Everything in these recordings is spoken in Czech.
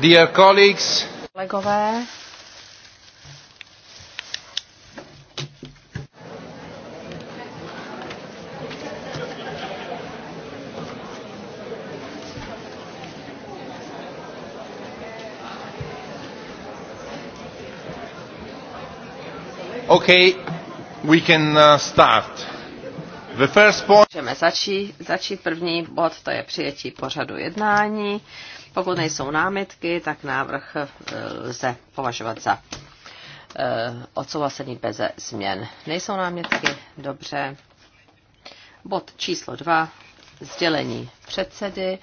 Dear colleagues, kolegové, Okay, we can uh, start. The first point... Můžeme začít, začít první bod, to je přijetí pořadu jednání. Pokud nejsou námitky, tak návrh eh, lze považovat za eh, odsouhlasený bez změn. Nejsou námitky? Dobře. Bod číslo dva. Sdělení předsedy.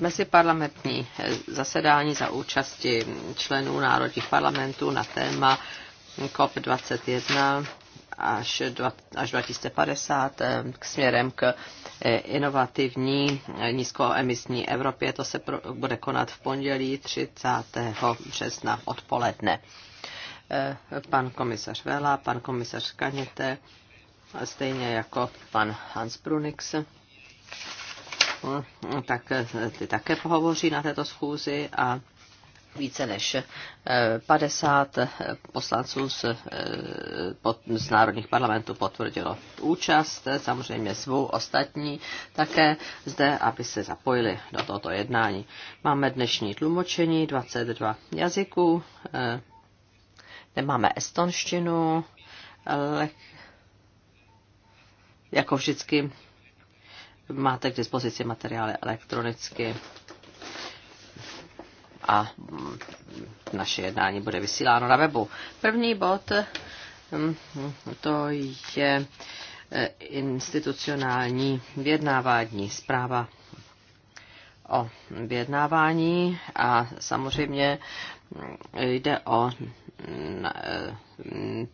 Meziparlamentní eh, zasedání za účasti členů národních parlamentů na téma COP21 až, 2050 eh, k směrem k eh, inovativní eh, nízkoemisní Evropě. To se bude konat v pondělí 30. března odpoledne. Pan komisař Vela, pan komisař Kaněte, stejně jako pan Hans Brunix, tak ty také pohovoří na této schůzi a více než 50 eh, eh, poslanců z, eh, z národních parlamentů potvrdilo účast. Samozřejmě svou ostatní také zde, aby se zapojili do tohoto jednání. Máme dnešní tlumočení 22 jazyků. Nemáme estonštinu, ale jako vždycky máte k dispozici materiály elektronicky a naše jednání bude vysíláno na webu. První bod mm, to je e, institucionální vyjednávání, zpráva o vyjednávání a samozřejmě mm, jde o mm, e,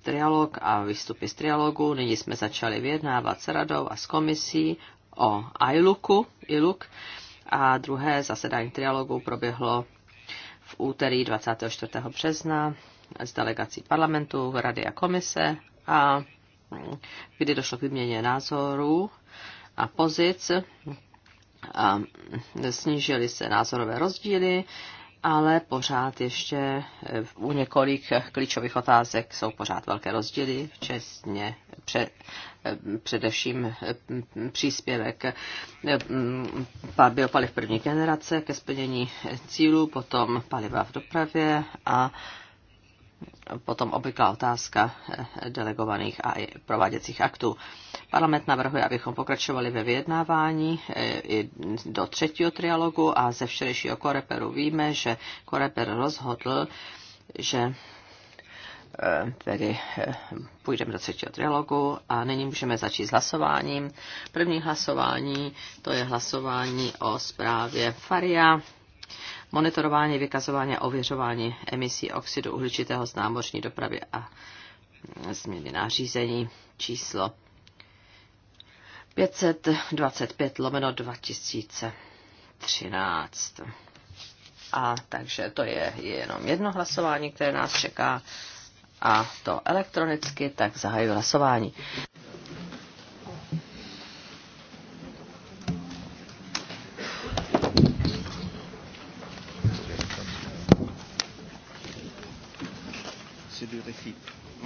trialog a výstupy z trialogu. Nyní jsme začali vyjednávat s radou a s komisí o ILUKu, ILUK a druhé zasedání trialogu proběhlo úterý 24. března s delegací parlamentu, rady a komise a kdy došlo k vyměně názorů a pozic a snížily se názorové rozdíly ale pořád ještě eh, u několik klíčových otázek jsou pořád velké rozdíly, včetně před, eh, především eh, příspěvek mm, biopaliv první generace ke splnění cílů, potom paliva v dopravě a potom obvyklá otázka eh, delegovaných a prováděcích aktů. Parlament navrhuje, abychom pokračovali ve vyjednávání eh, i do třetího trialogu a ze včerejšího koreperu víme, že koreper rozhodl, že eh, tedy půjdeme do třetího trialogu a nyní můžeme začít s hlasováním. První hlasování, to je hlasování o zprávě Faria monitorování, vykazování a ověřování emisí oxidu uhličitého z námořní dopravy a změny nářízení číslo 525 lomeno 2013. A takže to je, je jenom jedno hlasování, které nás čeká a to elektronicky, tak zahajuji hlasování.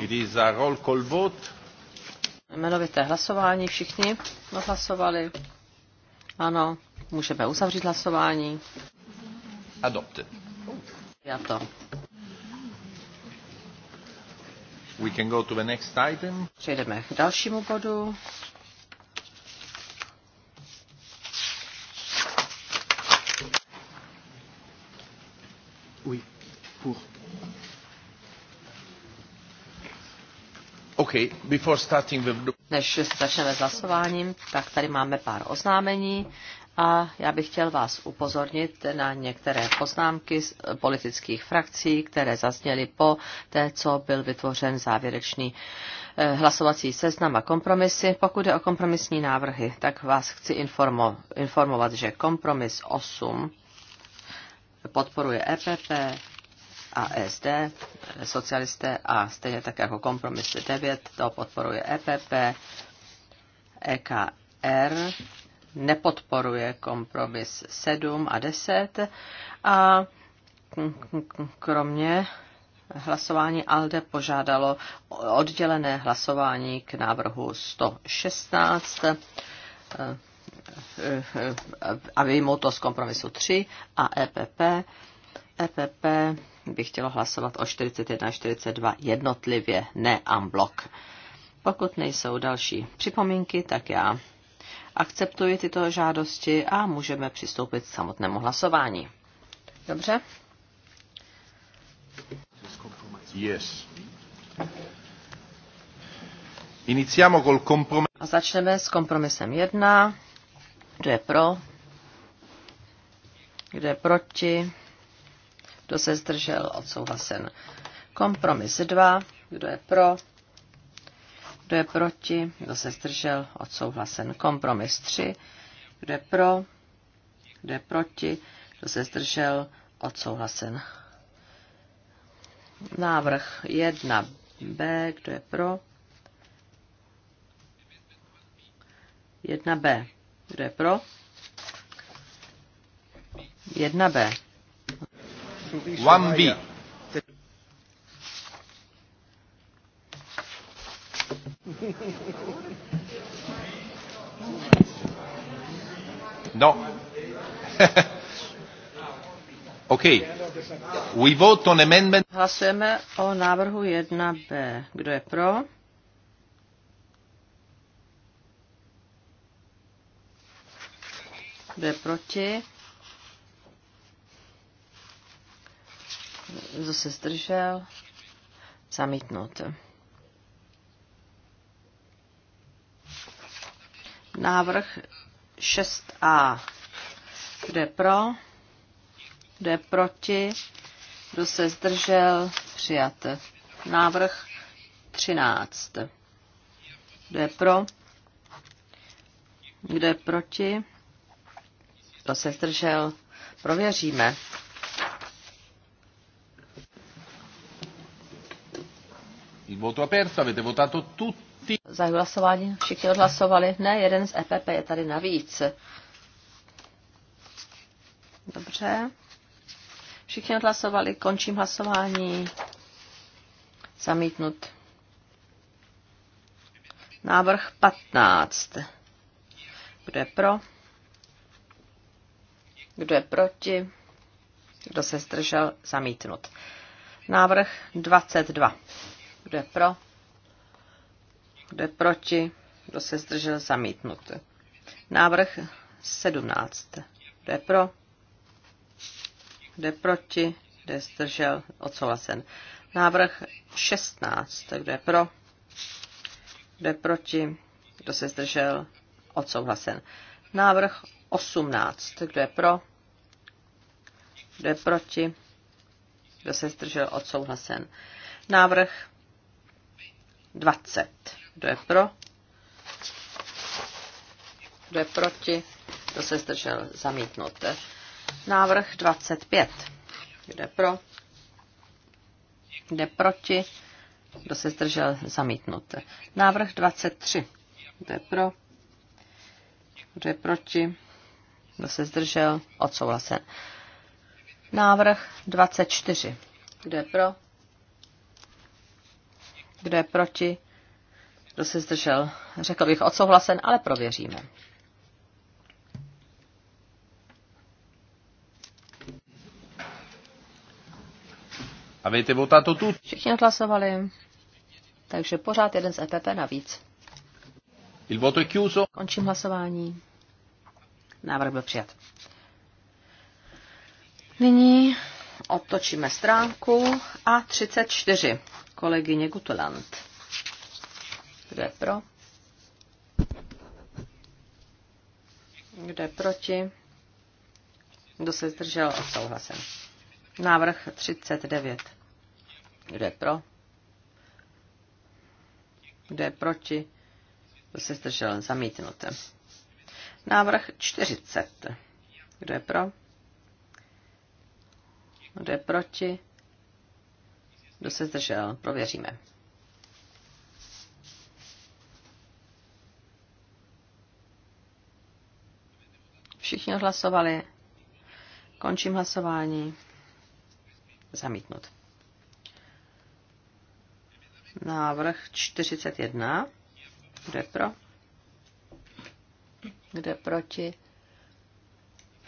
It is a roll call vote. Jmenovité hlasování, všichni hlasovali. Ano, můžeme uzavřít hlasování. Adopted. to. We can go to the next item. Přejdeme k dalšímu bodu. Okay, before starting the... Než začneme s hlasováním, tak tady máme pár oznámení a já bych chtěl vás upozornit na některé poznámky z politických frakcí, které zazněly po té, co byl vytvořen závěrečný eh, hlasovací seznam a kompromisy. Pokud je o kompromisní návrhy, tak vás chci informo, informovat, že kompromis 8 podporuje EPP, a SD, socialisté a stejně tak jako kompromis 9, to podporuje EPP, EKR, nepodporuje kompromis 7 a 10 a kromě hlasování ALDE požádalo oddělené hlasování k návrhu 116 eh, eh, eh, a vyjmout to z kompromisu 3 a EPP. EPP bych chtělo hlasovat o 41 a 42 jednotlivě, ne amblok. Pokud nejsou další připomínky, tak já akceptuji tyto žádosti a můžeme přistoupit k samotnému hlasování. Dobře? Yes. Iniciamo col kompromis A začneme s kompromisem 1. Kdo je pro? Kdo je proti? Kdo se zdržel? Odsouhlasen. Kompromis 2. Kdo je pro? Kdo je proti? Kdo se zdržel? Odsouhlasen. Kompromis 3. Kdo je pro? Kdo je proti? Kdo se zdržel? Odsouhlasen. Návrh 1b. Kdo je pro? 1b. Kdo je pro? 1b. 1B. No. OK. We vote on amendment. Hlasujeme o návrhu 1b. Kdo je pro? Kdo je proti? zase zdržel? zamítnout. Návrh 6a. Kdo je pro? Kdo je proti? Kdo se zdržel? Přijat. Návrh 13. Kdo je pro? Kdo je proti? Kdo se zdržel? Prověříme. voto aperto, avete votato tutti. Zai hlasování, všichni odhlasovali. Ne, jeden z EPP je tady navíc. Dobře. Všichni odhlasovali, končím hlasování. Zamítnut. Návrh 15. Kdo je pro? Kdo je proti? Kdo se zdržel? Zamítnut. Návrh 22. Kdo je pro? Kdo je proti? Kdo se zdržel? Zamítnut. Návrh 17. Kdo je pro? Kdo je proti? Kdo je zdržel? Odsouhlasen. Návrh 16. Kdo je pro? Kdo je proti? Kdo se zdržel? Odsouhlasen. Návrh 18. Kdo je pro? Kdo je proti? Kdo se zdržel? Odsouhlasen. Návrh 20. Kdo je pro? Kdo je proti? Kdo se zdržel? zamítnuté. Návrh 25. Kdo je pro? Kdo je proti? Kdo se zdržel? zamítnuté. Návrh 23. Kdo je pro? Kdo je proti? Kdo se zdržel? Odsouhlasen. Návrh 24. Kdo je pro? Kdo je proti? Kdo se zdržel? Řekl bych odsouhlasen, ale prověříme. Avete to tu? Všichni hlasovali. Takže pořád jeden z EPP navíc. Il voto è chiuso. Končím hlasování. Návrh byl přijat. Nyní otočíme stránku a 34 kolegyně Gutelant. Kdo je pro? Kdo je proti? Kdo se zdržel? Odsouhlasen. Návrh 39. Kdo je pro? Kdo je proti? Kdo se zdržel? Zamítnut. Návrh 40. Kdo je pro? Kdo je proti? Kdo se zdržel? Prověříme. Všichni odhlasovali. Končím hlasování. Zamítnut. Návrh 41. Kde pro? Kde proti?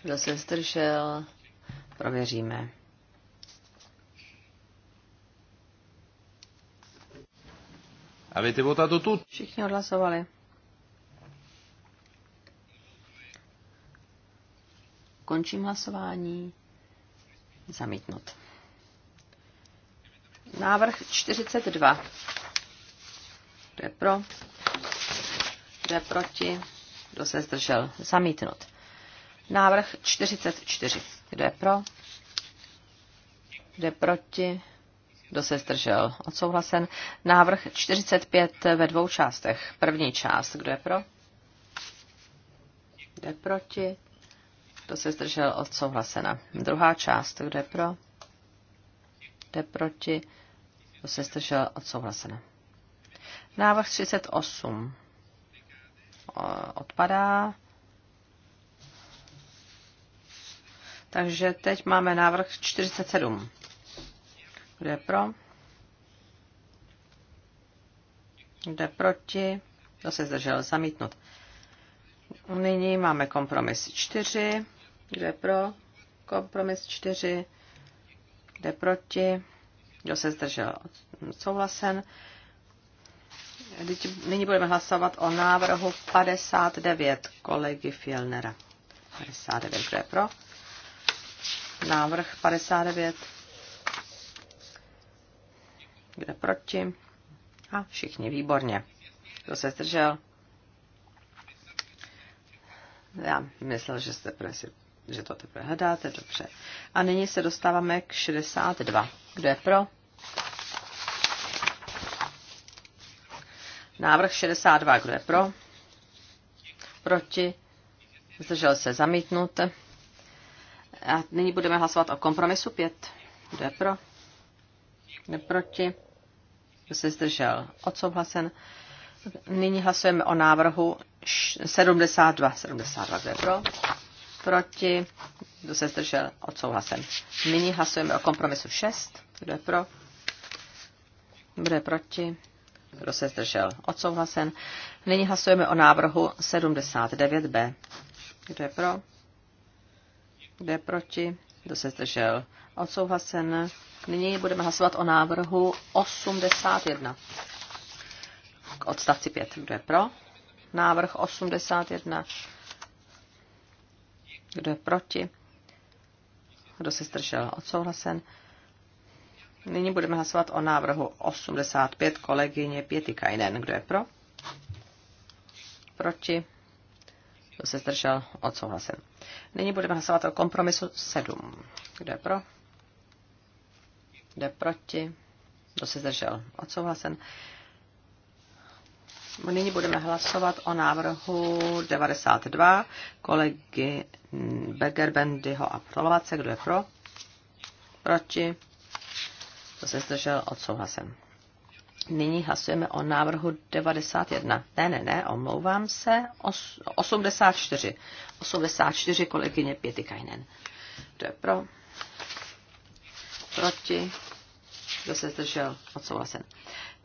Kdo se zdržel? Prověříme. Avete votato tutti? Všichni odhlasovali. Končím hlasování. Zamítnut. Návrh 42. Kdo je pro? Kdo je proti? Kdo se zdržel? Zamítnut. Návrh 44. Kdo je pro? Kdo je proti? Kdo se zdržel? Odsouhlasen. Návrh 45 ve dvou částech. První část. Kdo je pro? Kdo je proti? Kdo se zdržel? Odsouhlasena. Druhá část. Kdo je pro? Kdo je proti? Kdo se zdržel? Odsouhlasena. Návrh 38 odpadá. Takže teď máme návrh 47. Kdo je pro? Kdo je proti? Kdo se zdržel? Zamítnut. Nyní máme kompromis 4. Kdo je pro? Kompromis 4. Kdo je proti? Kdo se zdržel? Souhlasen. Nyní budeme hlasovat o návrhu 59 kolegy Fielnera. 59, kdo je pro? Návrh 59. Kde proti? A všichni výborně. Kdo se zdržel? Já myslel, že, jste presi, že to teprve hledáte, dobře. A nyní se dostáváme k 62. Kdo je pro? Návrh 62. Kdo je pro? Proti? Zdržel se zamítnut. A nyní budeme hlasovat o kompromisu 5. Kdo je pro? neproti kdo se zdržel, odsouhlasen. Nyní hlasujeme o návrhu 72. 72, kde je pro? Proti, kdo se zdržel, odsouhlasen. Nyní hlasujeme o kompromisu 6, kdo je pro? Kdo je proti? Kdo se zdržel? Odsouhlasen. Nyní hlasujeme o návrhu 79b. Kdo je pro? Kdo je proti? Kdo se zdržel? Odsouhlasen. Nyní budeme hlasovat o návrhu 81. K odstavci 5. Kdo je pro? Návrh 81. Kdo je proti? Kdo se zdržel? Odsouhlasen. Nyní budeme hlasovat o návrhu 85 kolegyně Pěty Kajnen. Kdo je pro? Proti? Kdo se zdržel? Odsouhlasen. Nyní budeme hlasovat o kompromisu 7. Kdo je pro? jde proti? Kdo se zdržel? Odsouhlasen. Nyní budeme hlasovat o návrhu 92 kolegy Bendyho a Prolovace. Kdo je pro? Proti? Kdo se zdržel? Odsouhlasen. Nyní hlasujeme o návrhu 91. Ne, ne, ne, omlouvám se. Os, 84. 84 kolegyně Pětikajnen. Kdo je pro? proti, kdo se zdržel, odsouhlasen.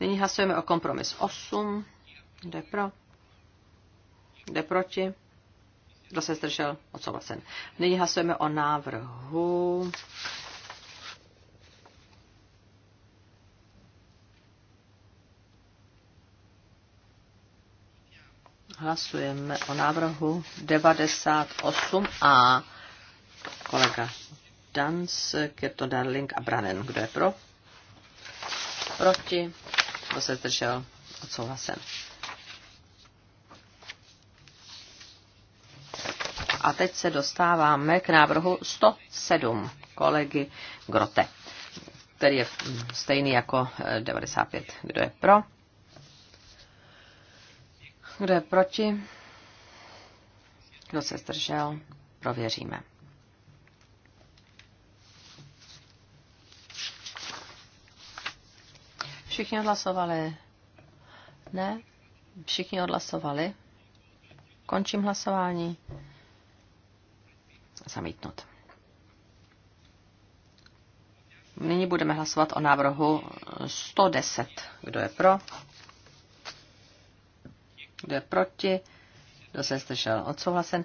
Nyní hlasujeme o kompromis 8, kde pro, kde proti, kdo se zdržel, odsouhlasen. Nyní hlasujeme o návrhu Hlasujeme o návrhu 98a. Kolega Dans, Kirto Darling a Branen. Kdo je pro? Proti? Kdo se zdržel? Odsouhlasen. A teď se dostáváme k návrhu 107 kolegy Grote, který je stejný jako 95. Eh, Kdo je pro? Kdo je proti? Kdo se zdržel? Prověříme. Všichni odhlasovali? Ne? Všichni odhlasovali? Končím hlasování. Zamítnut. Nyní budeme hlasovat o návrhu 110. Kdo je pro? Kdo je proti? Kdo se zdržel? Odsouhlasen.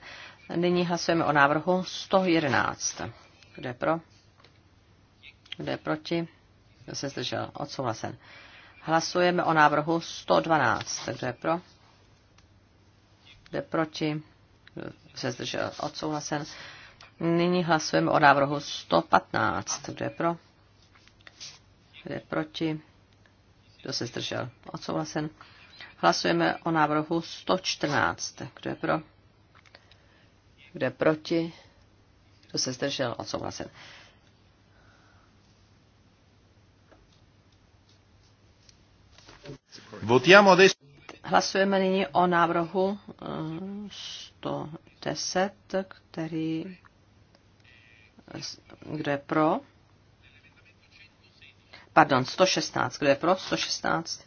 Nyní hlasujeme o návrhu 111. Kdo je pro? Kdo je proti? Já jsem zdržel? Odsouhlasen. Hlasujeme o návrhu 112. Kdo je pro? Kdo je proti? Kdo se zdržel? Odsouhlasen. Nyní hlasujeme o návrhu 115. Kdo je pro? Kdo je proti? Kdo se zdržel? Odsouhlasen. Hlasujeme o návrhu 114. Kdo je pro? Kdo je proti? Kdo se zdržel? Odsouhlasen. Hlasujeme nyní o návrhu 110, eh, který, kdo je pro? Pardon, 116, kdo je pro? 116.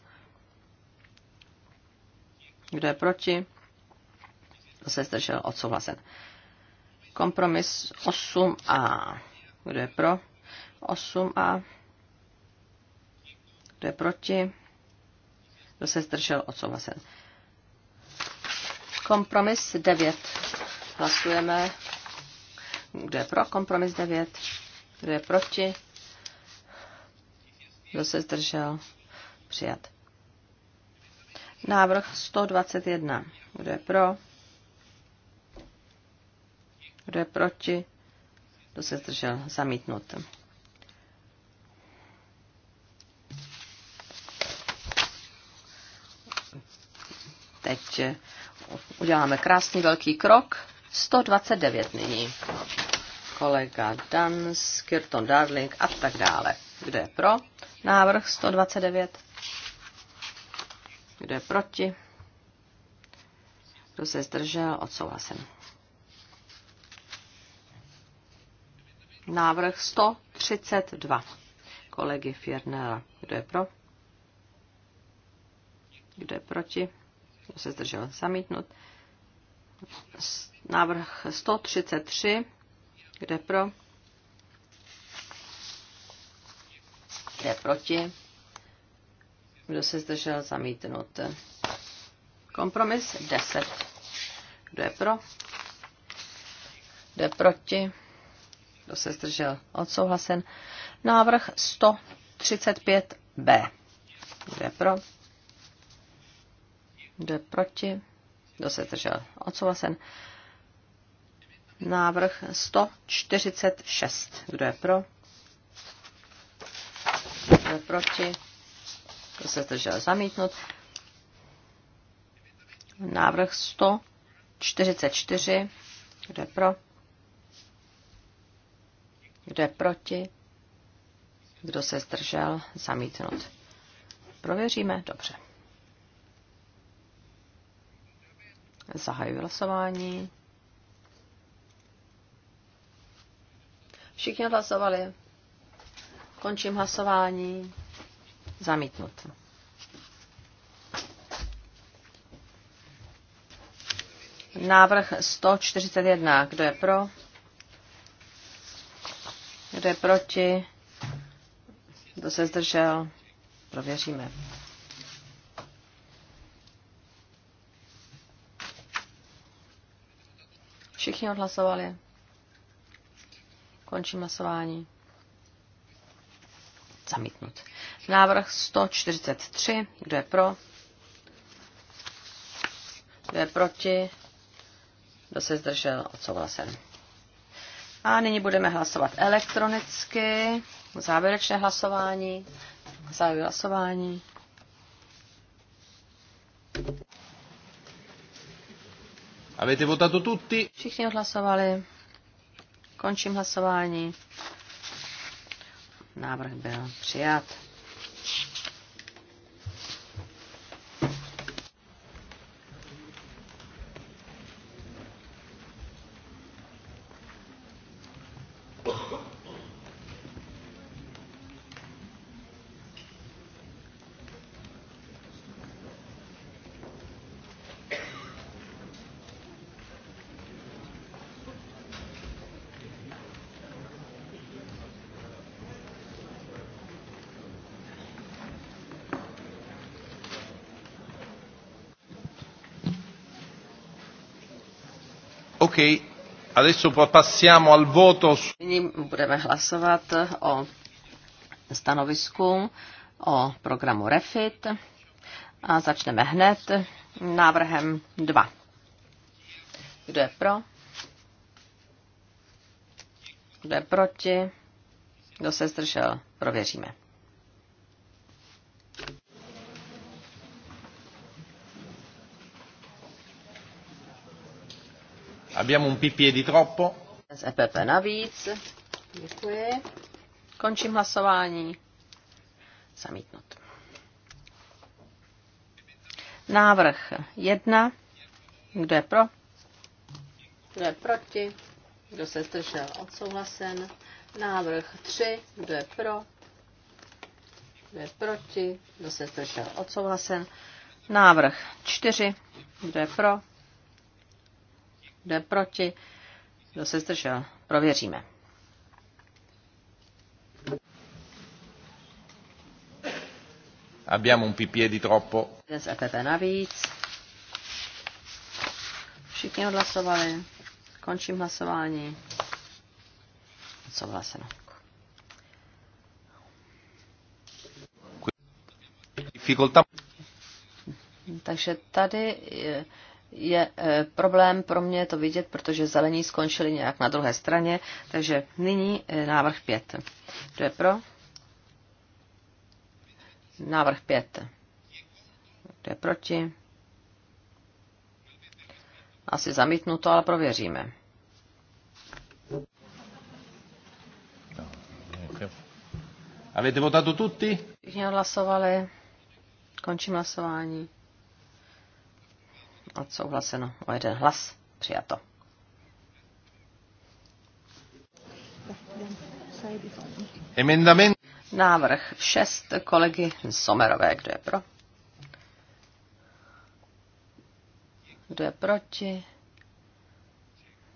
Kdo je proti? Kdo se zdržel? Odsouhlasen. Kompromis 8a. Kdo je pro? 8a. Kdo je proti? Kdo se zdržel? Odsouhlasen. Kompromis 9. Hlasujeme. Kdo je pro kompromis 9? Kdo je proti? Kdo se zdržel? Přijat. Návrh 121. Kdo je pro? Kdo je proti? Kdo se zdržel? Zamítnut. teď uděláme krásný velký krok. 129 nyní. Kolega Dan Skirton Darling a tak dále. Kdo je pro? Návrh 129. Kdo je proti? Kdo se zdržel? Odsouhlasen. Návrh 132 kolegy Fiernela. Kdo je pro? Kdo je proti? kdo se zdržel, zamítnut. Návrh 133, kde pro, kde proti, kdo se zdržel, zamítnut. Kompromis 10. Kdo je pro? Kdo je proti? Kdo se zdržel? Odsouhlasen. Návrh 135b. Kdo je pro? jde proti? Kdo se zdržel? Odsouhlasen. Návrh 146. Kdo je pro? Kdo je proti? Kdo se zdržel? Zamítnut. Návrh 144. Kdo je pro? Kdo je proti? Kdo se zdržel? Zamítnut. Prověříme? Dobře. Zahajuji hlasování. Všichni hlasovali. Končím hlasování. Zamítnut. Návrh 141. Kdo je pro? Kdo je proti? Kdo se zdržel? Prověříme. Všichni odhlasovali. Končím hlasování. Zamítnut. Návrh 143. Kdo je pro? Kdo je proti? Kdo se zdržel? Odsouhlasen. A nyní budeme hlasovat elektronicky. Závěrečné hlasování. Závěrečné hlasování. Avete votato tutti? Všichni odhlasovali. Končím hlasování. Návrh byl přijat. OK, adesso passiamo al voto. Nyní budeme hlasovat o stanovisku, o programu REFIT a začneme hned návrhem 2. Kdo je pro? Kdo je proti? Kdo se zdržel? Prověříme. Abbiamo un PPE di troppo. Z EPP navíc. Děkuji. Končím hlasování. Zamítnut. Návrh 1. Kdo je pro? Kdo je proti? Kdo se zdržel? Odsouhlasen. Návrh 3. Kdo je pro? Kdo je proti? Kdo se zdržel? Odsouhlasen. Návrh 4. Kdo je pro? jde proti? Kdo se zdržel? Prověříme. Abbiamo un PPE di troppo. Dnes EPP navíc. Všichni odhlasovali. Končím hlasování. Souhlaseno. Difficultà. Takže tady je, je eh, problém pro mě to vidět, protože zelení skončili nějak na druhé straně, takže nyní eh, návrh 5. Kdo je pro? Návrh 5. Kdo je proti? Asi to, ale prověříme. Avete votato tutti? Všichni hlasovali. Končím hlasování. Odsouhlaseno o jeden hlas. Přijato. Návrh 6 kolegy Somerové. Kdo je pro? Kdo je proti?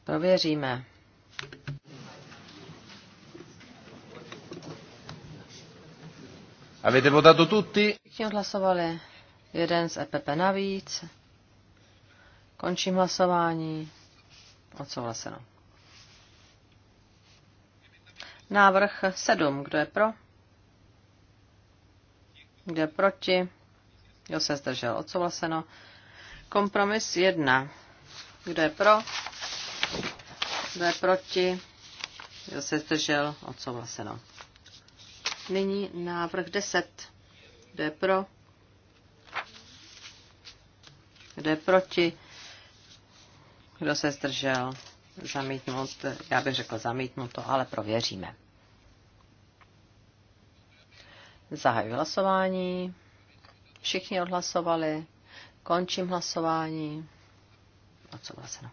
Prověříme. Avete votato tutti? Všichni odhlasovali. Jeden z EPP navíc. Končím hlasování. Odsouhlaseno. Návrh 7. Kdo je pro? Kdo je proti? Kdo se zdržel? Odsouhlaseno. Kompromis 1. Kdo je pro? Kdo je proti? Kdo se zdržel? Odsouhlaseno. Nyní návrh 10. Kdo je pro? Kdo je proti? Kdo se zdržel? zamítnout, Já bych řekl to, ale prověříme. Zahajuji hlasování. Všichni odhlasovali. Končím hlasování. Odsouhlaseno.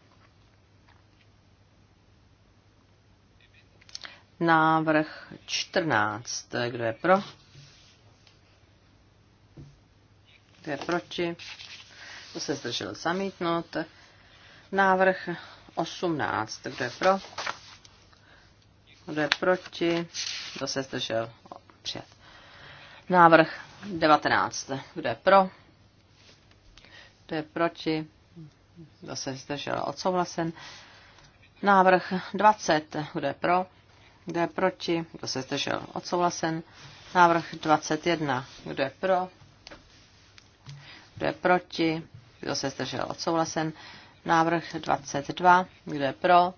Návrh 14. Kdo je pro? Kdo je proti? Kdo se zdržel zamítnout? Návrh 18. Kdo je pro? Kdo je proti? Kdo se zdržel? Přijat. Návrh 19. Kdo je pro? Kdo je proti? Kdo se zdržel? Odsouhlasen. Návrh 20. Kdo je pro? Kdo je proti? Kdo se zdržel? Odsouhlasen. Návrh 21. Kdo je pro? Kdo je proti? Kdo se zdržel? Odsouhlasen. Návrh 22. Kdo je pro?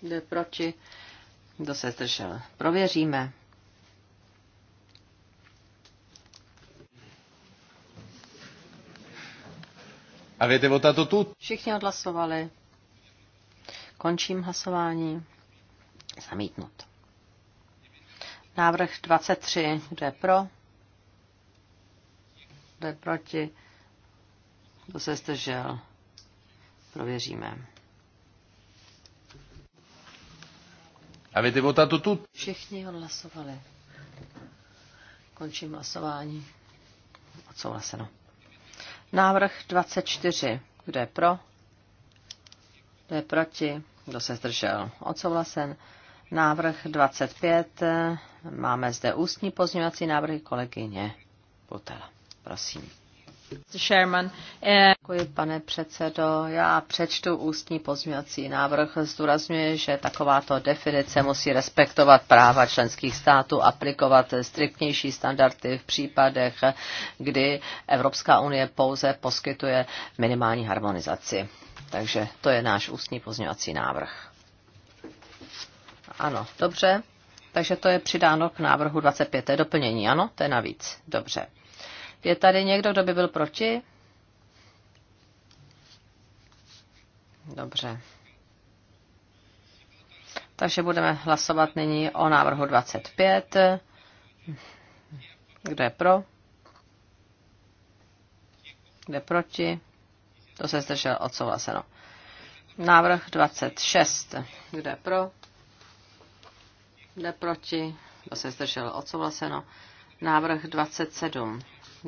Kdo je proti? Kdo se zdržel? Prověříme. o votato tu. Všichni odhlasovali. Končím hlasování. Zamítnut. Návrh 23. Kdo je pro? Kdo je proti? To se zdržel? Prověříme. vota tu tu? Všichni odhlasovali. Končím hlasování. Odsouhlaseno. Návrh 24. Kdo je pro? Kdo je proti? Kdo se zdržel? Odsouhlasen. Návrh 25. Máme zde ústní pozměňovací návrhy kolegyně Botela. Prosím. Eh, Děkuji, pane předsedo. Já přečtu ústní pozměňovací návrh. Zdůrazňuje, že takováto definice musí respektovat práva členských států, aplikovat striktnější standardy v případech, kdy Evropská unie pouze poskytuje minimální harmonizaci. Takže to je náš ústní pozměňovací návrh. Ano, dobře. Takže to je přidáno k návrhu 25. To je doplnění, ano? To je navíc. Dobře. Je tady někdo, kdo by byl proti? Dobře. Takže budeme hlasovat nyní o návrhu 25. Kdo je pro? Kdo je proti? To se zdržel odsouhlaseno. Návrh 26. Kdo je pro? Kdo je proti? To se zdržel odsouhlaseno. Návrh 27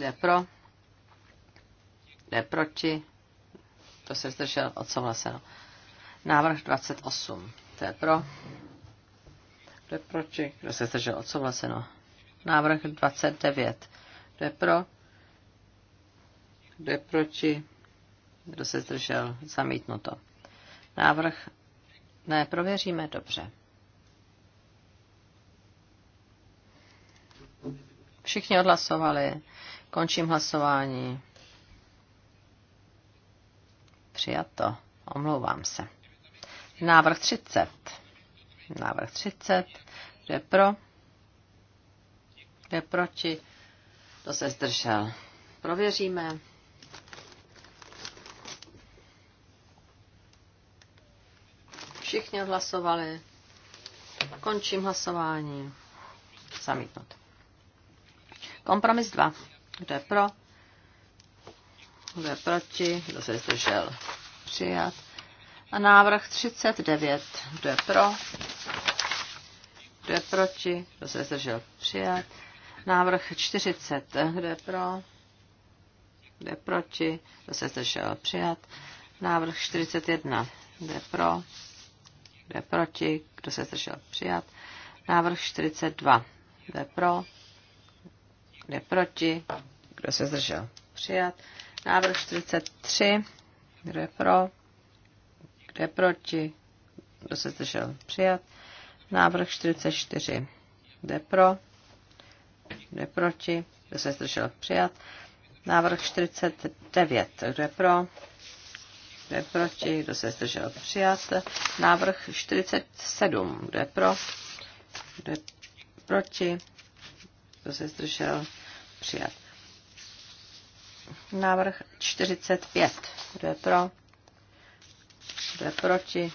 je pro, je proti, to se zdržel, odsouhlaseno. Návrh 28, to je pro, kdo je proti, kdo se zdržel, odsouhlaseno. Návrh 29, kdo je pro, kdo je proti, kdo se zdržel, zamítnuto. Návrh ne, prověříme dobře. Všichni odhlasovali. Končím hlasování. Přijato. Omlouvám se. Návrh 30. Návrh 30. Kdo je pro? Kdo je proti? Kdo se zdržel? Prověříme. Všichni hlasovali. Končím hlasování. Zamítnut. Kompromis 2. Kdo je pro? Kdo je proti? Kdo se zdržel? Přijat. A návrh 39. Kdo je pro? Kdo je proti? Kdo se zdržel? Přijat. Návrh 40. Kdo je pro? Kdo je proti? Kdo se zdržel? Přijat. Návrh 41. Kdo je pro? Kdo je proti? Kdo se zdržel? Přijat. Návrh 42. Kdo je pro? Kdo je proti? Kdo se zdržel? Přijat. Návrh 43. Kdo je pro? Kdo je proti? Kdo se zdržel? Přijat. Návrh 44. Kdo je pro? Kdo je proti? Kdo se zdržel? Přijat. Návrh 49. Kdo je pro? Kdo je proti? Kdo se zdržel? Přijat. Návrh 47. Kdo je pro? Kdo je proti? kdo se zdržel, přijat. Návrh 45. Kdo je pro? Kdo je proti?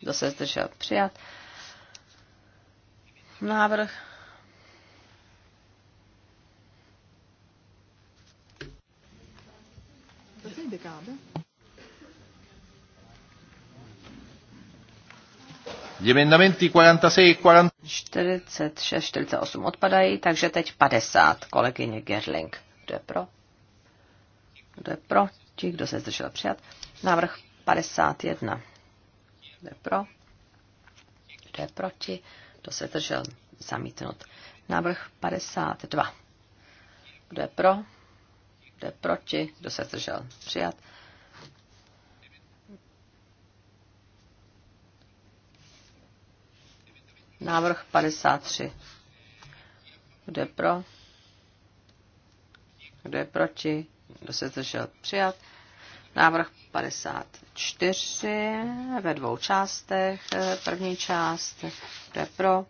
Kdo se zdržel? Přijat. Návrh. To je Gli emendamenti 46 e 40... 46, 48 odpadají, takže teď 50, kolegyně Gerling. Kdo je pro? Kdo je pro. Ti, Kdo se zdržel přijat? Návrh 51. Kdo je pro? Kdo je proti? Kdo se zdržel zamítnut? Návrh 52. Kdo je pro? Kdo je proti? Kdo se zdržel přijat? Návrh 53. Kdo je pro? Kdo je proti? Kdo se zdržel? Přijat. Návrh 54 ve dvou částech. První část, kdo je pro,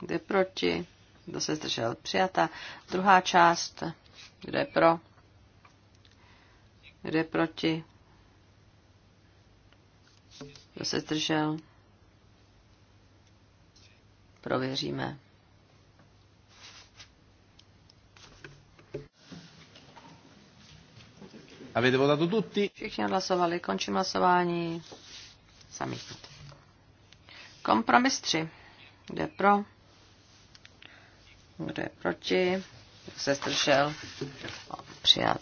kdo je proti, kdo se zdržel přijata. Druhá část, kdo je pro, kdo je proti, kdo se zdržel Prověříme. Avete votato tutti? Všichni hlasovali, končím hlasování. Zamítnut. Kompromis 3. Kde je pro? Kde je proti? Kdo se zdržel? Přijat.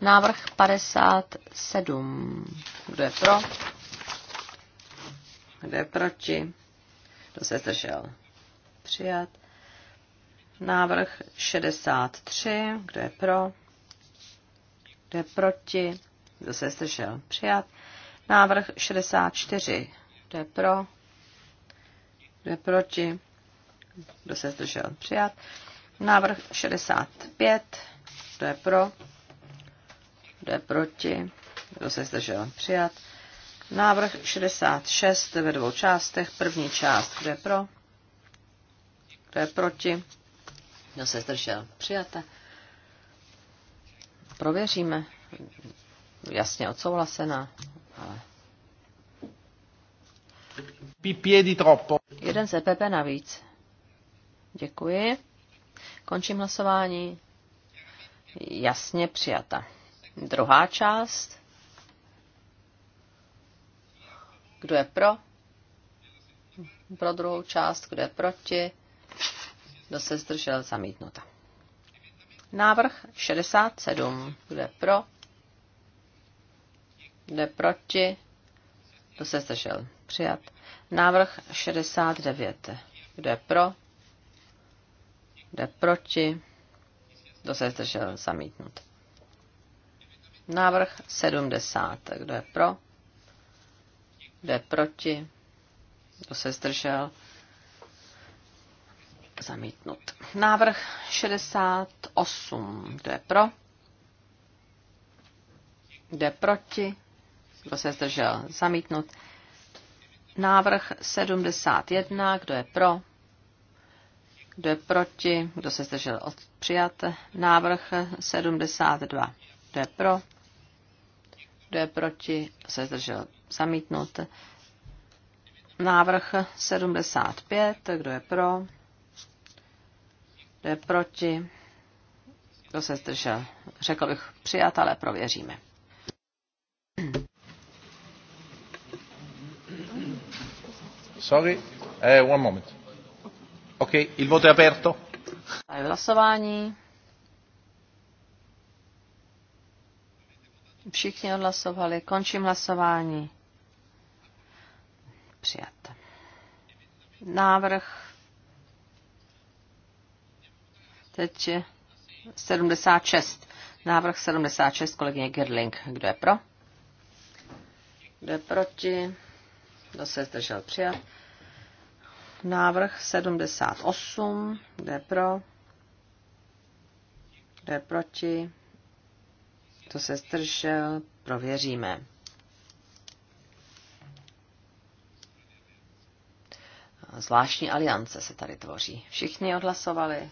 Návrh 57. Kdo je pro? Kdo je proti? Kdo se zdržel? přijat. Návrh 63, kdo je pro, kdo je proti, kdo se zdržel, přijat. Návrh 64, kdo je pro, kdo je proti, kdo se zdržel, přijat. Návrh 65, kdo je pro, kdo je proti, kdo se zdržel, přijat. Návrh 66 ve dvou částech. První část, kde pro, kdo je proti? Kdo se zdržel? Přijata. Prověříme. Jasně odsouhlasená, ale... PPA troppo. Jeden z EPP navíc. Děkuji. Končím hlasování. Jasně přijata. Druhá část. Kdo je pro? Pro druhou část, kdo je proti? Kdo se zdržel? Zamítnuta. Návrh 67. Kdo pro? Kdo proti? Kdo se zdržel? Přijat. Návrh 69. Kdo je pro? Kdo je proti? Kdo se zdržel? Zamítnut. Návrh 70. Kdo je pro? Kdo je proti? Kdo se zdržel? Zamítnut. Návrh 68. Kdo je pro? Kdo je proti? Kdo se zdržel? Zamítnut. Návrh 71. Kdo je pro? Kdo je proti? Kdo se zdržel? Od přijat. Návrh 72. Kdo je pro? Kdo je proti? Kdo se zdržel? Zamítnut. Návrh 75. Kdo je pro? jde je proti? Kdo se zdržel? Řekl bych přijat, ale prověříme. Sorry, uh, one moment. Ok, il voto è aperto. A je hlasování. Všichni odhlasovali. Končím hlasování. Přijat. Návrh Teď je 76. Návrh 76, kolegyně Girling. Kdo je pro? Kdo je proti? Kdo se zdržel přijat? Návrh 78. Kdo je pro? Kdo je proti? Kdo se zdržel? Prověříme. Zvláštní aliance se tady tvoří. Všichni odhlasovali.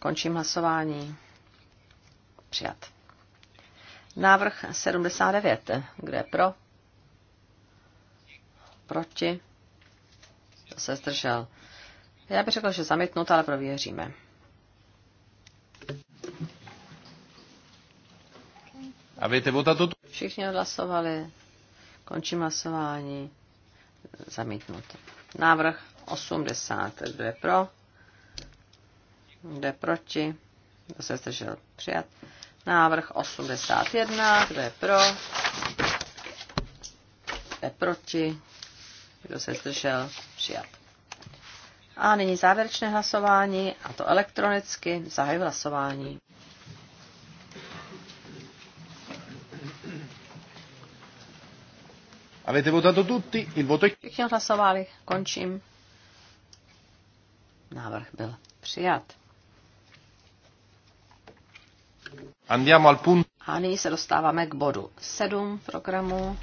Končím hlasování. Přijat. Návrh 79. Kdo je pro? Proti? Kdo se zdržel? Já bych řekl, že zamítnut, ale prověříme. Avete votato to? Všichni odhlasovali. Končím hlasování. Zamítnut. Návrh 80. Kdo je pro? Kdo je proti? Kdo se zdržel? Přijat. Návrh 81. Kdo je pro? Kdo je proti? Kdo se zdržel? Přijat. A nyní závěrečné hlasování, a to elektronicky. Zahajuji hlasování. Avete votato tutti, il voto è... Všichni hlasovali, končím. Návrh byl přijat. Andiamo al punto. A nyní se dostáváme k bodu 7 programu.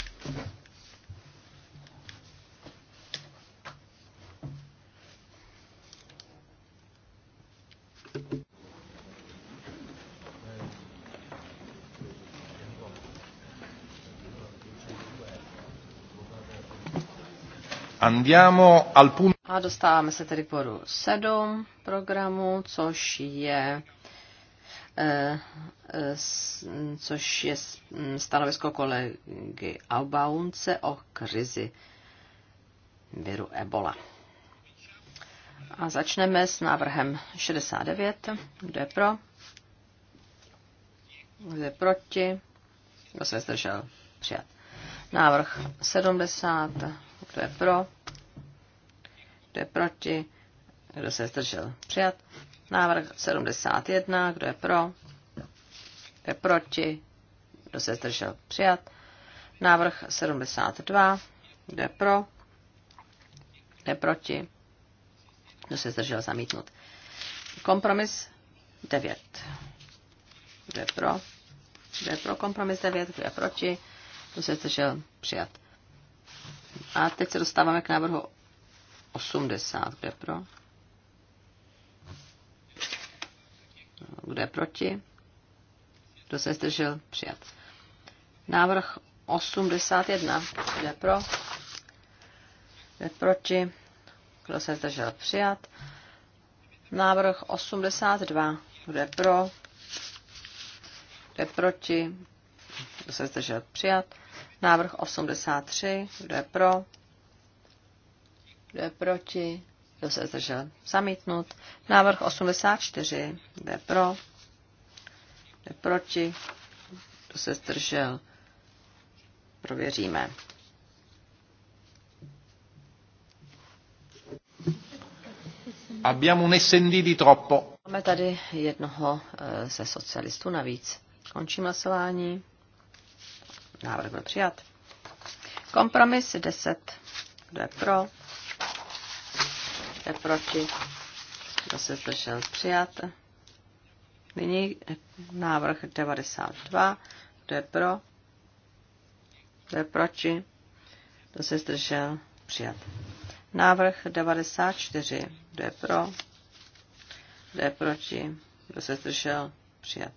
Andiamo al punto. A dostáváme se tedy k bodu 7 programu, což je Eh, což je mm, stanovisko kolegy Aubaunce o krizi viru Ebola. A začneme s návrhem 69. Kdo je pro? Kdo je proti? Kdo se zdržel? Přijat. Návrh 70. Kdo je pro? Kdo je proti? Kdo se zdržel? Přijat. Návrh 71, kdo je pro? Kdo je proti? Kdo se zdržel? Přijat. Návrh 72, kdo je pro? Kdo je proti? Kdo se zdržel? Zamítnut. Kompromis 9. Kdo je pro? Kdo je pro kompromis 9? Kdo je proti? Kdo se zdržel? Přijat. A teď se dostáváme k návrhu 80. Kdo je pro? Kdo je proti? Kdo se zdržel? Přijat. Návrh 81. Kdo je pro? Kdo je proti? Kdo se zdržel? Přijat. Návrh 82. Kdo je pro? Kdo je proti? Kdo se zdržel? Přijat. Návrh 83. Kdo je pro? Kdo je proti? Kdo se zdržel? Zamítnut. Návrh 84. Kdo je pro? Kdo je proti? Kdo se zdržel? Prověříme. Abbiamo un SND di troppo. Máme tady jednoho eh, ze socialistů navíc. Končím hlasování. Návrh byl přijat. Kompromis 10. Kdo je pro? je proti, kdo se zdržel přijat. Nyní návrh 92, kdo je pro, kdo je proti, kdo se zdržel přijat. Návrh 94, kdo je pro, kdo je proti, kdo se zdržel přijat.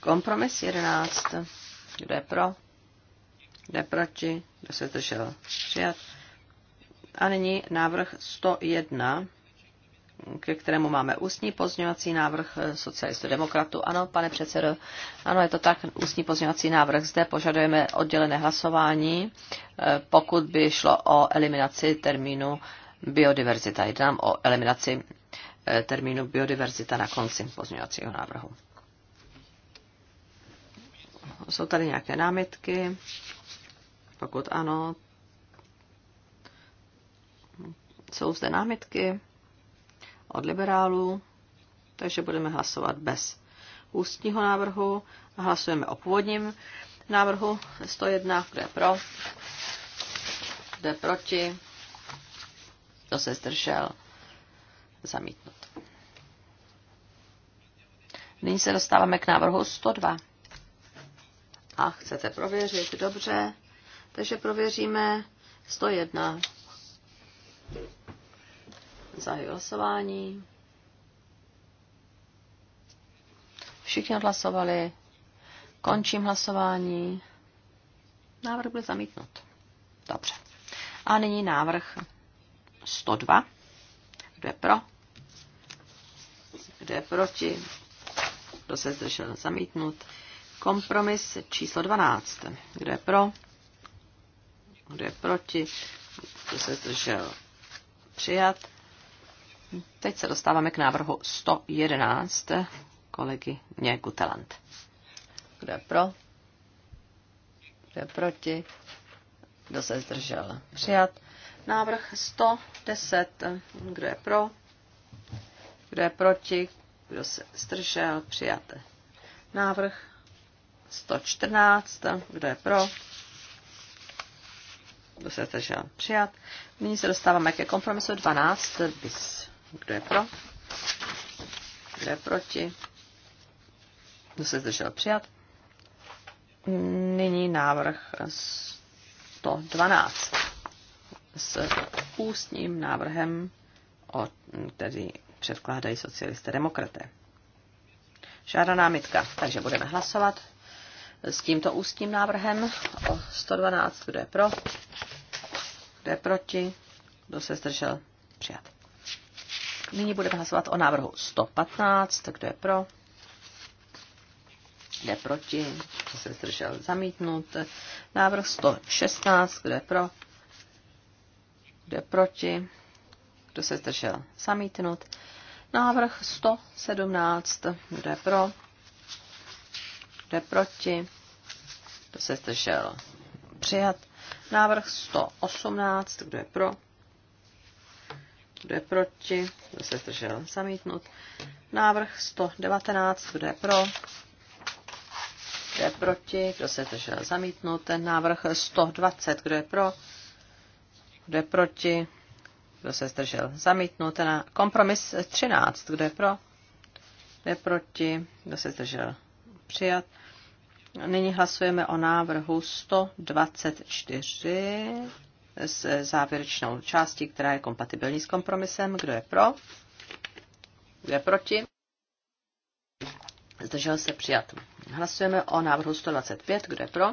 Kompromis 11, kdo je pro, kdo je proti, kdo se zdržel přijat. A nyní návrh 101, ke kterému máme ústní pozměňovací návrh eh, socialistů demokratů. Ano, pane předsedo, ano, je to tak, ústní pozměňovací návrh. Zde požadujeme oddělené hlasování, eh, pokud by šlo o eliminaci termínu biodiverzita. Jde nám o eliminaci eh, termínu biodiverzita na konci pozměňovacího návrhu. Jsou tady nějaké námitky? Pokud ano, Jsou zde námitky od liberálů, takže budeme hlasovat bez ústního návrhu hlasujeme o původním návrhu 101, kdo je pro, kdo je proti, kdo se zdržel, zamítnut. Nyní se dostáváme k návrhu 102. A chcete prověřit, dobře, takže prověříme 101. Zahajuji hlasování. Všichni odhlasovali. Končím hlasování. Návrh byl zamítnut. Dobře. A nyní návrh 102. Kdo je pro? Kdo je proti? Kdo se zdržel zamítnut? Kompromis číslo 12. Kdo je pro? Kdo je proti? Kdo se zdržel přijat? Teď se dostáváme k návrhu 111 kolegy Mě Guteland. Kdo je pro? Kdo je proti? Kdo se zdržel? Přijat. Návrh 110. Kdo je pro? Kdo je proti? Kdo se zdržel? Přijat. Návrh 114. Kdo je pro? Kdo se zdržel? Přijat. Nyní se dostáváme ke kompromisu 12. Bis. Kdo je pro? Kdo je proti? Kdo se zdržel přijat? Nyní návrh 112 s ústním návrhem, o, který předkládají socialisté demokraté. Žádná námitka, takže budeme hlasovat s tímto ústním návrhem o 112. Kdo je pro? Kdo je proti? Kdo se zdržel? Přijat. Nyní budeme hlasovat o návrhu 115. Kdo je pro? Kdo je proti? Kdo se zdržel? Zamítnut. Návrh 116. Kdo je pro? Kdo je proti? Kdo se zdržel? Zamítnut. Návrh 117. Kdo je pro? Kdo je proti? Kdo se zdržel? Přijat. Návrh 118. Kdo je pro? kdo je proti, kdo se zdržel, zamítnut. Návrh 119, kdo je pro, kdo je proti, kdo se zdržel, zamítnut. Ten návrh 120, kdo je pro, kdo je proti, kdo se zdržel, zamítnut. Ten kompromis 13, kdo je pro, kdo je proti, kdo se zdržel, přijat. Nyní hlasujeme o návrhu 124 s závěrečnou částí, která je kompatibilní s kompromisem. Kdo je pro? Kdo je proti? Zdržel se přijat. Hlasujeme o návrhu 125. Kdo je pro?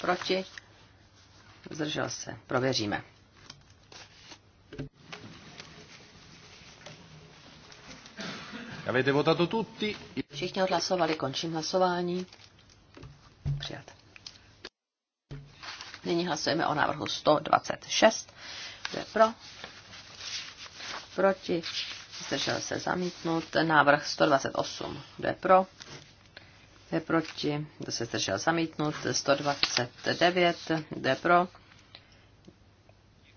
Proti? Zdržel se. Prověříme. Všichni odhlasovali, končím hlasování. Nyní hlasujeme o návrhu 126. Kdo je pro? Proti? Zdržel se zamítnut. Návrh 128. Kdo je pro? Kdo je proti? Kdo se zdržel zamítnut? 129. Kdo je pro?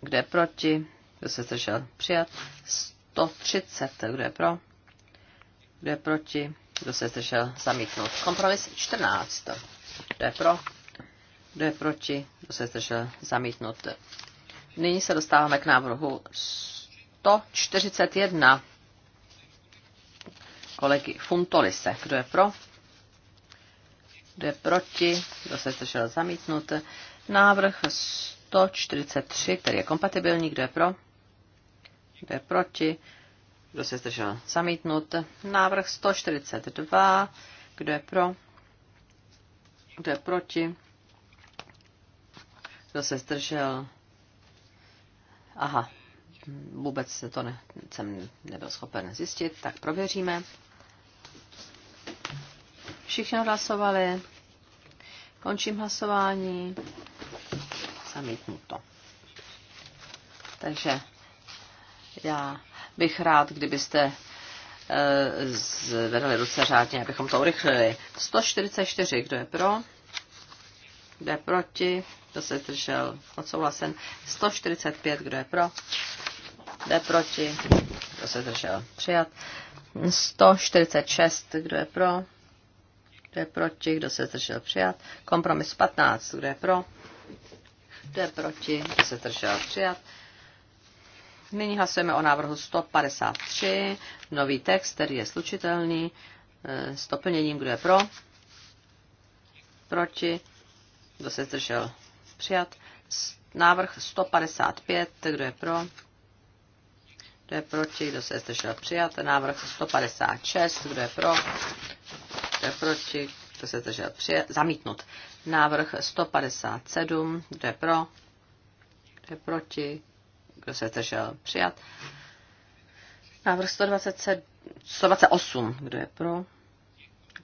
Kdo je proti? Kdo se zdržel přijat? 130. Kdo je pro? Kdo je proti? Kdo se zdržel zamítnout? Kompromis 14. Kdo je pro? Kdo je proti? Kdo se zdržel? Zamítnut. Nyní se dostáváme k návrhu 141 kolegy Funtolise. Kdo je pro? Kdo je proti? Kdo se zdržel? Zamítnut. Návrh 143, který je kompatibilní. Kdo je pro? Kdo je proti? Kdo se zdržel? Zamítnut. Návrh 142. Kdo je pro? Kdo je proti? Kdo se zdržel? Aha, vůbec se to ne, jsem nebyl schopen zjistit, tak prověříme. Všichni hlasovali. Končím hlasování. zamítnu to Takže já bych rád, kdybyste eh, zvedali ruce řádně, abychom to urychlili. 144, kdo je pro? kdo je proti, kdo se zdržel, odsouhlasen. 145, kdo je pro, kdo je proti, kdo se zdržel, přijat. 146, kdo je pro, kdo je proti, kdo se zdržel, přijat. Kompromis 15, kdo je pro, kdo je proti, kdo se zdržel, přijat. Nyní hlasujeme o návrhu 153, nový text, který je slučitelný eh, s doplněním, kdo je pro, proti, kdo se zdržel? Přijat. Návrh 155. Kdo je pro? Kdo je proti? Kdo se zdržel? Přijat. Návrh 156. Kdo je pro? Kdo je proti? Kdo se zdržel? Přijat. Zamítnut. Návrh 157. Kdo je pro? Kdo je proti? Kdo se zdržel? Přijat. Návrh 127, 128. Kdo je pro?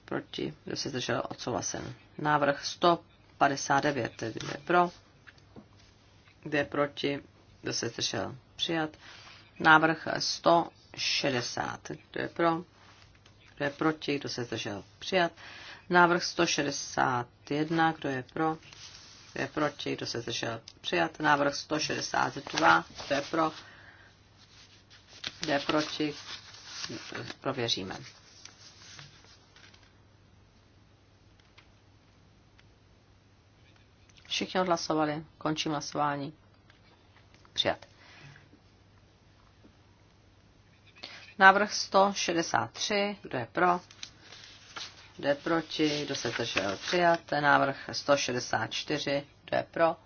Proti? Kdo se zdržel? Odsouhlasen. Návrh 100. 59, kdo je pro, kde je proti, kdo se zdržel přijat. Návrh 160, kdo je pro, kdo je proti, kdo se zdržel přijat. Návrh 161, kdo je pro, kdo je proti, kdo se zdržel přijat. Návrh 162, kdo je pro, kdo je proti, prověříme. Všichni odhlasovali. Končím hlasování. Přijat. Návrh 163. Kdo je pro? Kdo je proti? Kdo se držel? Přijat. Návrh 164. Kdo je pro?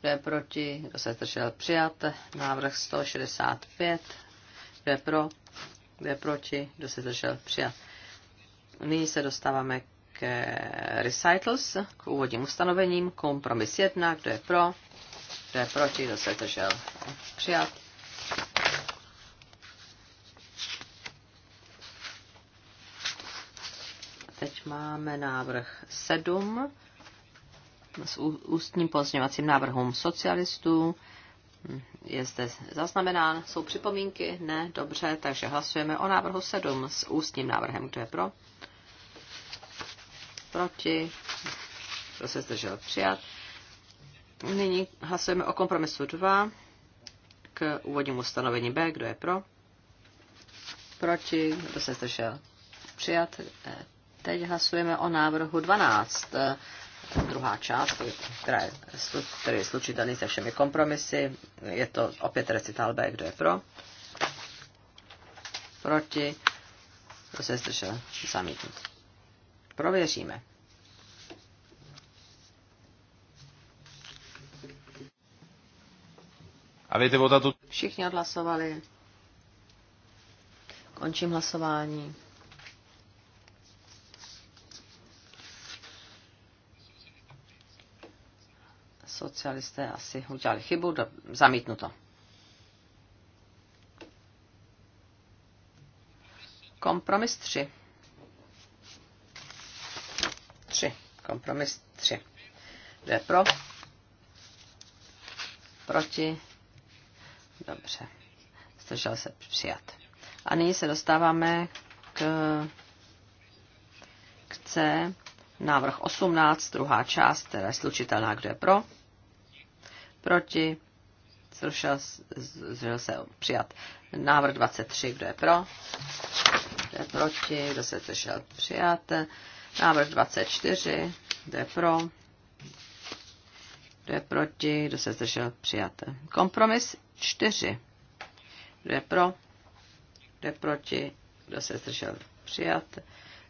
Kdo je proti? Kdo se držel? Přijat. Návrh 165. Kdo je pro? Kdo je proti? Kdo se držel? Přijat. Nyní se dostáváme k eh, recitals, k úvodním ustanovením, kompromis 1, kdo je pro, kdo je proti, kdo se držel přijat. Teď máme návrh 7 s ústním pozměňovacím návrhem socialistů. Je zde zaznamenán. Jsou připomínky? Ne, dobře, takže hlasujeme o návrhu 7 s ústním návrhem. Kdo je pro? proti, kdo se zdržel přijat. Nyní hlasujeme o kompromisu 2 k úvodnímu stanovení B, kdo je pro, proti, kdo se zdržel přijat. E, teď hlasujeme o návrhu 12, e, druhá část, která je, který je slučitelný se všemi kompromisy. Je to opět recital B, kdo je pro, proti, kdo se zdržel zamítnout. Prověříme. Avete tu... Všichni odhlasovali. Končím hlasování. Socialisté asi udělali chybu, do, zamítnu to. Kompromis 3. Kompromis 3. Jde pro? Proti? Dobře. Zdržel se přijat. A nyní se dostáváme k, k C. Návrh 18, druhá část, která je slučitelná. Kdo je pro? Proti? Zdržel, zdržel se přijat. Návrh 23, kdo je pro? Kdo je proti? Kdo se zdržel přijat? Návrh 24, kdo je pro, kdo je proti, kdo se zdržel, přijaté. Kompromis 4, kdo je pro, kdo je proti, kdo se zdržel, přijat.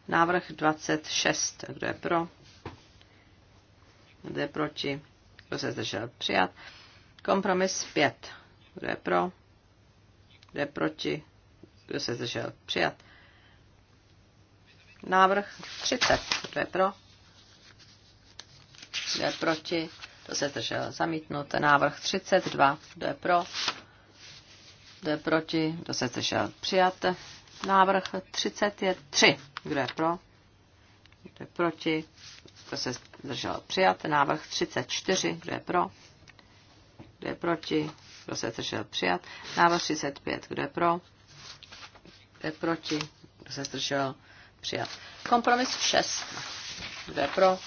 Návrh 26, kdo je pro, kdo je proti, kdo se zdržel, přijat. Kompromis 5, kdo je pro, kdo je proti, kdo se zdržel, přijat. Návrh 30. Kdo je pro? Kdo je proti? To se zdržel? Zamítnut. Návrh 32. Kdo je pro? Kdo je proti? Kdo se zdržel? Přijat. Návrh 33. Kdo je pro? Kdo je proti? Kdo se zdržel? Přijat. Návrh 34. Kdo je pro? Kdo je proti? Kdo se zdržel? Přijat. Návrh 35. Kdo je pro? Kdo je proti? Kdo se zdržel? Přijat. Kompromis 6. Kdo je pro?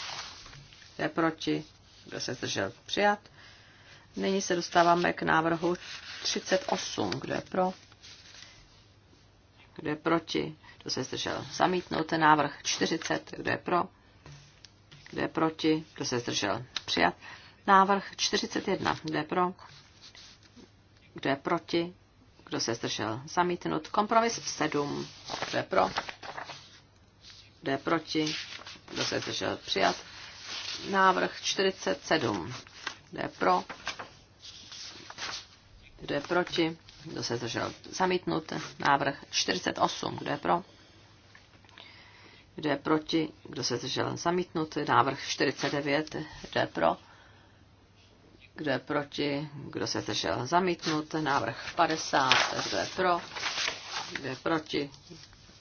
Kdo je proti? Kdo se zdržel? Přijat. Nyní se dostáváme k návrhu 38. Kdo je pro? Kdo je proti? Kdo se zdržel? Zamítnout ten návrh 40. Kdo je pro? Kdo je proti? Kdo se zdržel? Přijat. Návrh 41. Kdo je pro? Kdo je proti? Kdo se zdržel? Zamítnout Kompromis 7. Kdo je pro? kdo je proti, kdo se zdržel přijat. Návrh 47, kdo je pro, kdo je proti, kdo se zdržel zamítnut. Návrh 48, kdo je pro, kdo je proti, kdo se zdržel zamítnut. Návrh 49, kdo je pro, kdo je proti, kdo se zdržel zamítnut. Návrh 50, kdo je pro, kdo je proti,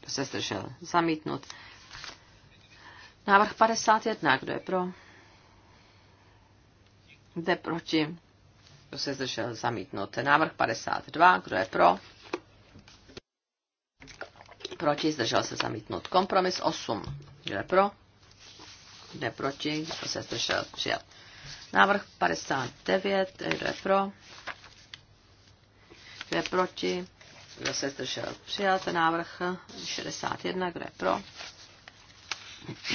kdo se zdržel zamítnut. Návrh 51. Kdo je pro? Kde proti. Kdo se zdržel zamítnout? Návrh 52. Kdo je pro? Proti. Zdržel se zamítnout. Kompromis 8. Kdo je pro? Kde proti. Kdo se zdržel přijat? Návrh 59. Kdo je pro? Kdo je proti? Kdo se zdržel přijat? Návrh 61. Kdo je pro?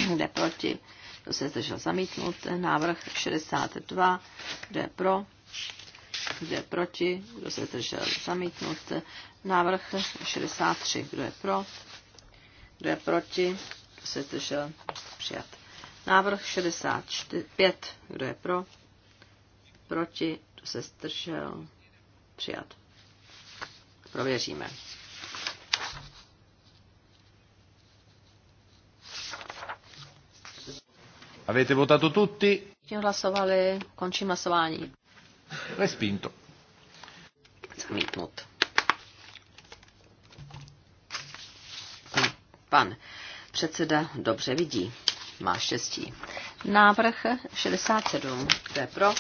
kde proti, To se zdržel zamítnout. návrh 62, kde pro, Kdo je proti, kdo se zdržel zamítnout? návrh 63, kdo je pro, kdo je proti, kdo se zdržel přijat. Návrh 65, kdo je pro, proti, kdo se zdržel přijat. Prověříme. Avete votato tutti? Všichni hlasovali, končím hlasování. Respinto. Zamítnut. Pan předseda dobře vidí. Má štěstí. Návrh 67. Kdo je pro?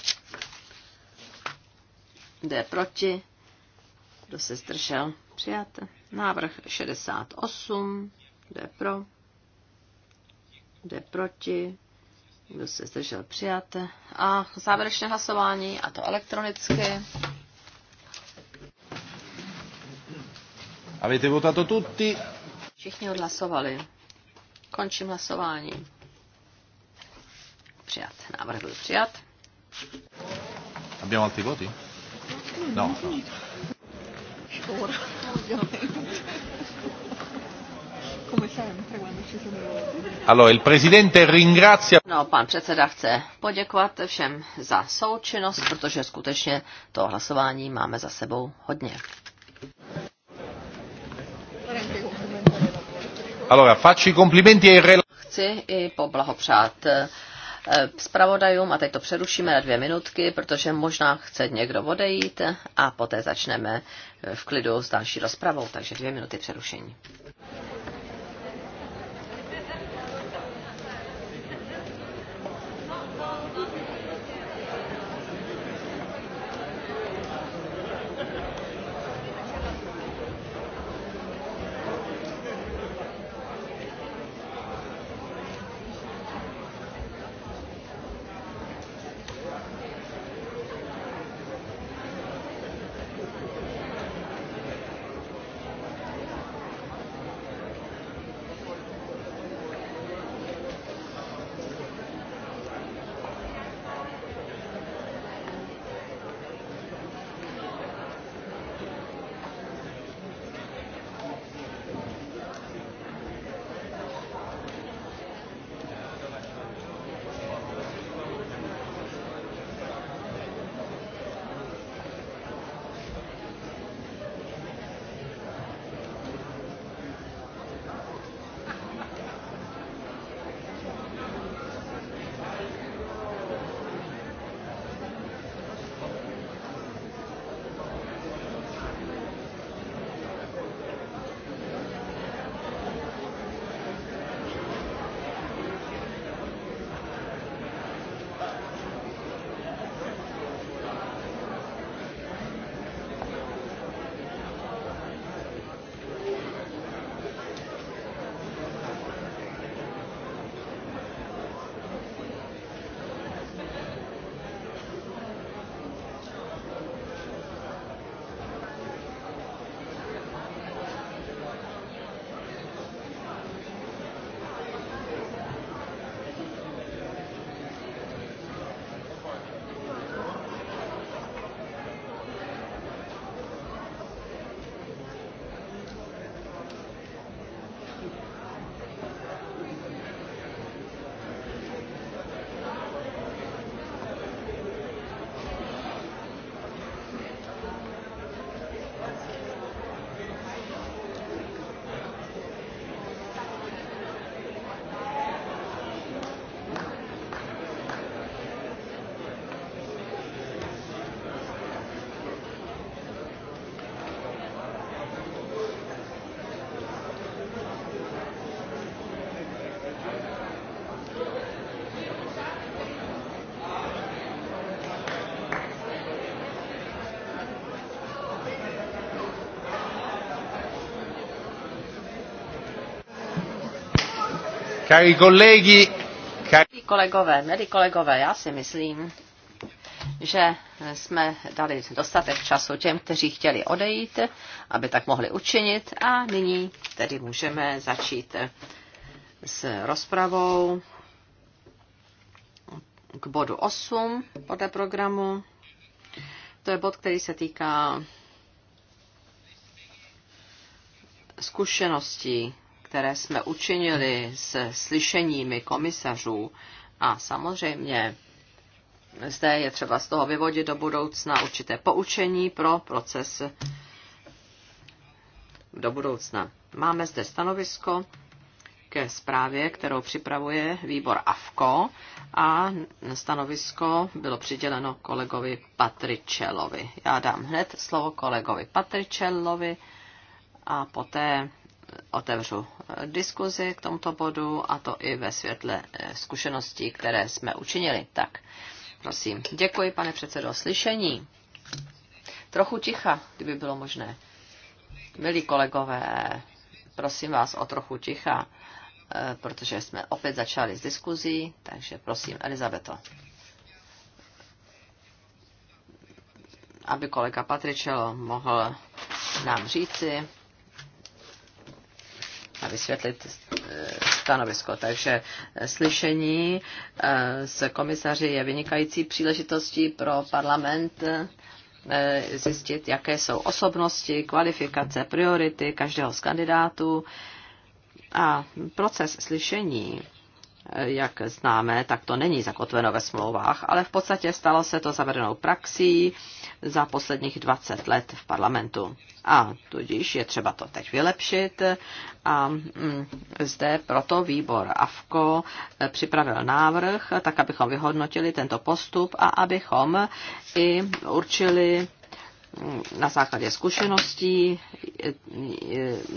Kdo je proti? Kdo se zdržel? Přijat. Návrh 68. Kdo je pro? Kdo je proti? Kdo se zdržel přijat? A závěrečné hlasování, a to elektronicky. to votato ty... Všichni odhlasovali. Končím hlasování. Přijat. Návrh byl přijat. Abbiamo ty voti? No. no. Allora, il presidente ringrazia... No, pan předseda chce poděkovat všem za součinnost, protože skutečně to hlasování máme za sebou hodně. Allora, faccio i complimenti ai Chci i poblahopřát eh, zpravodajům a teď to přerušíme na dvě minutky, protože možná chce někdo odejít a poté začneme v klidu s další rozpravou, takže dvě minuty přerušení. Cari colleghi, cari... kolegové, milí kolegové, já si myslím, že jsme dali dostatek času těm, kteří chtěli odejít, aby tak mohli učinit a nyní tedy můžeme začít s rozpravou k bodu 8 podle programu. To je bod, který se týká zkušeností které jsme učinili s slyšeními komisařů a samozřejmě zde je třeba z toho vyvodit do budoucna určité poučení pro proces do budoucna. Máme zde stanovisko ke zprávě, kterou připravuje výbor AFKO a stanovisko bylo přiděleno kolegovi Patričelovi. Já dám hned slovo kolegovi Patričelovi a poté otevřu eh, diskuzi k tomuto bodu a to i ve světle eh, zkušeností, které jsme učinili. Tak, prosím. Děkuji, pane předsedo. Slyšení. Trochu ticha, kdyby bylo možné. Milí kolegové, prosím vás o trochu ticha, eh, protože jsme opět začali s diskuzí, takže prosím, Elizabeto. Aby kolega Patričel mohl nám říci, a vysvětlit eh, stanovisko. Takže eh, slyšení eh, s komisaři je vynikající příležitostí pro parlament zjistit, jaké jsou osobnosti, kvalifikace, priority každého z kandidátů. A proces slyšení jak známe, tak to není zakotveno ve smlouvách, ale v podstatě stalo se to zavedenou praxí za posledních 20 let v parlamentu. A tudíž je třeba to teď vylepšit a mm, zde proto výbor AFKO eh, připravil návrh, tak abychom vyhodnotili tento postup a abychom i určili na základě zkušeností e,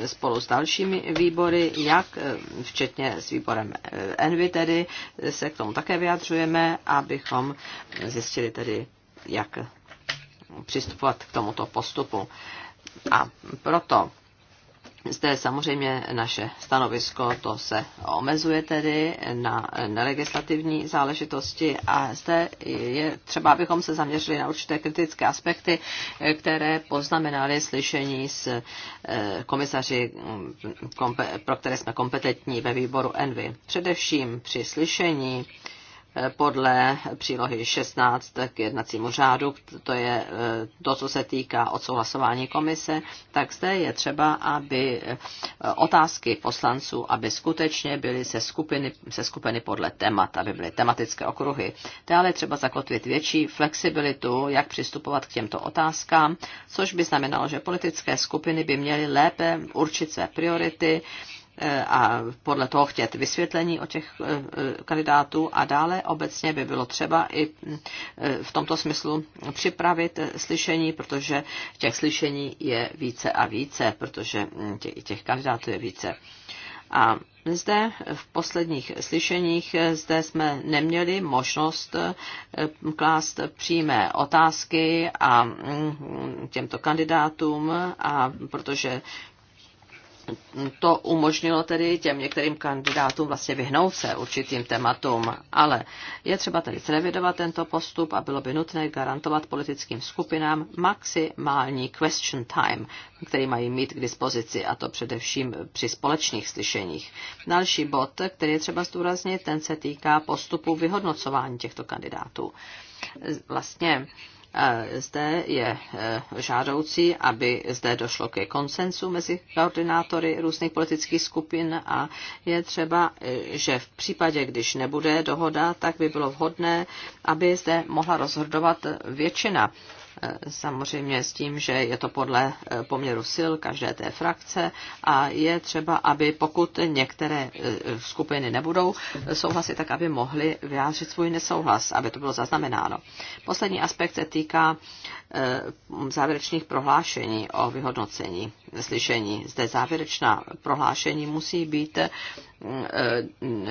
e, spolu s dalšími výbory, jak e, včetně s výborem Envy tedy se k tomu také vyjadřujeme, abychom zjistili tedy, jak přistupovat k tomuto postupu. A proto zde samozřejmě naše stanovisko, to se omezuje tedy na nelegislativní záležitosti a zde je třeba, abychom se zaměřili na určité kritické aspekty, které poznamenaly slyšení s eh, komisaři, mm, pro které jsme kompetentní ve výboru Envy. Především při slyšení podle přílohy 16 k jednacímu řádu, to je eh, to, co se týká odsouhlasování komise, tak zde je třeba, aby eh, otázky poslanců, aby skutečně byly se skupiny, se skupiny podle témat, aby byly tematické okruhy. Dále třeba zakotvit větší flexibilitu, jak přistupovat k těmto otázkám, což by znamenalo, že politické skupiny by měly lépe určit své priority, a podle toho chtět vysvětlení o těch eh, eh, kandidátů a dále obecně by bylo třeba i eh, v tomto smyslu připravit slyšení, protože těch slyšení je více a více, protože hm, těch, těch kandidátů je více. A zde v posledních slyšeních zde jsme neměli možnost klást přímé otázky a hm, těmto kandidátům, a protože to umožnilo tedy těm některým kandidátům vlastně vyhnout se určitým tématům. Ale je třeba tedy zrevidovat tento postup a bylo by nutné garantovat politickým skupinám maximální question time, který mají mít k dispozici, a to především při společných slyšeních. Další bod, který je třeba zdůraznit, ten se týká postupu vyhodnocování těchto kandidátů. Vlastně zde je e, žádoucí, aby zde došlo ke konsensu mezi koordinátory různých politických skupin a je třeba, e, že v případě, když nebude dohoda, tak by bylo vhodné, aby zde mohla rozhodovat většina Eh, samozřejmě s tím, že je to podle eh, poměru sil každé té frakce a je třeba, aby pokud některé eh, skupiny nebudou souhlasit, tak aby mohly vyjádřit svůj nesouhlas, aby to bylo zaznamenáno. Poslední aspekt se týká závěrečných prohlášení o vyhodnocení slyšení. Zde závěrečná prohlášení musí být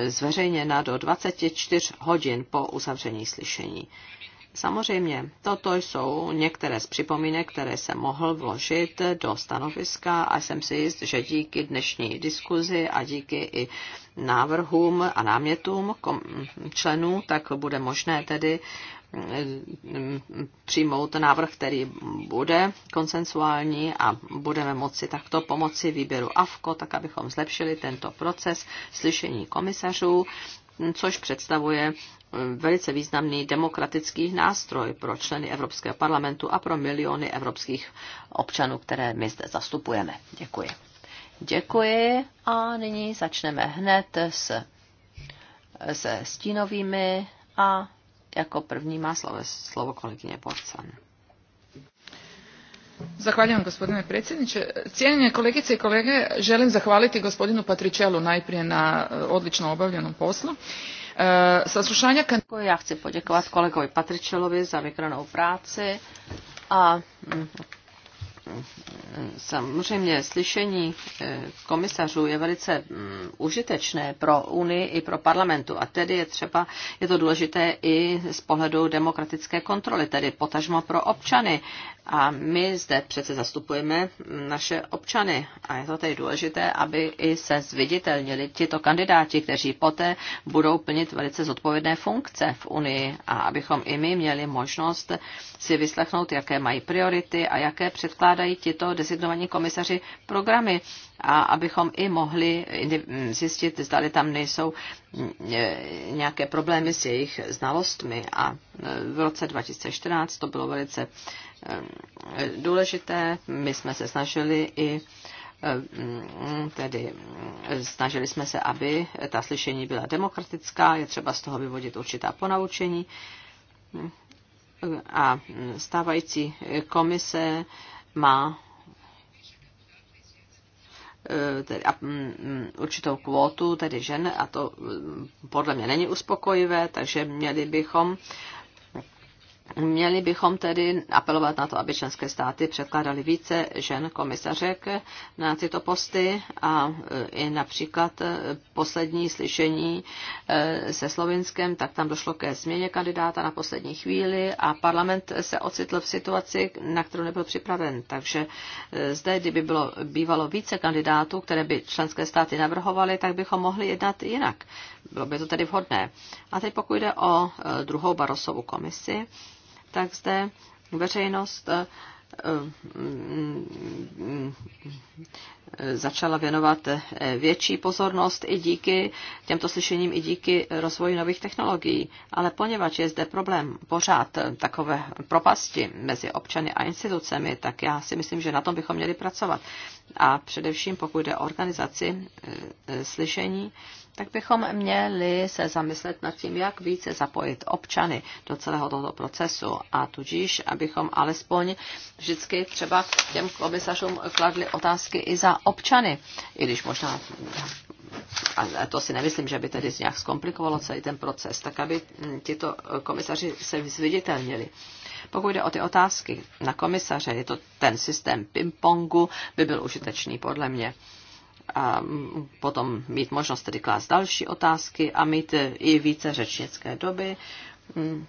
zveřejněna do 24 hodin po uzavření slyšení. Samozřejmě, toto jsou některé z připomínek, které jsem mohl vložit do stanoviska a jsem si jist, že díky dnešní diskuzi a díky i návrhům a námětům členů, tak bude možné tedy mm, mm, přijmout návrh, který bude konsensuální a budeme moci takto pomoci výběru AFKO, tak abychom zlepšili tento proces slyšení komisařů což představuje eh, velice významný demokratický nástroj pro členy Evropského parlamentu a pro miliony evropských občanů, které my zde zastupujeme. Děkuji. Děkuji a nyní začneme hned s, se stínovými a jako první má slovo, slovo kolegyně Porcan. Zahvaljujem gospodine predsjedniče. Cijenjene kolegice i kolege, želim zahvaliti gospodinu Patričelu najprije na e, odlično obavljenom poslu. E, saslušanja... Já chci poděkovat kolegovi Patričelovi za vykonanou práci a mm, Samozřejmě slyšení eh, komisařů je velice mm, užitečné pro Unii i pro parlamentu a tedy je třeba, je to důležité i z pohledu demokratické kontroly, tedy potažmo pro občany. A my zde přece zastupujeme naše občany a je to tedy důležité, aby i se zviditelnili tito kandidáti, kteří poté budou plnit velice zodpovědné funkce v Unii a abychom i my měli možnost si vyslechnout, jaké mají priority a jaké předkládají předkládají tito designovaní komisaři programy a abychom i mohli zjistit, zda tam nejsou mm, e, nějaké problémy s jejich znalostmi. A e, v roce 2014 to bylo velice e, důležité. My jsme se snažili i mm, tedy snažili jsme se, aby ta slyšení byla demokratická, je třeba z toho vyvodit určitá ponaučení a stávající komise má e, tedy, a, m, mm, mm, určitou kvótu, tedy žen, a to mm, podle mě není uspokojivé, takže měli bychom Měli bychom tedy apelovat na to, aby členské státy předkládaly více žen komisařek na tyto posty a e, i například e, poslední slyšení e, se Slovinskem, tak tam došlo ke změně kandidáta na poslední chvíli a parlament se ocitl v situaci, na kterou nebyl připraven. Takže zde, kdyby bylo bývalo více kandidátů, které by členské státy navrhovaly, tak bychom mohli jednat jinak. Bylo by to tedy vhodné. A teď pokud jde o druhou Barosovu komisi, tak zde veřejnost eh, eh, začala věnovat eh, větší pozornost i díky těmto slyšením, i díky rozvoji nových technologií. Ale poněvadž je zde problém pořád takové propasti mezi občany a institucemi, tak já si myslím, že na tom bychom měli pracovat. A především pokud jde o organizaci slyšení, tak bychom měli se zamyslet nad tím, jak více zapojit občany do celého tohoto procesu a tudíž, abychom alespoň vždycky třeba těm komisařům kladli otázky i za občany, i když možná a to si nemyslím, že by tedy nějak zkomplikovalo celý ten proces, tak aby tito komisaři se zviditelnili. Pokud jde o ty otázky na komisaře, je to ten systém ping-pongu, by byl užitečný podle mě a potom mít možnost tedy klást další otázky a mít eh, i více řečnické doby, mm,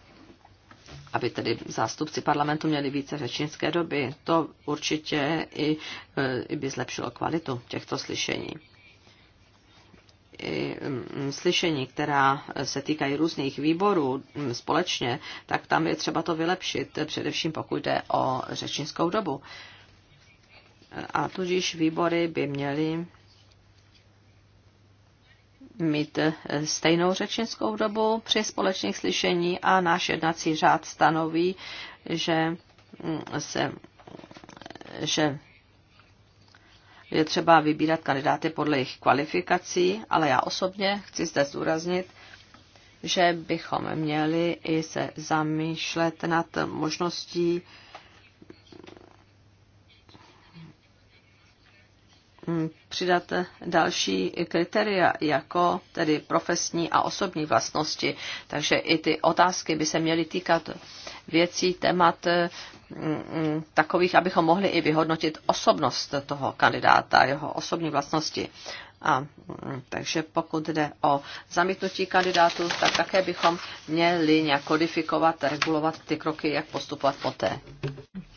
aby tedy zástupci parlamentu měli více řečnické doby. To určitě i, eh, i by zlepšilo kvalitu těchto slyšení. I mm, slyšení, která se týkají různých výborů mm, společně, tak tam je třeba to vylepšit, eh, především pokud jde o řečnickou dobu. A tudíž výbory by měly mít eh, stejnou řečnickou dobu při společných slyšení a náš jednací řád stanoví, že mm, se že je třeba vybírat kandidáty podle jejich kvalifikací, ale já osobně chci zde zdůraznit, že bychom měli i se zamýšlet nad možností Mm, přidat další kritéria, jako tedy profesní a osobní vlastnosti. Takže i ty otázky by se měly týkat věcí, témat mm, mm, takových, abychom mohli i vyhodnotit osobnost toho kandidáta, jeho osobní vlastnosti. A, takže pokud jde o zamítnutí kandidátů, tak také bychom měli nějak kodifikovat, regulovat ty kroky, jak postupovat poté.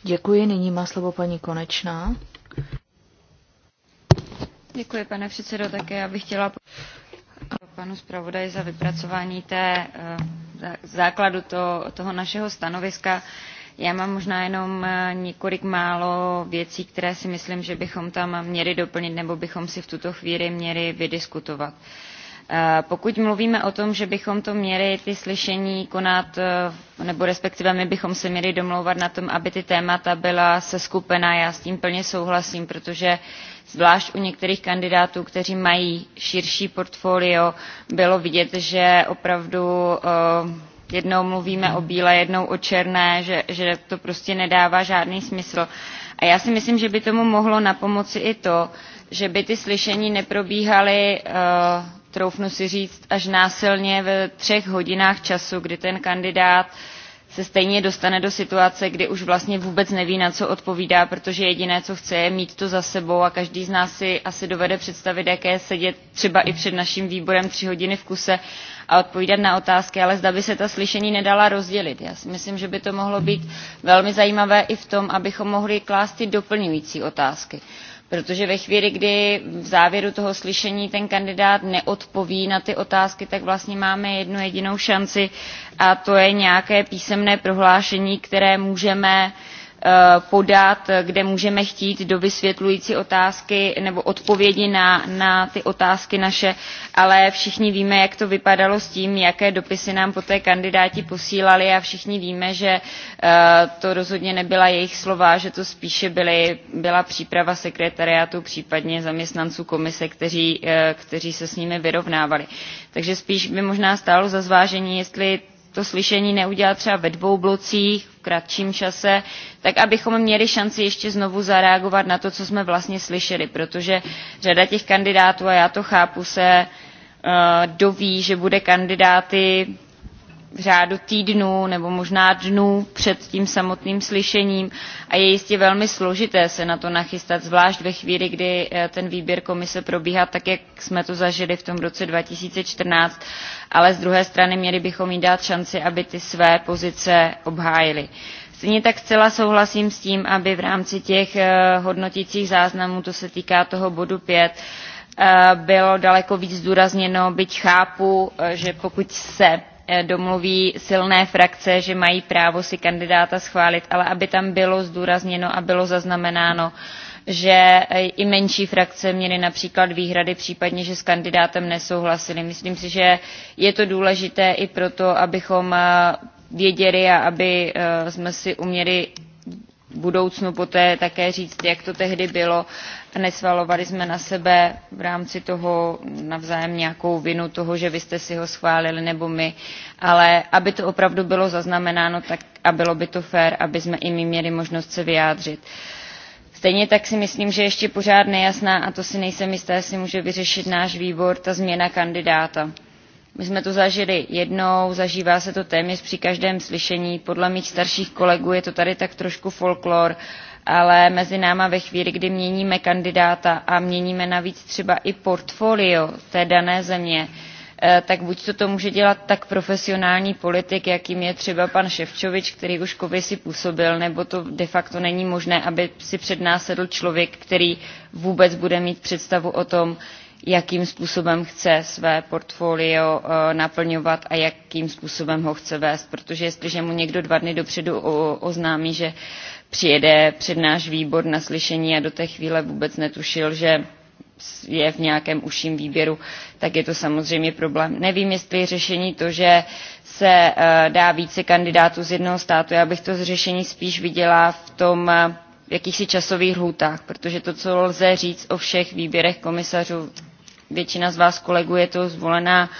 Děkuji. Nyní má slovo paní Konečná. Děkuji, pane předsedo. Také já bych chtěla panu zpravodaji za vypracování té, eh, základu to, toho našeho stanoviska. Já mám možná jenom eh, několik málo věcí, které si myslím, že bychom tam měli doplnit nebo bychom si v tuto chvíli měli vydiskutovat. Uh, Eh, pokud mluvíme o tom že bychom to měli ty slyšení konat eh, nebo respektive my bychom se měli domlouvat na tom aby ta témata byla seskupena já s tím plně souhlasím protože zvlášť u některých kandidátů kteří mají širší portfolio bylo vidět že opravdu eh, jednou mluvíme o bílé jednou o černé že, že to prostě nedává žádný smysl. a já si myslím že by tomu mohlo napomoci i to že by ty slyšení neprobíhaly troufnu si říct, až násilně ve třech hodinách času, kdy ten kandidát se stejně dostane do situace, kdy už vlastně vůbec neví, na co odpovídá, protože jediné, co chce, je mít to za sebou a každý z nás si asi dovede představit, jaké sedět třeba i před naším výborem tři hodiny v kuse a odpovídat na otázky, ale zda by se ta slyšení nedala rozdělit. Já si myslím, že by to mohlo být velmi zajímavé i v tom, abychom mohli klást ty doplňující otázky protože ve chvíli, kdy v závěru toho slyšení ten kandidát neodpoví na ty otázky, tak vlastně máme jednu jedinou šanci a to je nějaké písemné prohlášení, které můžeme uh, Eh, podat, kde můžeme chtít do vysvětlující otázky nebo odpovědi na, na ty otázky naše, ale všichni víme, jak to vypadalo s tím, jaké dopisy nám poté kandidáti posílali a všichni víme, že eh, to rozhodně nebyla jejich slova, že to spíše byly, byla příprava sekretariátu, případně zaměstnanců komise, kteří, eh, kteří se s nimi vyrovnávali. Takže spíš by možná stálo za zvážení, jestli to slyšení neudělat třeba ve dvou blocích, v kratším čase, tak abychom měli šanci ještě znovu zareagovat na to, co jsme vlastně slyšeli, protože řada těch kandidátů, a já to chápu, se eh, doví, že bude kandidáty v řádu týdnů nebo možná dnů před tím samotným slyšením a je jistě velmi složité se na to nachystat, zvlášť ve chvíli, kdy eh, ten výběr komise probíhá tak, jak jsme to zažili v tom roce 2014, ale z druhé strany měli bychom jí dát šanci, aby ty své pozice obhájili. Stejně tak zcela souhlasím s tím, aby v rámci těch eh, hodnotících záznamů, to se týká toho bodu 5, eh, bylo daleko víc zdůrazněno, byť chápu, že pokud se Eh, domluví silné frakce, že mají právo si kandidáta schválit, ale aby tam bylo zdůrazněno a bylo zaznamenáno, že eh, i menší frakce měly například výhrady, případně, že s kandidátem nesouhlasili. Myslím si, že je to důležité i proto, abychom eh, věděli a aby jsme si uměli v budoucnu poté také říct, jak to tehdy bylo a nesvalovali jsme na sebe v rámci toho navzájem nějakou vinu toho, že vy jste si ho schválili nebo my, ale aby to opravdu bylo zaznamenáno tak a bylo by to fér, aby jsme i my měli možnost se vyjádřit. Stejně tak si myslím, že ještě pořád nejasná, a to si nejsem jistá, jestli může vyřešit náš výbor, ta změna kandidáta. My jsme to zažili jednou, zažívá se to téměř při každém slyšení. Podle mých starších kolegů je to tady tak trošku folklor ale mezi náma ve chvíli, kdy měníme kandidáta a měníme navíc třeba i portfolio té dané země, eh, tak buď to, to může dělat tak profesionální politik, jakým je třeba pan Ševčovič, který už si působil, nebo to de facto není možné, aby si před nás sedl člověk, který vůbec bude mít představu o tom, jakým způsobem chce své portfolio eh, naplňovat a jakým způsobem ho chce vést. Protože jestliže mu někdo dva dny dopředu oznámí, že přijede před náš výbor na slyšení a do té chvíle vůbec netušil, že je v nějakém užším výběru, tak je to samozřejmě problém. Nevím, jestli je řešení to, že se eh, dá více kandidátů z jednoho státu. Já bych to řešení spíš viděla v tom eh, v jakýchsi časových lhůtách, protože to, co lze říct o všech výběrech komisařů, většina z vás kolegů je to zvolená uh,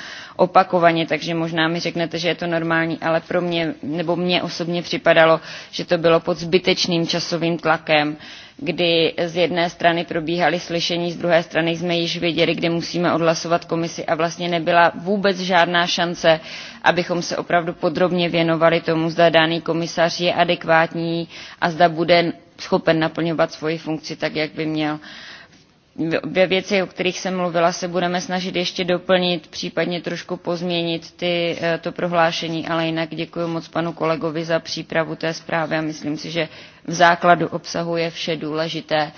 opakovaně, takže možná mi řeknete, že je to normální, ale pro mě, nebo mě osobně připadalo, že to bylo pod zbytečným časovým tlakem, kdy z jedné strany probíhaly slyšení, z druhé strany jsme již věděli, kde musíme odhlasovat komisi a vlastně nebyla vůbec žádná šance, abychom se opravdu podrobně věnovali tomu, zda daný komisař je adekvátní a zda bude schopen naplňovat svoji funkci tak, jak by měl. Uh, ve věci, o kterých jsem mluvila, se budeme snažit ještě doplnit, případně trošku pozměnit ty, eh, to prohlášení, ale jinak děkuji moc panu kolegovi za přípravu té zprávy a myslím si, že v základu obsahuje vše důležité,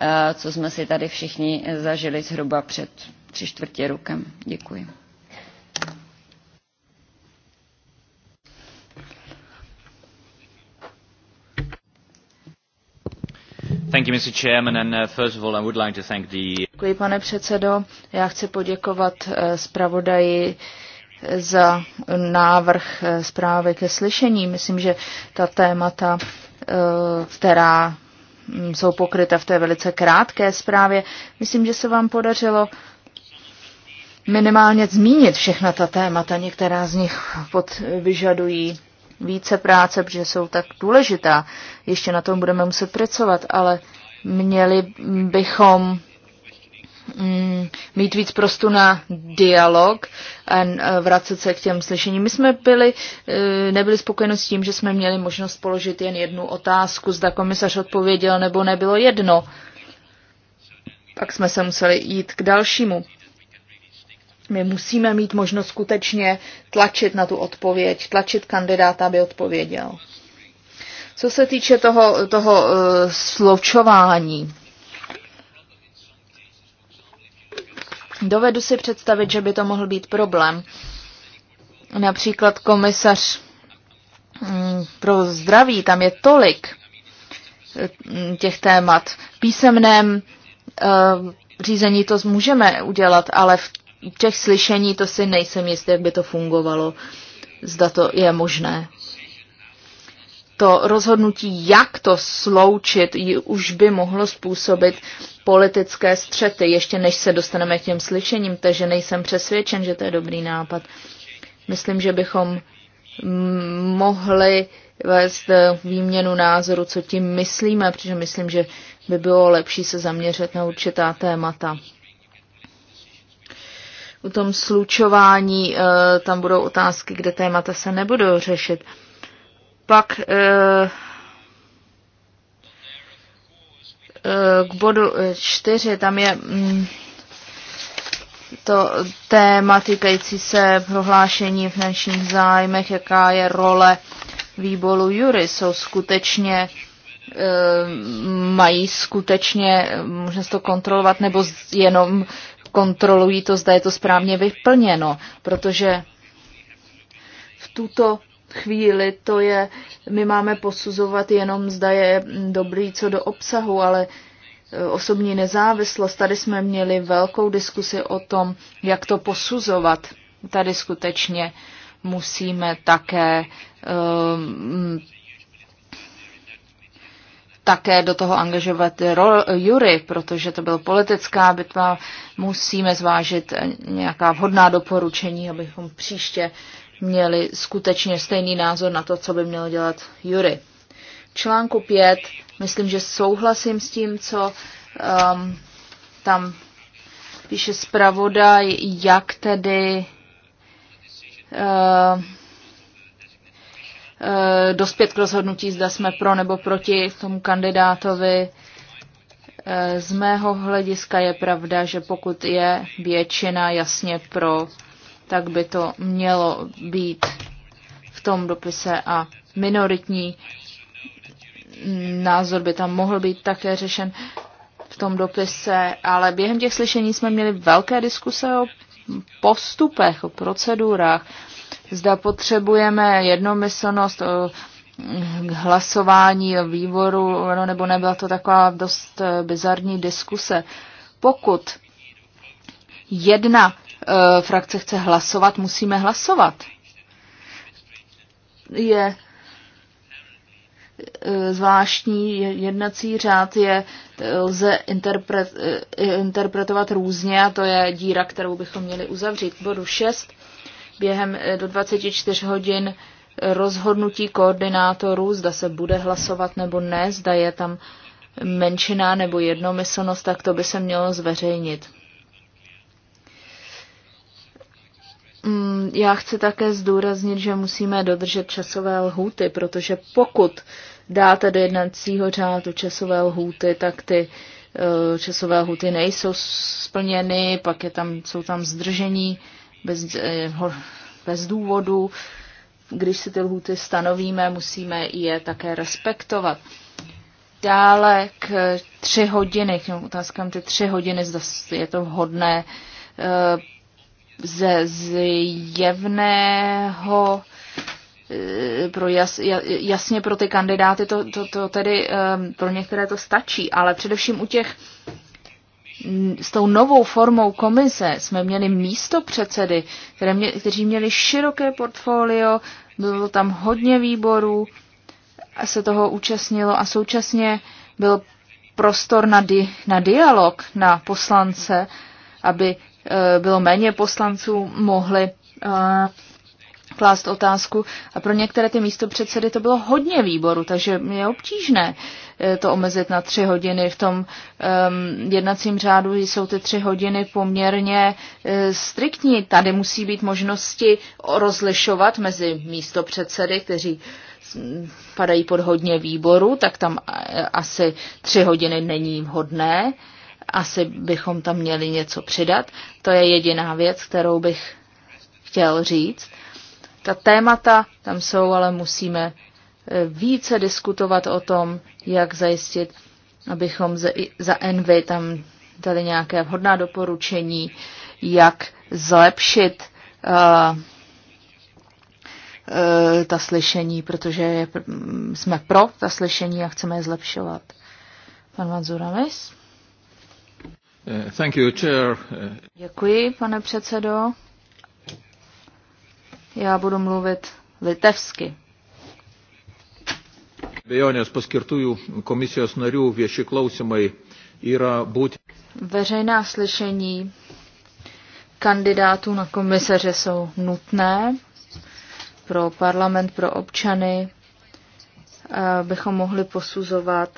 eh, co jsme si tady všichni zažili zhruba před tři čtvrtě rokem. Děkuji. Děkuji, pane předsedo. Já chci poděkovat uh, zpravodaji za návrh uh, zprávy ke slyšení. Myslím, že ta témata, uh, která mm, jsou pokryta v té velice krátké zprávě, myslím, že se vám podařilo minimálně zmínit všechna ta témata. Některá z nich pod, vyžadují více práce, protože jsou tak důležitá. Ještě na tom budeme muset pracovat, ale měli bychom mm, mít víc prostu na dialog a vracet se k těm slyšením. My jsme byli, e, nebyli spokojeni s tím, že jsme měli možnost položit jen jednu otázku, zda komisař odpověděl nebo nebylo jedno. Pak jsme se museli jít k dalšímu. My musíme mít možnost skutečně tlačit na tu odpověď, tlačit kandidáta, aby odpověděl. Co se týče toho, toho uh, eh, slovčování, dovedu si představit, že by to mohl být problém. Například komisař mm, pro zdraví, tam je tolik mm, těch témat. V písemném uh, řízení to můžeme udělat, ale v těch slyšení to si nejsem jistý, jak by to fungovalo, zda to je možné. To rozhodnutí, jak to sloučit, už by mohlo způsobit politické střety, ještě než se dostaneme k těm slyšením, takže nejsem přesvědčen, že to je dobrý nápad. Myslím, že bychom mohli vést eh, výměnu názoru, co tím myslíme, protože myslím, že by bylo lepší se zaměřit na určitá témata u tom slučování eh, tam budou otázky, kde témata se nebudou řešit. Pak eh, eh, k bodu čtyři, tam je mm, to téma týkající se prohlášení finančních zájmech, jaká je role výboru jury. Jsou skutečně, mají skutečně možnost to kontrolovat, nebo jenom kontrolují to, zda je to správně vyplněno, protože v tuto chvíli to je, my máme posuzovat jenom, zda je dobrý co do obsahu, ale e, osobní nezávislost, tady jsme měli velkou diskusi o tom, jak to posuzovat. Tady skutečně musíme také um, také do toho angažovat jury, protože to byla politická bitva. Musíme zvážit nějaká vhodná doporučení, abychom příště měli skutečně stejný názor na to, co by mělo dělat jury. Článku 5, myslím, že souhlasím s tím, co um, tam píše zpravodaj, jak tedy uh, Eh, dospět k rozhodnutí, zda jsme pro nebo proti tomu kandidátovi. Eh, z mého hlediska je pravda, že pokud je většina jasně pro, tak by to mělo být v tom dopise a minoritní názor by tam mohl být také řešen v tom dopise, ale během těch slyšení jsme měli velké diskuse o postupech, o procedurách. Zda potřebujeme jednomyslnost eh, hlasování výboru, no, nebo nebyla to taková dost eh, bizarní diskuse. Pokud jedna e, frakce chce hlasovat, musíme hlasovat. Je e, zvláštní jednací řád je lze interpret, e, interpretovat různě a to je díra, kterou bychom měli uzavřít. bodu 6 během eh, do 24 hodin rozhodnutí koordinátorů, zda se bude hlasovat nebo ne, zda je tam menšina nebo jednomyslnost, tak to by se mělo zveřejnit. Mm, já chci také zdůraznit, že musíme dodržet časové lhůty, protože pokud dáte do jednacího řádu časové lhůty, tak ty eh, časové lhůty nejsou splněny, pak je tam, jsou tam zdržení bez, eh, bez důvodu. Když si ty lhuty stanovíme, musíme je také respektovat. Dále k eh, tři hodiny, k těm otázkám ty tři hodiny, zda je to vhodné eh, ze zjevného pro jas, jasně pro ty kandidáty to, to, to tedy pro některé to stačí, ale především u těch s tou novou formou komise jsme měli místo předsedy, které mě, kteří měli široké portfolio, bylo tam hodně výborů, a se toho účastnilo a současně byl prostor na, di, na dialog na poslance, aby e, bylo méně poslanců mohli e, klást otázku a pro některé ty místopředsedy to bylo hodně výboru, takže je obtížné eh, to omezit na tři hodiny. V tom um, jednacím řádu jsou ty tři hodiny poměrně uh, striktní. Tady musí být možnosti rozlišovat mezi místopředsedy, kteří mm, padají pod hodně výboru, tak tam eh, asi tři hodiny není vhodné. Asi bychom tam měli něco přidat. To je jediná věc, kterou bych chtěl říct. Ta témata tam jsou, ale musíme eh, více diskutovat o tom, jak zajistit, abychom za Envy tam dali nějaké vhodná doporučení, jak zlepšit uh, ta slyšení, protože jsme pro ta slyšení a chceme je zlepšovat. Pan Manzuramis? Thank you, chair. Děkuji, pane předsedo. Já budu mluvit litevsky. Bejonės paskirtųjų komisijos narių vieši klausimai yra būti. Veřejná slyšení kandidátů na komisaře jsou nutné pro parlament, pro občany, bychom mohli posuzovat,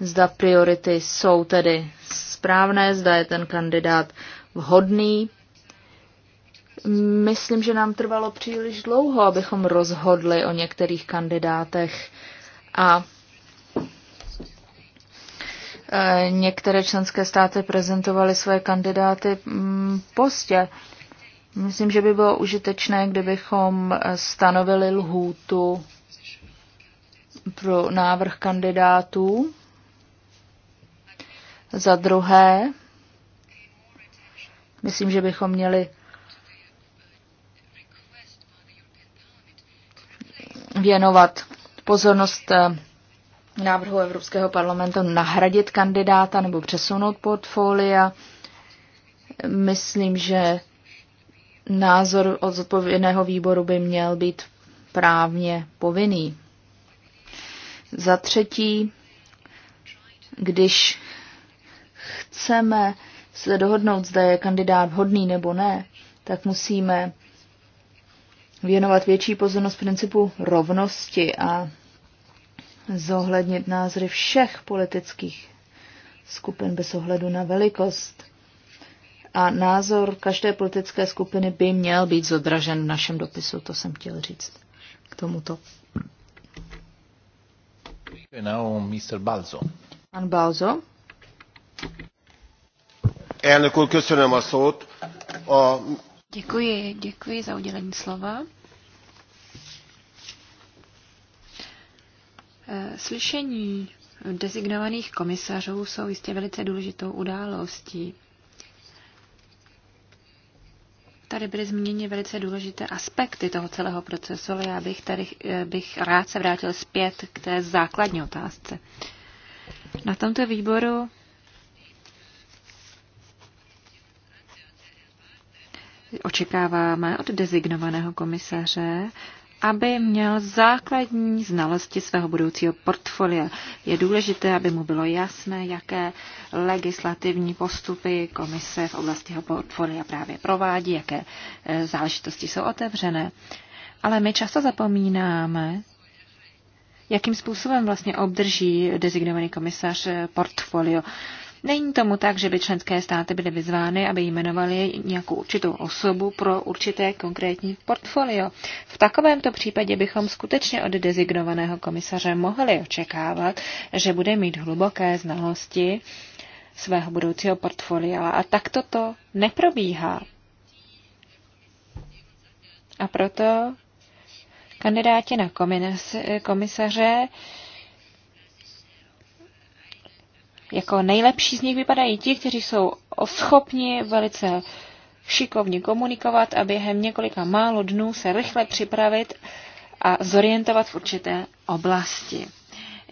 zda priority jsou tedy správné, zda je ten kandidát vhodný Myslím, že nám trvalo příliš dlouho, abychom rozhodli o některých kandidátech a e, některé členské státy prezentovaly své kandidáty mm, postě. Myslím, že by bylo užitečné, kdybychom stanovili lhůtu pro návrh kandidátů. Za druhé, myslím, že bychom měli věnovat pozornost eh, návrhu Evropského parlamentu nahradit kandidáta nebo přesunout portfolia. Myslím, že názor od zodpovědného výboru by měl být právně povinný. Za třetí, když chceme se dohodnout, zda je kandidát vhodný nebo ne, tak musíme věnovat větší pozornost principu rovnosti a zohlednit názory všech politických skupin bez ohledu na velikost. A názor každé politické skupiny by měl být zodražen v našem dopisu, to jsem chtěl říct k tomuto. Now, Mr. Balzo. Pan Balzo. Elnök úr, köszönöm a szót. A Děkuji, děkuji za udělení slova. Eh, slyšení designovaných komisařů jsou jistě velice důležitou událostí. Tady byly zmíněny velice důležité aspekty toho celého procesu, ale já bych tady eh, bych rád se vrátil zpět k té základní otázce. Na tomto výboru očekáváme od dezignovaného komisaře, aby měl základní znalosti svého budoucího portfolia. Je důležité, aby mu bylo jasné, jaké legislativní postupy komise v oblasti jeho portfolia právě provádí, jaké e, záležitosti jsou otevřené. Ale my často zapomínáme, jakým způsobem vlastně obdrží designovaný komisař e, portfolio. Není tomu tak, že by členské státy byly vyzvány, aby jmenovali nějakou určitou osobu pro určité konkrétní portfolio. V takovémto případě bychom skutečně od dezignovaného komisaře mohli očekávat, že bude mít hluboké znalosti svého budoucího portfolia. A tak to neprobíhá. A proto kandidáti na komisaře jako nejlepší z nich vypadají ti, kteří jsou schopni velice šikovně komunikovat a během několika málo dnů se rychle připravit a zorientovat v určité oblasti.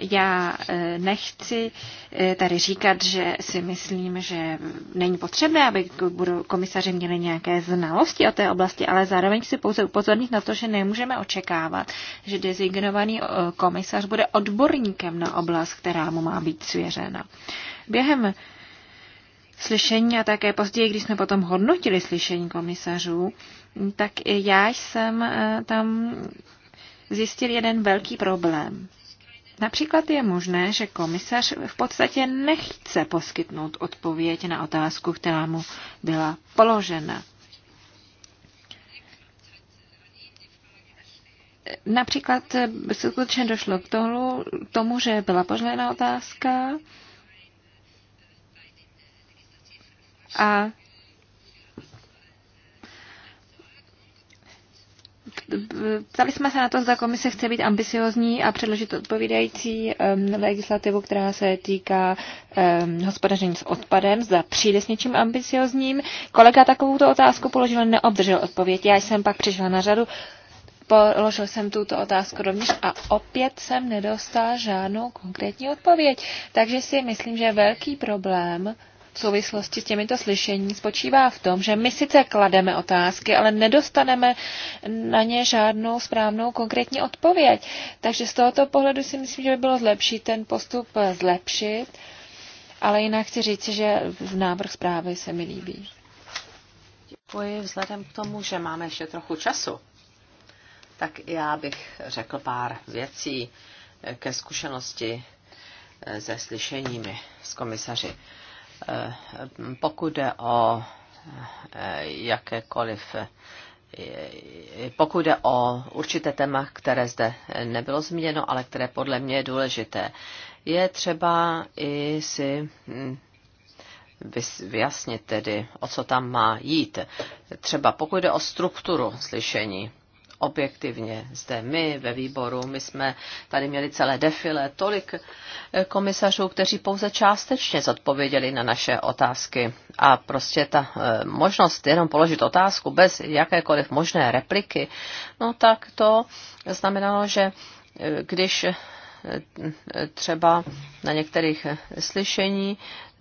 Já eh, nechci eh, tady říkat, že si myslím, že není potřebné, aby komisaři měli nějaké znalosti o té oblasti, ale zároveň si pouze upozornit na to, že nemůžeme očekávat, že designovaný eh, komisař bude odborníkem na oblast, která mu má být svěřena. Během slyšení a také později, když jsme potom hodnotili slyšení komisařů, tak já jsem tam zjistil jeden velký problém. Například je možné, že komisař v podstatě nechce poskytnout odpověď na otázku, která mu byla položena. Například skutečně došlo k tomu, k tomu že byla položena otázka a Ptali jsme se na to, zda komise chce být ambiciozní a předložit odpovídající um, legislativu, která se týká um, hospodaření s odpadem, zda přijde s něčím ambiciozním. Kolega takovouto otázku položil, neobdržel odpověď. Já jsem pak přišla na řadu, položil jsem tuto otázku rovněž a opět jsem nedostal žádnou konkrétní odpověď. Takže si myslím, že velký problém v souvislosti s těmito slyšení spočívá v tom, že my sice klademe otázky, ale nedostaneme na ně žádnou správnou konkrétní odpověď. Takže z tohoto pohledu si myslím, že by bylo zlepší ten postup zlepšit, ale jinak chci říct, že v návrh zprávy se mi líbí. Děkuji. Vzhledem k tomu, že máme ještě trochu času, tak já bych řekl pár věcí ke zkušenosti se slyšeními s komisaři. Eh, pokud jde o eh, jakékoliv eh, pokud jde o určité téma, které zde nebylo zmíněno, ale které podle mě je důležité, je třeba i si hm, vyjasnit tedy, o co tam má jít. Třeba pokud jde o strukturu slyšení, objektivně zde my ve výboru. My jsme tady měli celé defile, tolik komisařů, kteří pouze částečně zodpověděli na naše otázky. A prostě ta eh, možnost jenom položit otázku bez jakékoliv možné repliky, no tak to znamenalo, že eh, když eh, třeba na některých slyšení,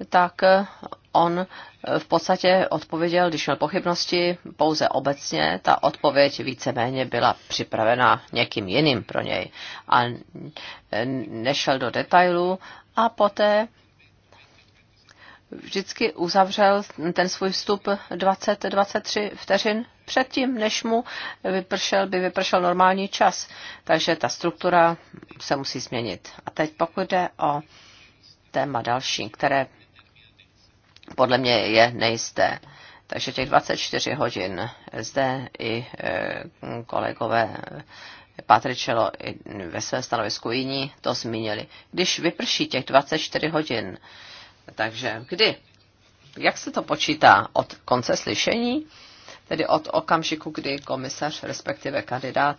tak on eh, v podstatě odpověděl, když měl pochybnosti, pouze obecně. Ta odpověď víceméně byla připravena někým jiným pro něj a nešel do detailu a poté vždycky uzavřel ten svůj vstup 20-23 vteřin předtím, než mu vypršel, by vypršel normální čas. Takže ta struktura se musí změnit. A teď pokud jde o téma další, které podle mě je nejisté. Takže těch 24 hodin zde i eh, kolegové Patričelo ve své stanovisku jiní to zmínili. Když vyprší těch 24 hodin, takže kdy? Jak se to počítá? Od konce slyšení? Tedy od okamžiku, kdy komisař, respektive kandidát,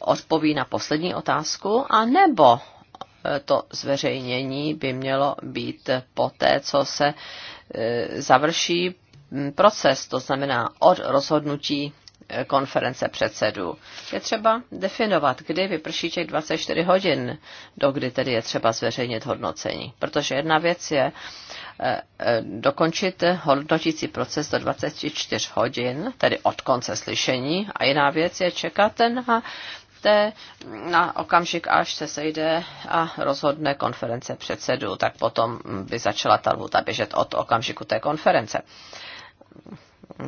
odpoví na poslední otázku, a nebo eh, to zveřejnění by mělo být po té, co se E, završí mm, proces, to znamená od rozhodnutí e, konference předsedů. Je třeba definovat, kdy vyprší těch 24 hodin, do kdy tedy je třeba zveřejnit hodnocení. Protože jedna věc je e, dokončit hodnotící proces do 24 hodin, tedy od konce slyšení, a jiná věc je čekat na poté na okamžik, až se sejde a rozhodne konference předsedu, tak potom by začala ta lhuta běžet od okamžiku té konference.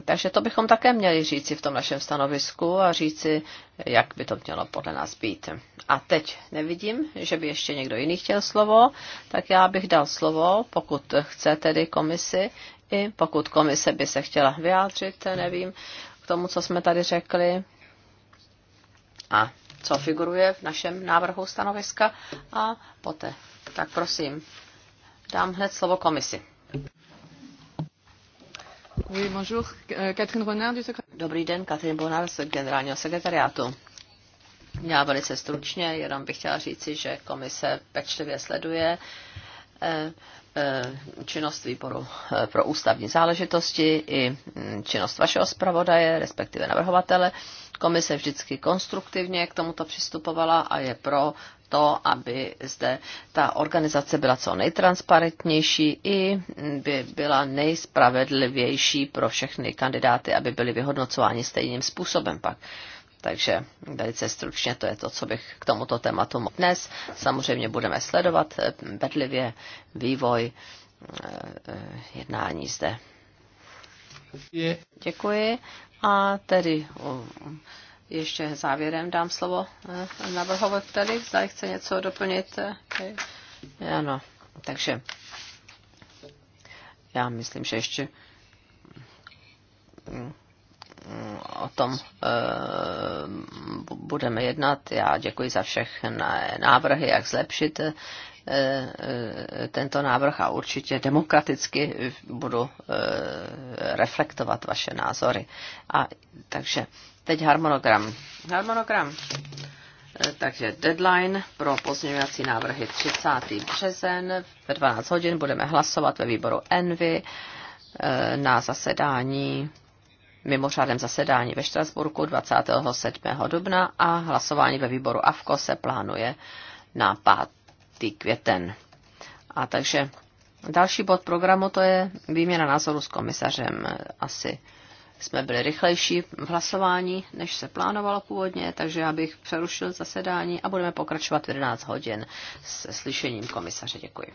Takže to bychom také měli říci v tom našem stanovisku a říci, jak by to mělo podle nás být. A teď nevidím, že by ještě někdo jiný chtěl slovo, tak já bych dal slovo, pokud chce tedy komisi, i pokud komise by se chtěla vyjádřit, nevím, k tomu, co jsme tady řekli. A co figuruje v našem návrhu stanoviska a poté. Tak prosím, dám hned slovo komisi. Oui, bonjour. Catherine Renard, du secret... Dobrý den, Katrin Bonar z generálního sekretariátu. Já velice stručně, jenom bych chtěla říci, že komise pečlivě sleduje eh, Eh, činnost výboru eh, pro ústavní záležitosti i mm, činnost vašeho zpravodaje, respektive navrhovatele. Komise vždycky konstruktivně k tomuto přistupovala a je pro to, aby zde ta organizace byla co nejtransparentnější i mm, by byla nejspravedlivější pro všechny kandidáty, aby byli vyhodnocováni stejným způsobem pak. Takže velice stručně to je to, co bych k tomuto tématu dnes. Samozřejmě budeme sledovat eh, bedlivě vývoj eh, eh, jednání zde. Děkuji. A tedy ještě závěrem dám slovo navrhovateli, zda chce něco doplnit. Ano, takže já myslím, že ještě mm, o tom eh, budeme jednat. Já děkuji za všechny návrhy, jak zlepšit eh, eh, tento návrh a určitě demokraticky budu reflektovat vaše názory. A, takže teď harmonogram. Harmonogram. Takže deadline pro pozměňovací návrhy 30. březen ve 12 hodin budeme hlasovat ve výboru Envy na zasedání mimořádném zasedání ve Štrasburku 27. dubna a hlasování ve výboru AFKO se plánuje na 5. květen. A takže další bod programu to je výměna názoru s komisařem. Asi jsme byli rychlejší v hlasování, než se plánovalo původně, takže já bych přerušil zasedání a budeme pokračovat v 11 hodin se slyšením komisaře. Děkuji.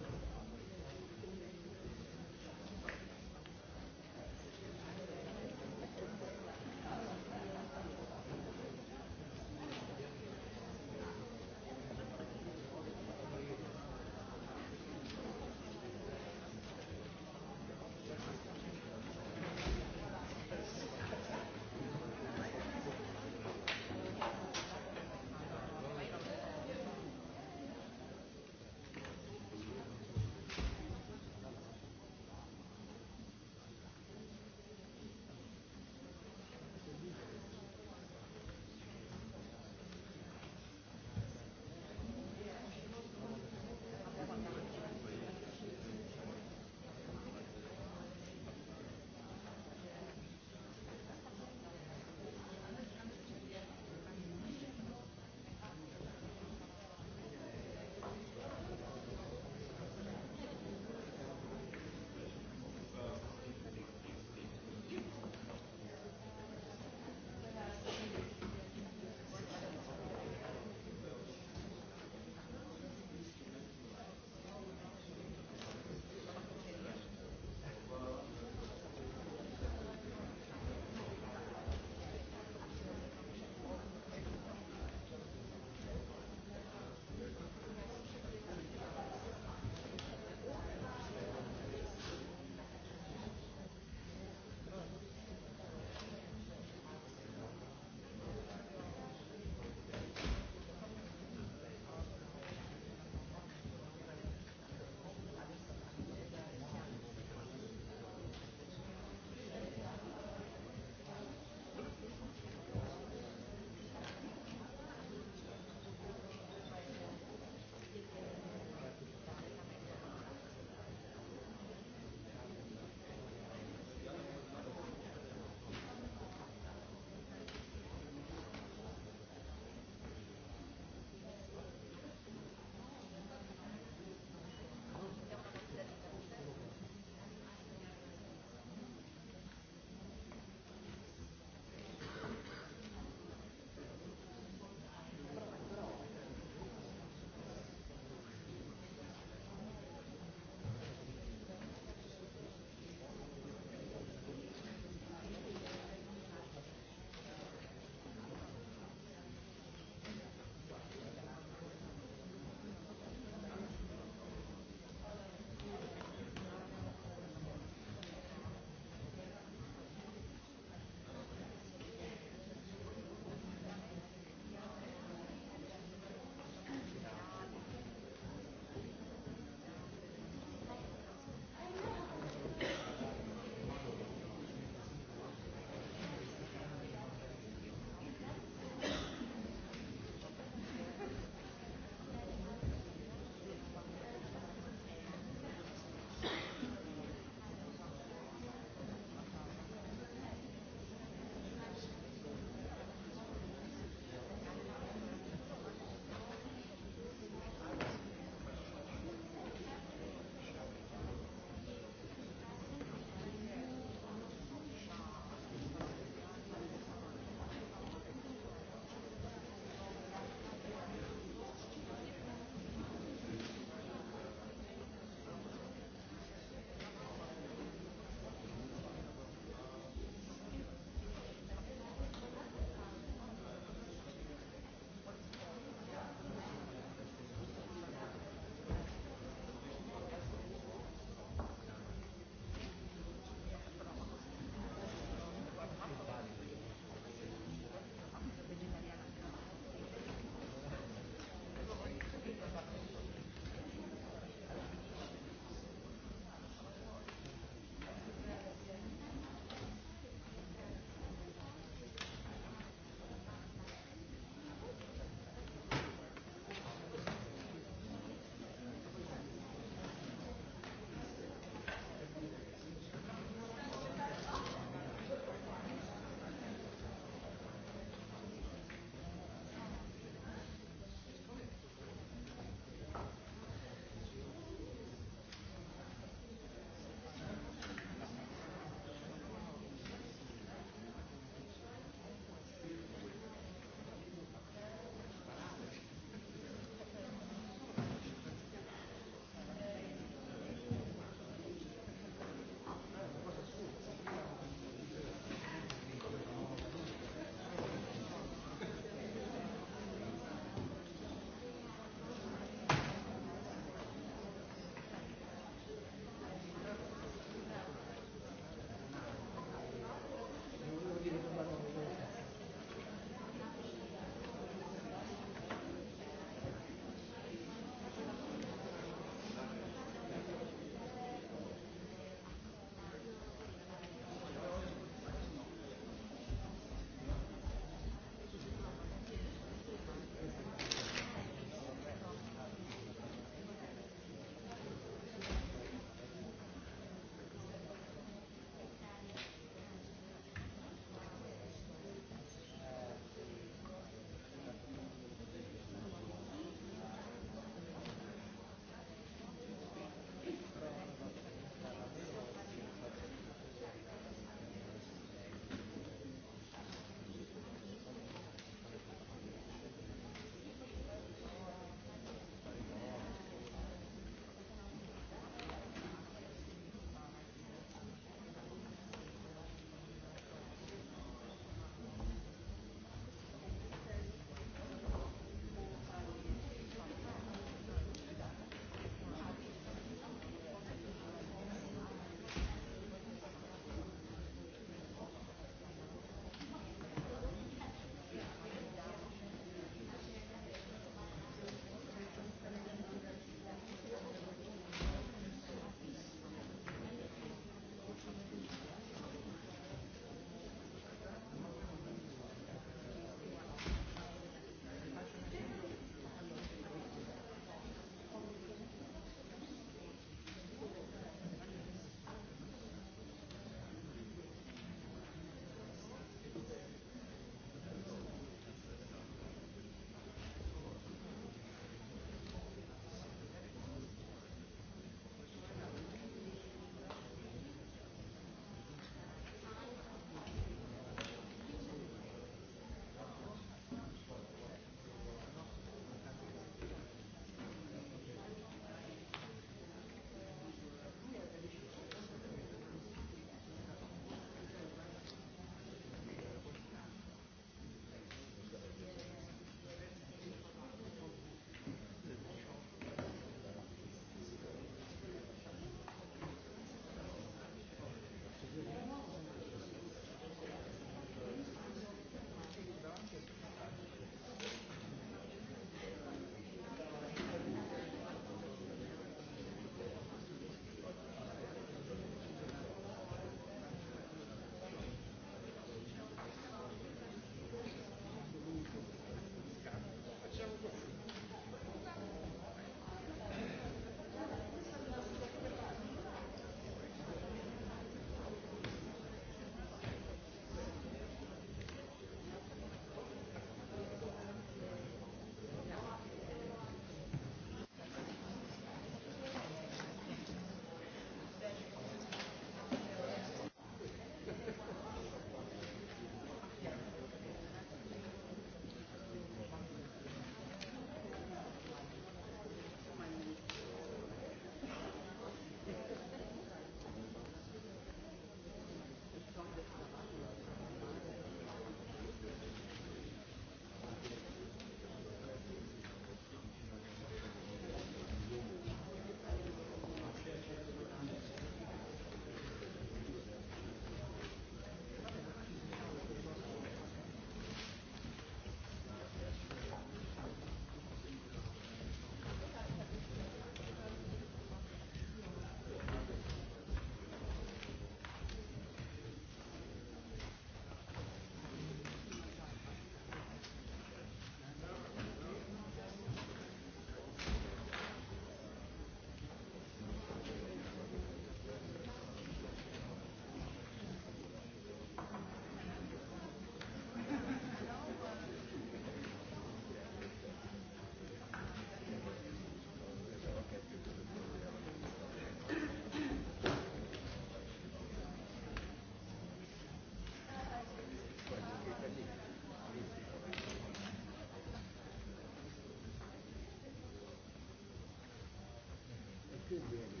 věděl.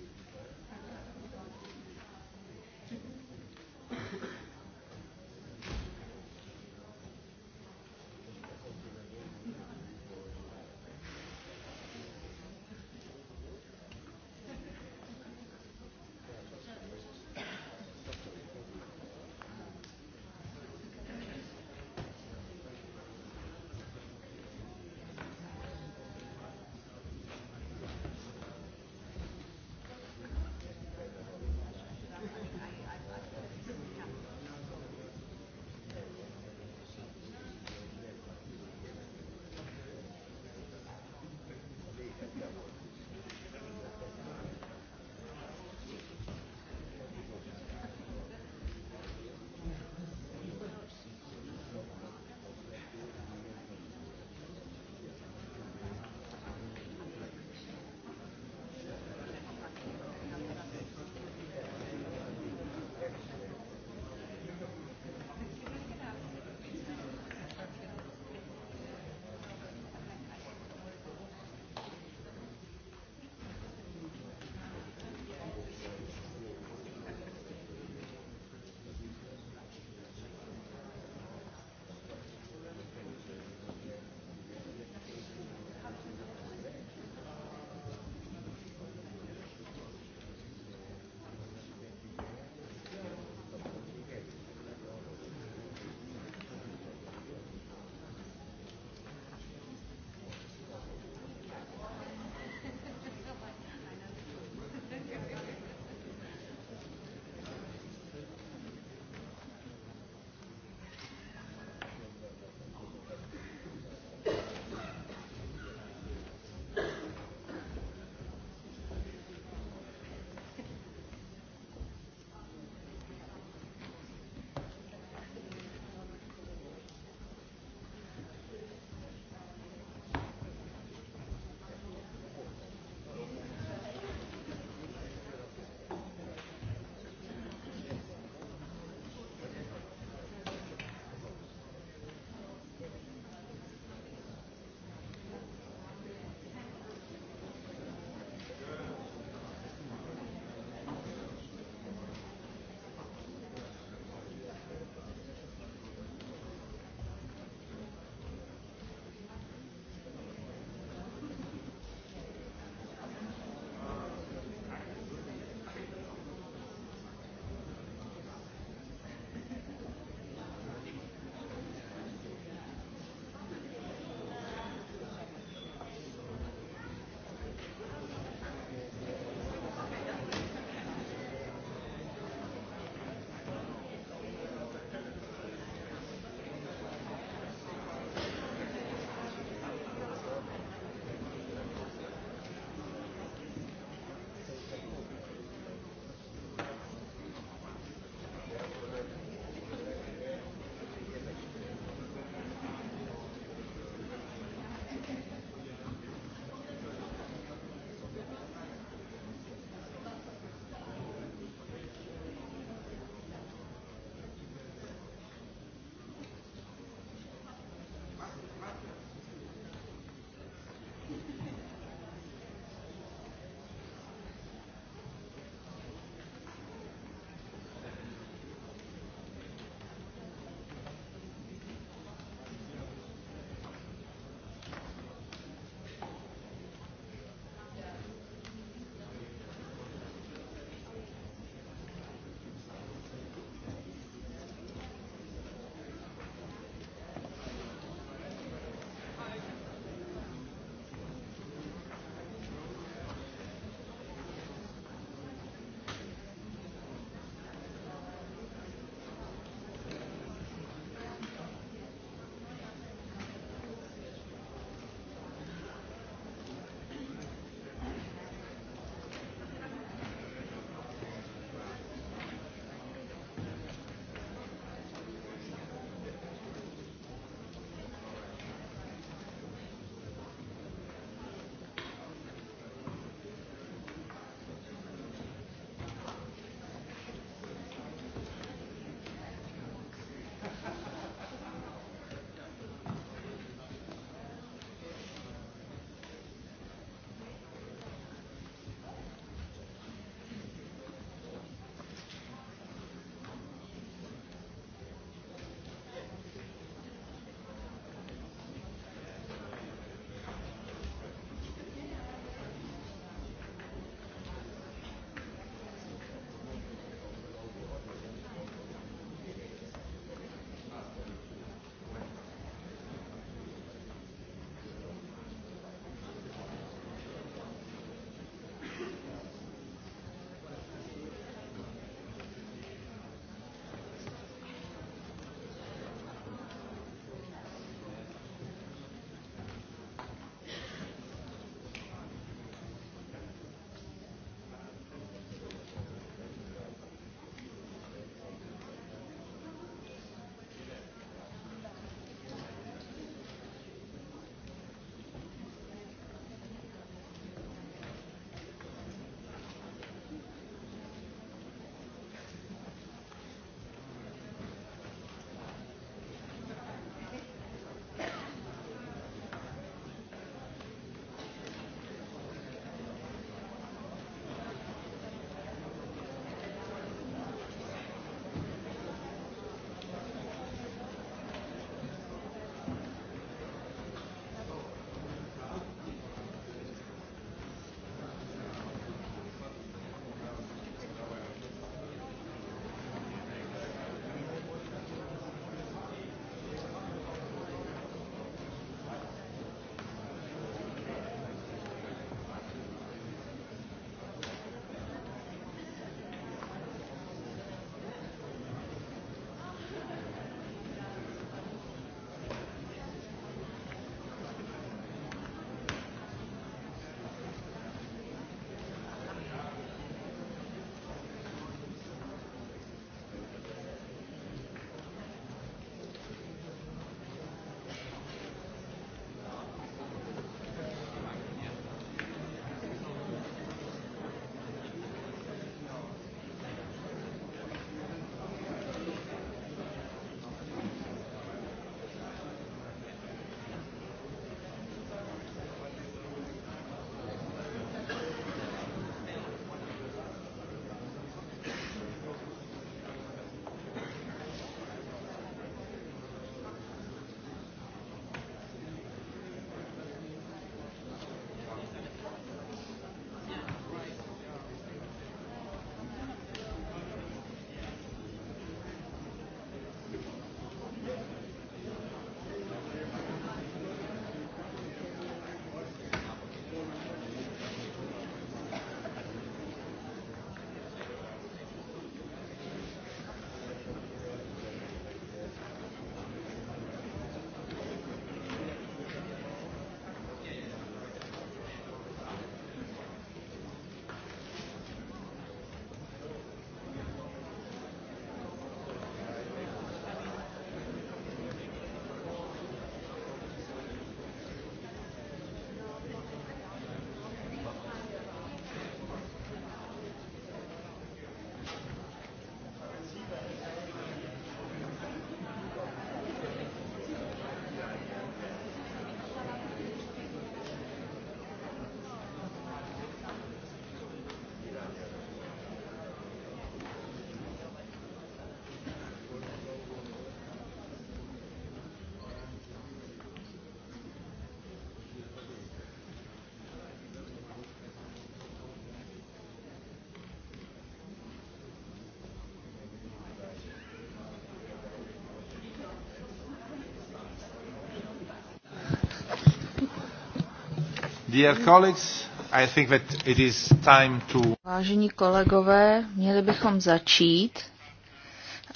Dear colleagues, I think that it is time to... Vážení kolegové, měli bychom začít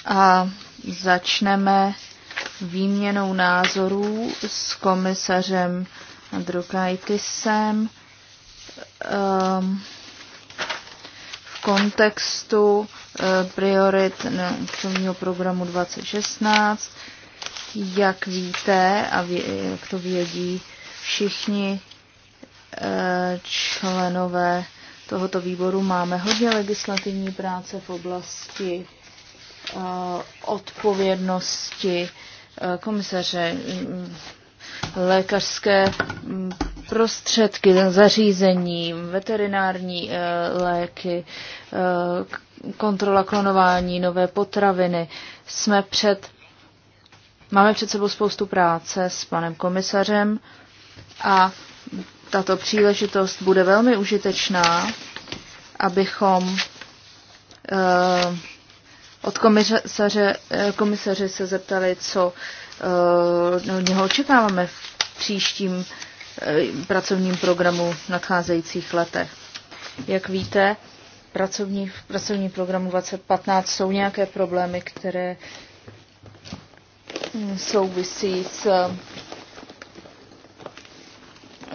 a začneme výměnou názorů s komisařem Andrukaitisem um, v kontextu uh, priorit pracovního programu 2016. Jak víte a vě, jak to vědí všichni, členové tohoto výboru. Máme hodně legislativní práce v oblasti eh, odpovědnosti eh, komisaře, mm, lékařské mm, prostředky, zařízení, veterinární eh, léky, kontrola klonování, nové potraviny. Jsme před, máme před sebou spoustu práce s panem komisařem a tato příležitost bude velmi užitečná, abychom eh, od komisaře, eh, komisaře se zeptali, co eh, od něho očekáváme v příštím pracovním programu v nadcházejících letech. Jak víte, pracovní, v pracovním programu 2015 jsou nějaké problémy, které mm, souvisí s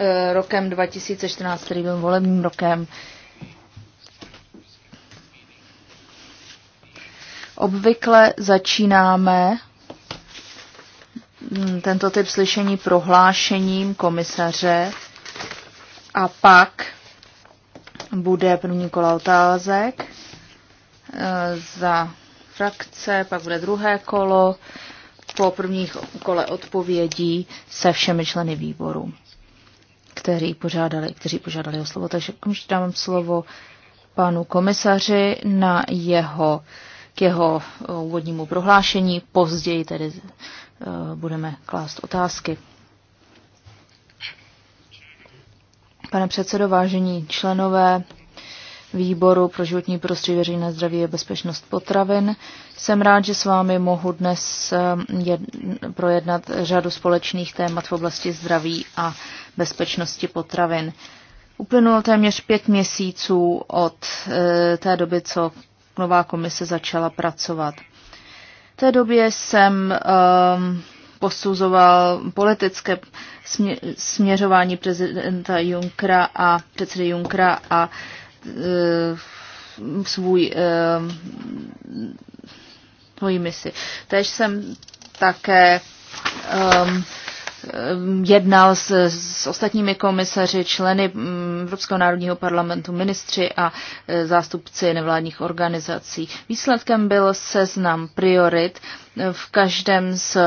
Eh, rokem 2014, který byl volebním rokem. Obvykle začínáme mm, tento typ slyšení prohlášením komisaře a pak bude první kola otázek eh, za frakce, pak bude druhé kolo po prvních kole odpovědí se všemi členy výboru kteří požádali, kteří požádali o slovo. Takže okamžitě dávám slovo panu komisaři na jeho, k jeho eh, úvodnímu prohlášení. Později tedy eh, budeme klást otázky. Pane předsedo, vážení členové výboru pro životní prostředí, veřejné zdraví a bezpečnost potravin. Jsem rád, že s vámi mohu dnes eh, projednat řadu společných témat v oblasti zdraví a bezpečnosti potravin. Uplynulo téměř pět měsíců od eh, té doby, co nová komise začala pracovat. V té době jsem ehm, posuzoval politické směřování prezidenta Junkra a předsedy Junkra a uh, Eh, svůj, eh, svoji misi. Tež jsem také um, jednal s, s ostatními komisaři, členy mm, Evropského národního parlamentu, ministři a eh, zástupci nevládních organizací. Výsledkem byl seznam priorit v každém z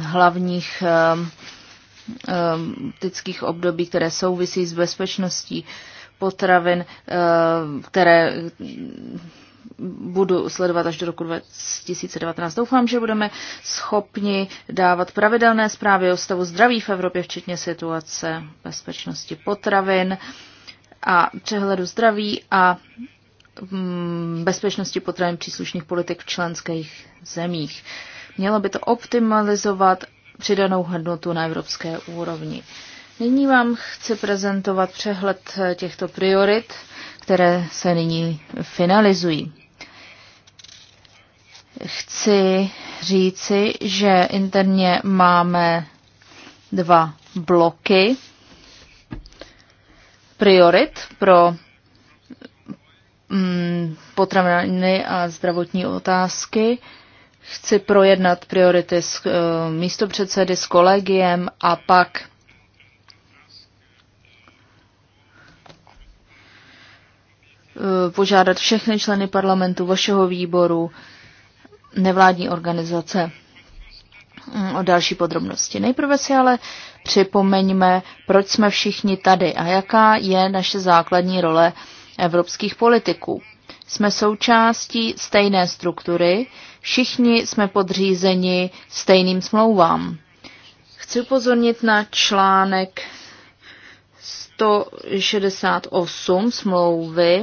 hlavních um, období, které souvisí s bezpečností. Uh, potravin, eh, které budu sledovat až do roku 2019. Doufám, že budeme schopni dávat pravidelné zprávy o stavu zdraví v Evropě, včetně situace bezpečnosti potravin a přehledu zdraví a mm, bezpečnosti potravin příslušných politik v členských zemích. Mělo by to optimalizovat přidanou hodnotu na evropské úrovni. Nyní vám chci prezentovat přehled těchto priorit, které se nyní finalizují. Chci říci, že interně máme dva bloky priorit pro mm, potraviny a zdravotní otázky. Chci projednat priority s eh, místopředsedy, s kolegiem a pak Eh, požádat všechny členy parlamentu, vašeho výboru, nevládní organizace mm, o další podrobnosti. Nejprve si ale připomeňme, proč jsme všichni tady a jaká je naše základní role evropských politiků. Jsme součástí stejné struktury, všichni jsme podřízeni stejným smlouvám. Chci upozornit na článek 168 smlouvy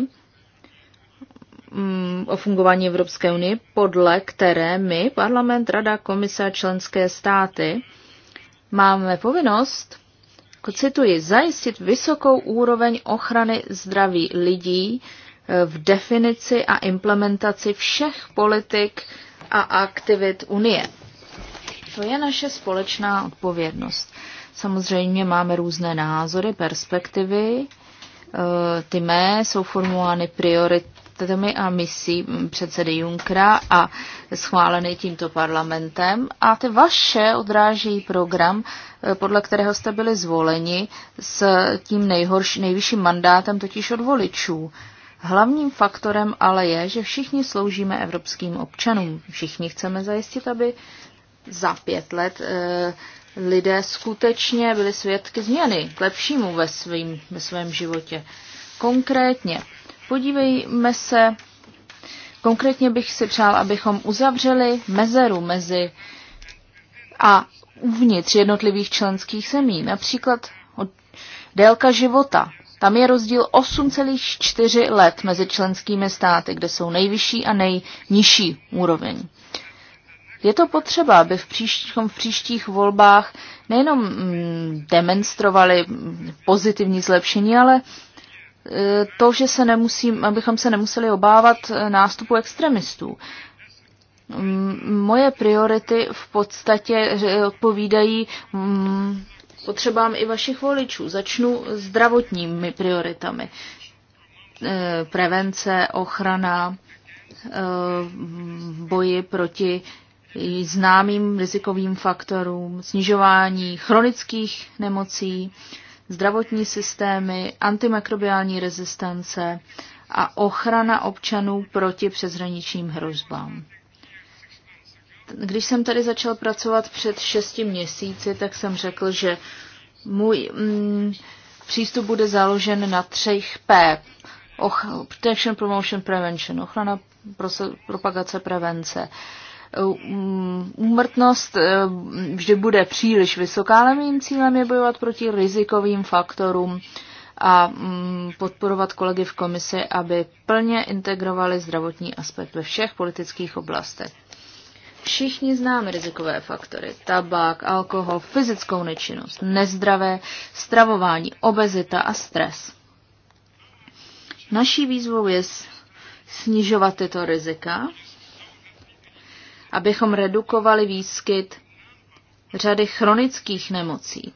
Mm, o fungování Evropské unie, podle které my, parlament, rada, komise a členské státy, máme povinnost, cituji, zajistit vysokou úroveň ochrany zdraví lidí eh, v definici a implementaci všech politik a aktivit Unie. To je naše společná odpovědnost. Samozřejmě máme různé názory, perspektivy. Eh, Ty mé jsou formulovány priorit, prioritami a misí předsedy Junkra a schválený tímto parlamentem. A ty vaše odráží program, eh, podle kterého jste byli zvoleni s tím nejhorší, nejvyšším mandátem, totiž od voličů. Hlavním faktorem ale je, že všichni sloužíme evropským občanům. Všichni chceme zajistit, aby za pět let e, lidé skutečně byli svědky změny k lepšímu ve svém, ve svém životě. Konkrétně Podívejme se, konkrétně bych si přál, abychom uzavřeli mezeru mezi a uvnitř jednotlivých členských zemí, například od délka života. Tam je rozdíl 8,4 let mezi členskými státy, kde jsou nejvyšší a nejnižší úroveň. Je to potřeba, aby v, příštích, v příštích volbách nejenom mm, demonstrovali pozitivní zlepšení, ale Eh, to, že se nemusím, abychom se nemuseli obávat eh, nástupu extremistů. Mm, moje priority v podstatě odpovídají mm, potřebám i vašich voličů. Začnu zdravotními prioritami. Eh, prevence, ochrana, boji proti známým rizikovým faktorům, snižování chronických nemocí, zdravotní systémy, antimikrobiální rezistence a ochrana občanů proti přeshraničním hrozbám. Když jsem tady začal pracovat před šesti měsíci, tak jsem řekl, že můj mm, přístup bude založen na třech P. Och, protection, promotion, prevention. Ochrana, propagace, prevence. Uh, Eh, um, úmrtnost eh, vždy bude příliš vysoká, ale mým cílem je bojovat proti rizikovým faktorům a mm, podporovat kolegy v komisi, aby plně integrovali zdravotní aspekt ve všech politických oblastech. Všichni známe rizikové faktory. Tabák, alkohol, fyzickou nečinnost, nezdravé stravování, obezita a stres. Naší výzvou je snižovat tyto rizika abychom redukovali výskyt řady chronických nemocí.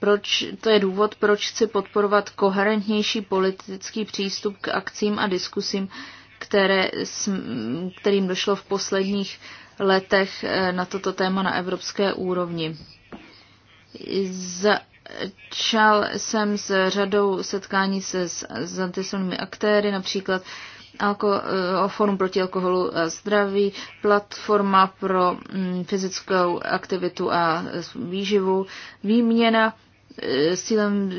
Proč, to je důvod, proč chci podporovat koherentnější politický přístup k akcím a diskusím, které, kterým došlo v posledních letech eh, na toto téma na evropské úrovni. Začal jsem s řadou setkání se s, s aktéry, například alko, eh, o Forum proti alkoholu a zdraví, platforma pro mm, fyzickou aktivitu a eh, výživu, výměna eh, s cílem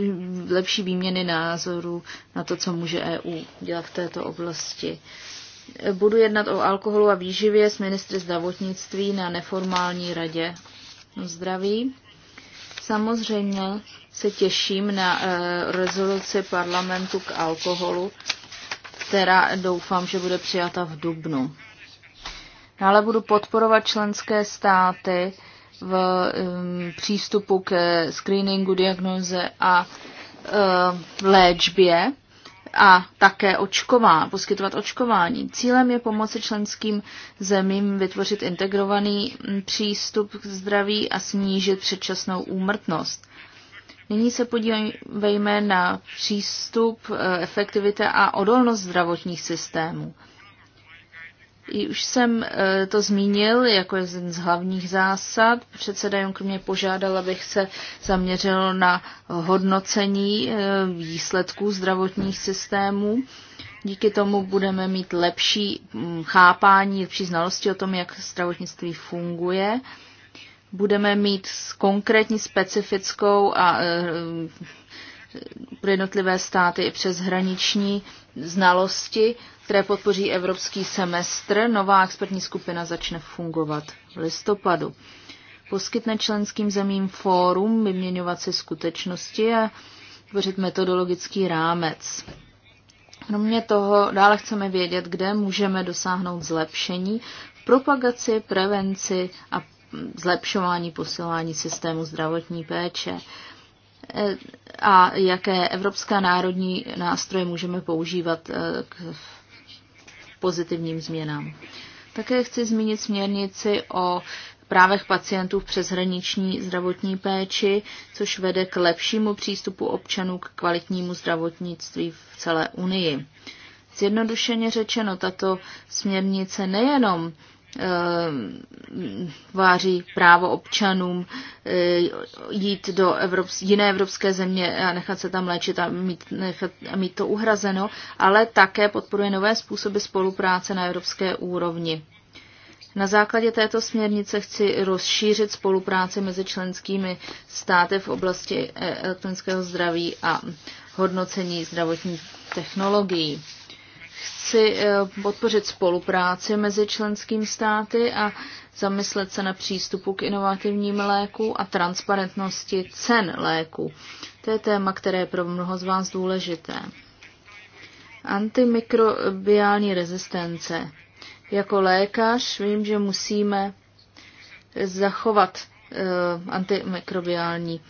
lepší výměny názorů na to, co může EU dělat v této oblasti. Budu jednat o alkoholu a výživě s ministry zdravotnictví na neformální radě zdraví. Samozřejmě se těším na rezoluci parlamentu k alkoholu která doufám, že bude přijata v Dubnu. Dále budu podporovat členské státy v um, přístupu k screeningu, diagnoze a uh, léčbě a také očková, poskytovat očkování. Cílem je pomoci členským zemím vytvořit integrovaný přístup k zdraví a snížit předčasnou úmrtnost. Nyní se podívejme na přístup, eh, efektivita a odolnost zdravotních systémů. I Už jsem eh, to zmínil jako jeden z hlavních zásad. Předseda Juncker mě požádal, abych se zaměřil na hodnocení eh, výsledků zdravotních systémů. Díky tomu budeme mít lepší mm, chápání, lepší znalosti o tom, jak zdravotnictví funguje budeme mít konkrétní specifickou a eh, pro jednotlivé státy i přes hraniční znalosti, které podpoří evropský semestr. Nová expertní skupina začne fungovat v listopadu. Poskytne členským zemím fórum vyměňovat si skutečnosti a tvořit metodologický rámec. Kromě toho dále chceme vědět, kde můžeme dosáhnout zlepšení v propagaci, prevenci a zlepšování, posilování systému zdravotní péče e, a jaké evropská národní nástroje můžeme používat e, k pozitivním změnám. Také chci zmínit směrnici o právech pacientů v přeshraniční zdravotní péči, což vede k lepšímu přístupu občanů k kvalitnímu zdravotnictví v celé Unii. Zjednodušeně řečeno, tato směrnice nejenom Eh, váří právo občanům eh, jít do Evrop, jiné evropské země a nechat se tam léčit a mít, nechat, a mít to uhrazeno, ale také podporuje nové způsoby spolupráce na evropské úrovni. Na základě této směrnice chci rozšířit spolupráci mezi členskými státy v oblasti elektronického zdraví a hodnocení zdravotních technologií chci eh, podpořit spolupráci mezi členskými státy a zamyslet se na přístupu k inovativním léku a transparentnosti cen léku. To je téma, které je pro mnoho z vás důležité. Antimikrobiální rezistence. Jako lékař vím, že musíme zachovat eh, antimikrobiální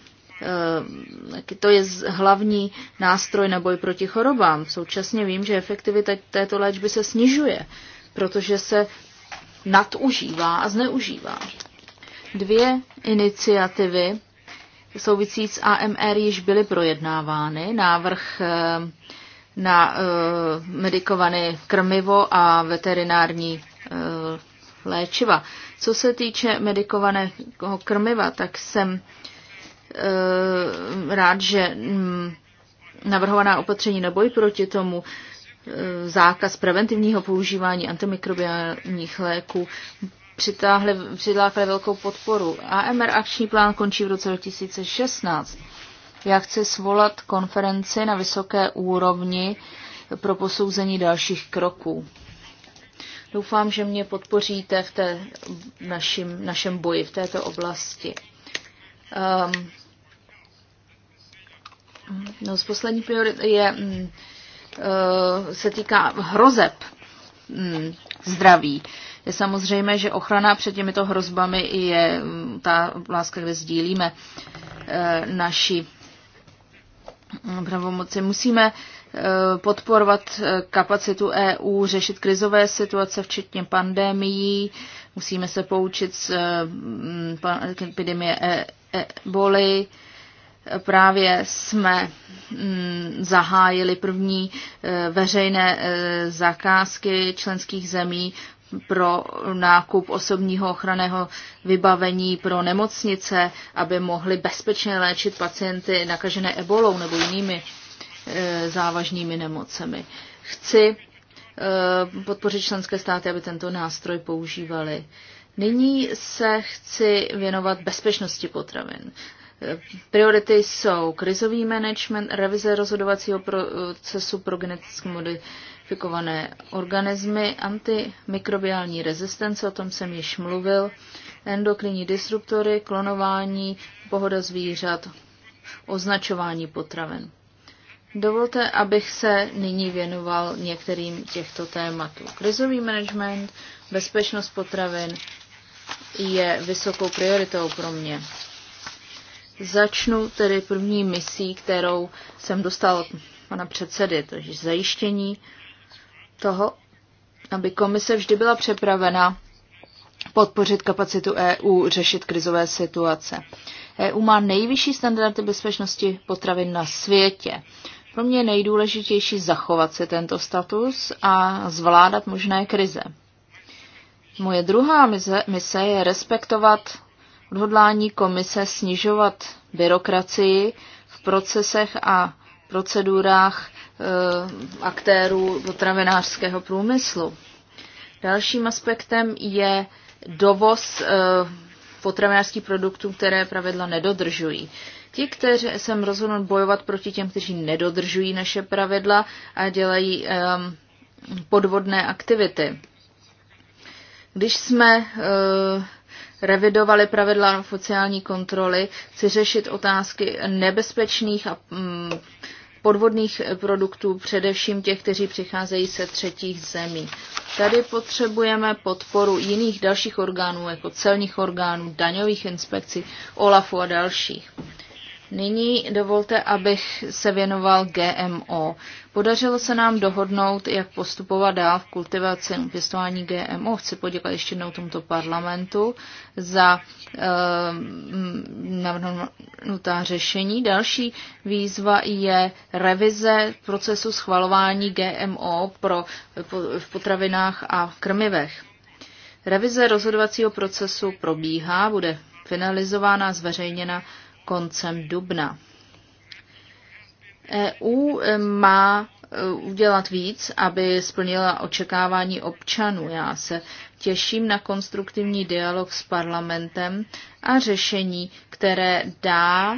Eh, to je hlavní nástroj na boj proti chorobám. Současně vím, že efektivita této léčby se snižuje, protože se nadužívá a zneužívá. Dvě iniciativy souvisící s AMR již byly projednávány. Návrh eh, na eh, medikované krmivo a veterinární léčiva. Co se týče medikovaného krmiva, tak jsem Eh, rád, že mm, navrhovaná opatření na boj proti tomu, eh, zákaz preventivního používání antimikrobiálních léků přitáhly, přilákali velkou podporu. AMR akční plán končí v roce 2016. Já chci svolat konferenci na vysoké úrovni pro posouzení dalších kroků. Doufám, že mě podpoříte v té našim, našem boji v této oblasti. Um, No, z poslední priority je, mm, eh, se týká hrozeb mm, zdraví. Je samozřejmé, že ochrana před těmito hrozbami je mm, ta láska, kde sdílíme eh, naši pravomoci. Musíme eh, podporovat kapacitu EU, řešit krizové situace, včetně pandemií. Musíme se poučit z epidemie e- e- eboli. E- Právě jsme mm, zahájili první e, veřejné e, zakázky členských zemí pro nákup osobního ochranného vybavení pro nemocnice, aby mohly bezpečně léčit pacienty nakažené ebolou nebo jinými e, závažnými nemocemi. Chci podpořit členské státy, aby tento nástroj používali. Nyní se chci věnovat bezpečnosti potravin. Priority jsou krizový management, revize rozhodovacího procesu pro geneticky modifikované organismy, antimikrobiální rezistence, o tom jsem již mluvil, endokrinní disruptory, klonování, pohoda zvířat, označování potraven. Dovolte, abych se nyní věnoval některým těchto tématů. Krizový management, bezpečnost potravin je vysokou prioritou pro mě. Začnu tedy první misí, kterou jsem dostal od pana předsedy, to je zajištění toho, aby komise vždy byla přepravena podpořit kapacitu EU řešit krizové situace. EU má nejvyšší standardy bezpečnosti potravin na světě. Pro mě je nejdůležitější zachovat si tento status a zvládat možné krize. Moje druhá mise, mise je respektovat Odhodlání komise snižovat byrokracii v procesech a procedurách e, aktérů potravinářského průmyslu. Dalším aspektem je dovoz e, potravinářských produktů, které pravidla nedodržují. Ti, kteří jsem rozhodnut bojovat proti těm, kteří nedodržují naše pravidla a dělají e, podvodné aktivity. Když jsme e, revidovali pravidla na oficiální kontroly, chci řešit otázky nebezpečných a mm, podvodných produktů, především těch, kteří přicházejí se třetích zemí. Tady potřebujeme podporu jiných dalších orgánů, jako celních orgánů, daňových inspekcí, OLAFu a dalších. Nyní dovolte, abych se věnoval GMO. Podařilo se nám dohodnout, jak postupovat dál v kultivaci a pěstování GMO. Chci poděkovat ještě jednou tomuto parlamentu za e, navrhnutá řešení. Další výzva je revize procesu schvalování GMO pro, v potravinách a krmivech. Revize rozhodovacího procesu probíhá, bude finalizována a zveřejněna koncem dubna. EU e, má e, udělat víc, aby splnila očekávání občanů. Já se těším na konstruktivní dialog s parlamentem a řešení, které dá e,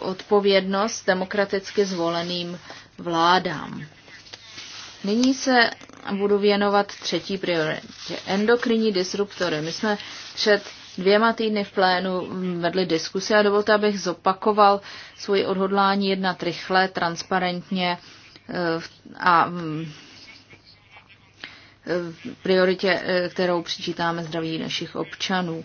odpovědnost demokraticky zvoleným vládám. Nyní se budu věnovat třetí prioritě. Endokrinní disruptory. My jsme před dvěma týdny v plénu vedli diskusi a dovolte, abych zopakoval svoji odhodlání jednat rychle, transparentně eh, a mm, eh, v prioritě, eh, kterou přičítáme zdraví našich občanů.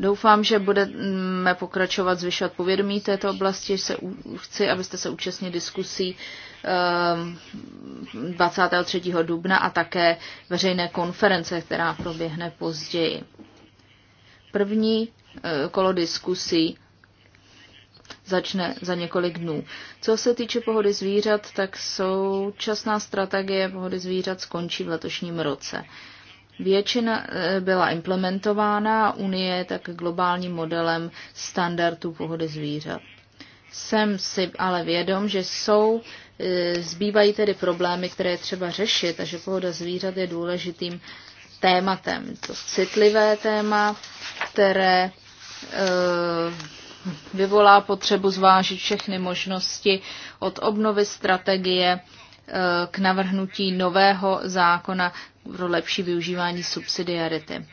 Doufám, že budeme pokračovat zvyšovat povědomí této oblasti. Se, chci, abyste se účastnili diskusí 23. Ehm, dubna a také veřejné konference, která proběhne později. První eh, kolo diskusí začne za několik dnů. Co se týče pohody zvířat, tak současná strategie pohody zvířat skončí v letošním roce. Většina eh, byla implementována a Unie je tak globálním modelem standardů pohody zvířat. Jsem si ale vědom, že jsou, eh, zbývají tedy problémy, které je třeba řešit a že pohoda zvířat je důležitým tématem. To citlivé téma, které eh, vyvolá potřebu zvážit všechny možnosti od obnovy strategie eh, k navrhnutí nového zákona pro lepší využívání subsidiarity.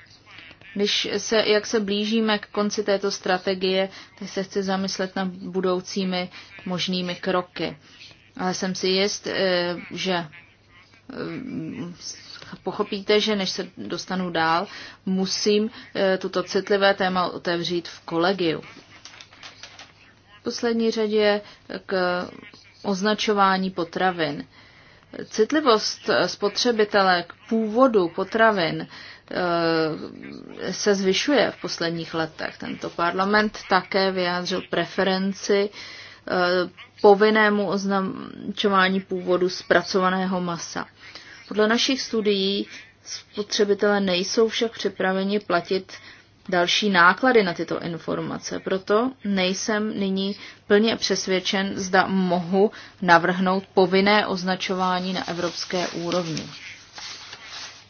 Když se, jak se blížíme k konci této strategie, tak se chci zamyslet nad budoucími možnými kroky. Ale jsem si jist, eh, že pochopíte, že než se dostanu dál, musím eh, tuto citlivé téma otevřít v kolegiu. V poslední řadě k označování potravin. Citlivost spotřebitele k původu potravin eh, se zvyšuje v posledních letech. Tento parlament také vyjádřil preferenci eh, povinnému označování původu zpracovaného masa. Podle našich studií spotřebitelé nejsou však připraveni platit další náklady na tyto informace. Proto nejsem nyní plně přesvědčen, zda mohu navrhnout povinné označování na evropské úrovni.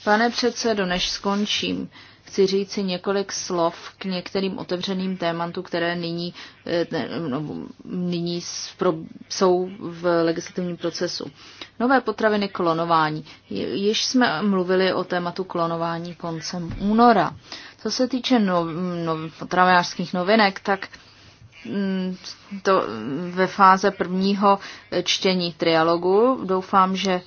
Pane předsedo, než skončím, chci říct si několik slov k některým otevřeným tématům, které nyní, eh, no, nyní jsou v legislativním procesu. Nové potraviny klonování. Již jsme mluvili o tématu klonování koncem února. Co se týče no, no, potravinářských novinek, tak mm, to ve fáze prvního eh, čtení trialogu. Doufám, že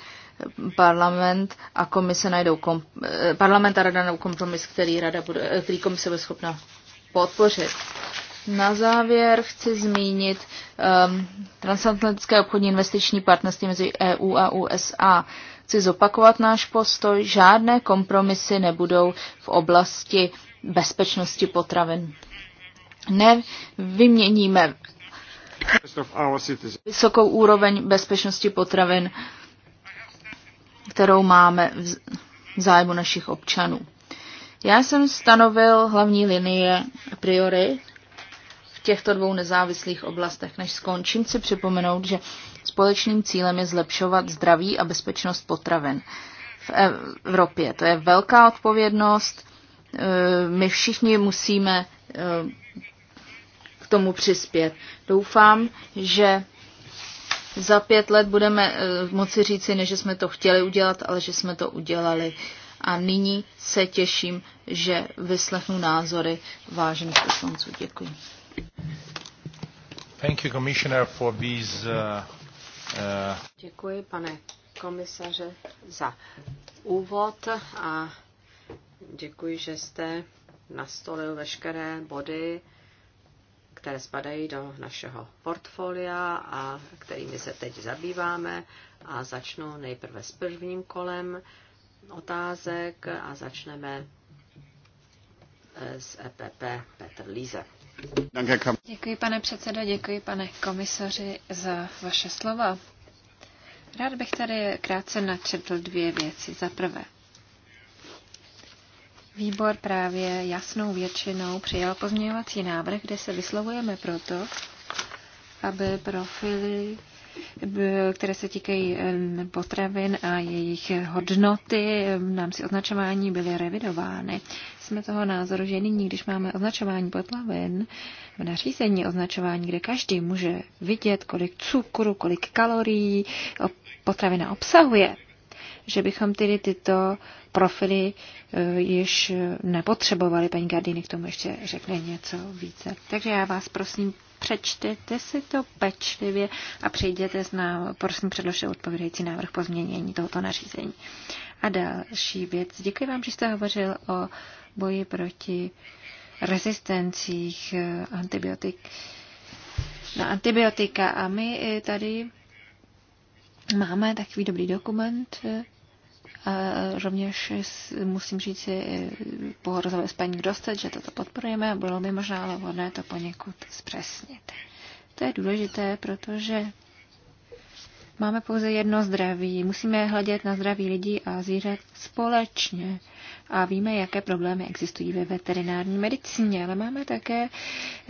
parlament a komise najdou kom, eh, parlament a rada najdou kompromis, který, rada bude, eh, který komise bude schopna podpořit. Na závěr chci zmínit um, transatlantické obchodní investiční partnerství mezi EU a USA. Chci zopakovat náš postoj, žádné kompromisy nebudou v oblasti bezpečnosti potravin. Nevyměníme vysokou úroveň bezpečnosti potravin uh, kterou máme v zájmu našich občanů. Já jsem stanovil hlavní linie priory v těchto dvou nezávislých oblastech. Než skončím, chci připomenout, že společným cílem je zlepšovat zdraví a bezpečnost potravin v Evropě. To je velká odpovědnost. E, my všichni musíme e, k tomu přispět. Doufám, že za pět let budeme eh, moci říci, ne že jsme to chtěli udělat, ale že jsme to udělali. A nyní se těším, že vyslechnu názory vážených poslanců. Děkuji. Thank you, Commissioner, for these, uh, uh... Děkuji, pane komisaře, za úvod a děkuji, že jste nastolil veškeré body, které spadají do našeho portfolia a kterými se teď zabýváme. A začnu nejprve s prvním kolem otázek a začneme z eh, EPP Petr Líze. Děkuji, pane předsedo, děkuji, pane komisaři, za vaše slova. Rád bych tady krátce načetl dvě věci. Za prvé, Výbor právě jasnou většinou přijal pozměňovací návrh, kde se vyslovujeme proto, aby profily, které se týkají eh, potravin a jejich hodnoty, nám eh, si označování byly revidovány. Jsme toho názoru, že nyní, když máme označování potravin, v nařízení označování, kde každý může vidět, kolik cukru, kolik kalorií potravina obsahuje, že bychom tedy tyto profily e, již nepotřebovali. Paní Gardiny k tomu ještě řekne něco více. Takže já vás prosím, přečtěte si to pečlivě a přijděte s nám, prosím, předložte odpovědající návrh po změnění tohoto nařízení. A další věc. Děkuji vám, že jste hovořil o boji proti rezistencích e, antibiotik, na antibiotika. A my e, tady máme takový dobrý dokument, Rovněž musím říct si pohodové s dostat, že toto podporujeme a bylo by možná ale vhodné to poněkud zpřesnit. To je důležité, protože máme pouze jedno zdraví. Musíme hledět na zdraví lidí a zvířat společně a víme, jaké problémy existují ve veterinární medicíně, ale máme také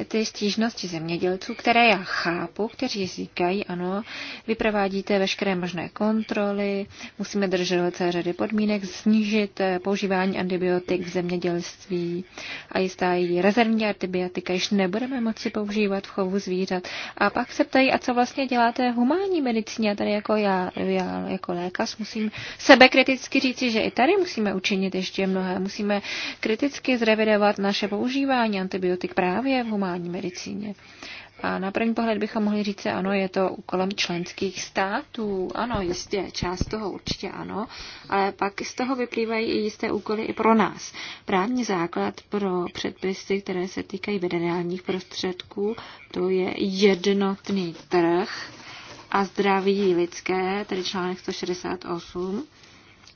ty stížnosti zemědělců, které já chápu, kteří říkají, ano, vy provádíte veškeré možné kontroly, musíme držet celé řady podmínek, snížit eh, používání antibiotik v zemědělství a jistá i rezervní antibiotika již nebudeme moci používat v chovu zvířat. A pak se ptají, a co vlastně děláte v humánní medicíně? A tady jako já, já jako lékař musím sebekriticky říci, že i tady musíme učinit ještě mnohé. Musíme kriticky zrevidovat naše používání antibiotik právě v humánní medicíně. A na první pohled bychom mohli říct, že ano, je to úkolem členských států. Ano, jistě, část toho určitě ano, ale pak z toho vyplývají i jisté úkoly i pro nás. Právní základ pro předpisy, které se týkají veterinárních prostředků, to je jednotný trh a zdraví lidské, tedy článek 168.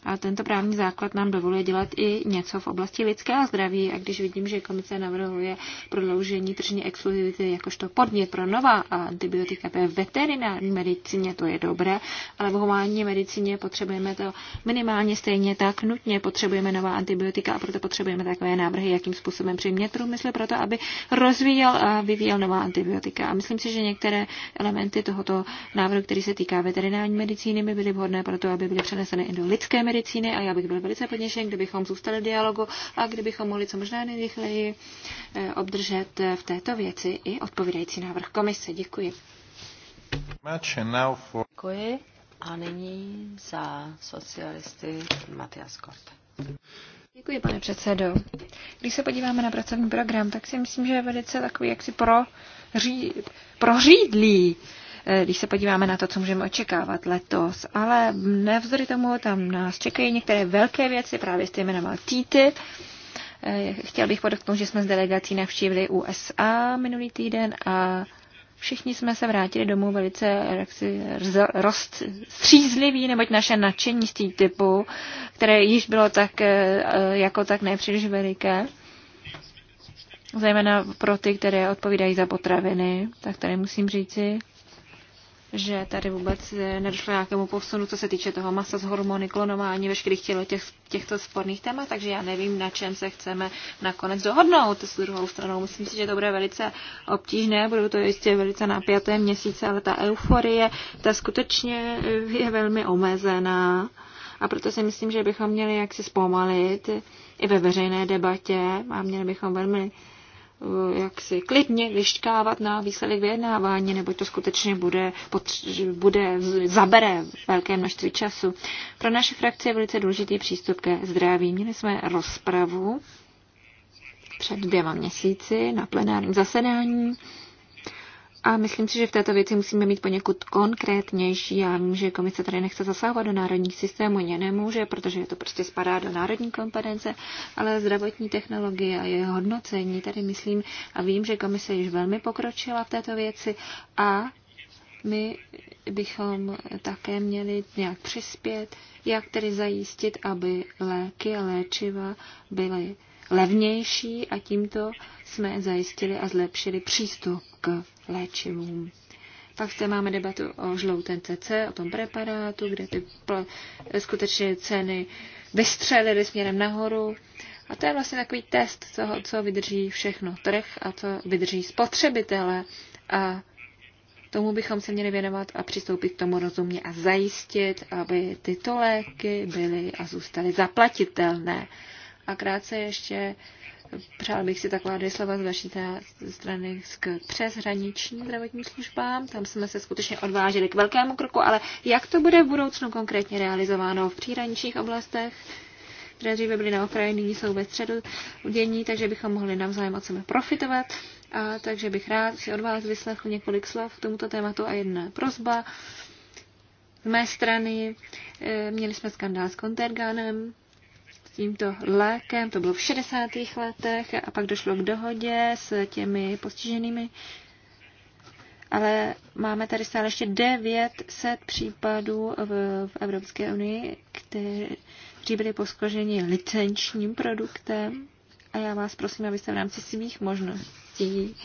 A tento právní základ nám dovoluje dělat i něco v oblasti lidského zdraví. A když vidím, že komise navrhuje prodloužení tržní exkluzivity jakožto podnět pro nová antibiotika ve veterinární medicíně, to je dobré, ale v humánní medicíně potřebujeme to minimálně stejně tak nutně. Potřebujeme nová antibiotika a proto potřebujeme takové návrhy, jakým způsobem přimět průmysl pro to, aby rozvíjel a vyvíjel nová antibiotika. A myslím si, že některé elementy tohoto návrhu, který se týká veterinární medicíny, by byly vhodné pro to, aby byly přeneseny i do lidské medicíny medicíny a já bych byl velice poděšen, kdybychom zůstali v dialogu a kdybychom mohli co možná nejrychleji eh, obdržet eh, v této věci i odpovídající návrh komise. Děkuji. Děkuji. A nyní za socialisty Matias Kort. Děkuji, pane předsedo. Když se podíváme na pracovní program, tak si myslím, že je velice takový jaksi pro, ří, prořídlý. Eh, když se podíváme na to, co můžeme očekávat letos. Ale nevzory tomu tam nás čekají některé velké věci, právě jste jmenoval TTIP. Eh, chtěl bych podotknout, že jsme s delegací navštívili USA minulý týden a všichni jsme se vrátili domů velice jaksi rozstřízliví, neboť naše nadšení z TTIPu, které již bylo tak, eh, jako tak nepříliš veliké, zejména pro ty, které odpovídají za potraviny, tak tady musím říci, že tady vůbec eh, nedošlo nějakému posunu, co se týče toho masa z hormony, klonování, veškerých tělo těch, těchto sporných témat, takže já nevím, na čem se chceme nakonec dohodnout s druhou stranou. Myslím si, že to bude velice obtížné, budou to jistě velice napjaté měsíce, ale ta euforie, ta skutečně eh, je velmi omezená. A proto si myslím, že bychom měli jaksi zpomalit i ve veřejné debatě a měli bychom velmi Eh, jak si klidně vyšťkávat na výsledek vyjednávání, nebo to skutečně bude, bude zabere velké množství času. Pro naše frakci je velice důležitý přístup ke zdraví. Měli jsme rozpravu před dvěma měsíci na plenárním zasedání a myslím si, že v této věci musíme mít poněkud konkrétnější. Já vím, že komise tady nechce zasahovat do národních systémů, ně nemůže, protože to prostě spadá do národní kompetence, ale zdravotní technologie a jeho hodnocení tady myslím a vím, že komise již velmi pokročila v této věci a my bychom také měli nějak přispět, jak tedy zajistit, aby léky a léčiva byly levnější a tímto jsme zajistili a zlepšili přístup k léčivům. Pak zde máme debatu o žloutém CC, o tom preparátu, kde ty skutečně ceny vystřelily směrem nahoru. A to je vlastně takový test toho, co vydrží všechno trh a co vydrží spotřebitele. A tomu bychom se měli věnovat a přistoupit k tomu rozumně a zajistit, aby tyto léky byly a zůstaly zaplatitelné. A krátce ještě Přál bych si taková dvě slova z vaší strany k přeshraničním zdravotním službám. Tam jsme se skutečně odvážili k velkému kroku, ale jak to bude v budoucnu konkrétně realizováno v příhraničních oblastech, které dříve byly na okraji, nyní jsou ve středu dění, takže bychom mohli navzájem od sebe profitovat. A takže bych rád si od vás vyslechl několik slov k tomuto tématu a jedna prozba. Z mé strany eh, měli jsme skandál s Konterganem, tímto lékem, to bylo v 60. letech a pak došlo k dohodě s těmi postiženými. Ale máme tady stále ještě 900 případů v, v Evropské unii, kteří byli poskoženi licenčním produktem. A já vás prosím, abyste v rámci svých možností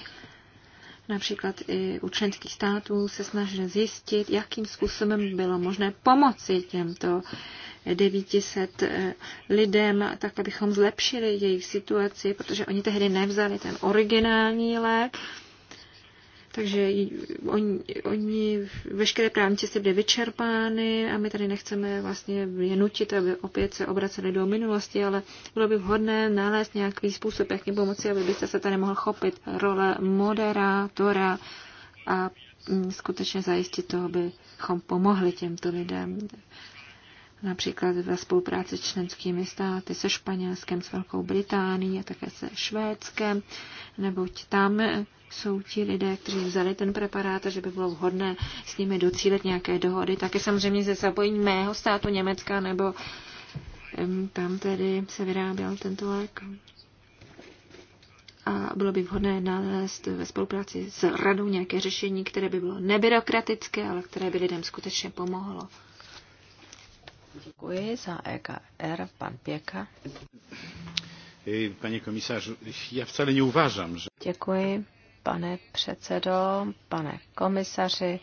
například i u členských států se snažili zjistit, jakým způsobem bylo možné pomoci těmto 900 lidem, tak abychom zlepšili jejich situaci, protože oni tehdy nevzali ten originální lék, takže oni, oni veškeré právní cesty byly vyčerpány a my tady nechceme vlastně je nutit, aby opět se obraceli do minulosti, ale bylo by vhodné nalézt nějaký způsob, jak jim pomoci, aby byste se tady mohl chopit role moderátora a mm, skutečně zajistit to, abychom pomohli těmto lidem například ve spolupráci s členskými státy, se Španělskem, s Velkou Británií a také se Švédskem, neboť tam jsou ti lidé, kteří vzali ten preparát a že by bylo vhodné s nimi docílit nějaké dohody. Také samozřejmě ze zapojení mého státu Německa, nebo tam tedy se vyráběl tento lék. A bylo by vhodné nalézt ve spolupráci s radou nějaké řešení, které by bylo nebyrokratické, ale které by lidem skutečně pomohlo. Děkuji za EKR, pan Pěka. Pane komisář, já vcale neuvážám, že... Děkuji, pane předsedo, pane komisaři.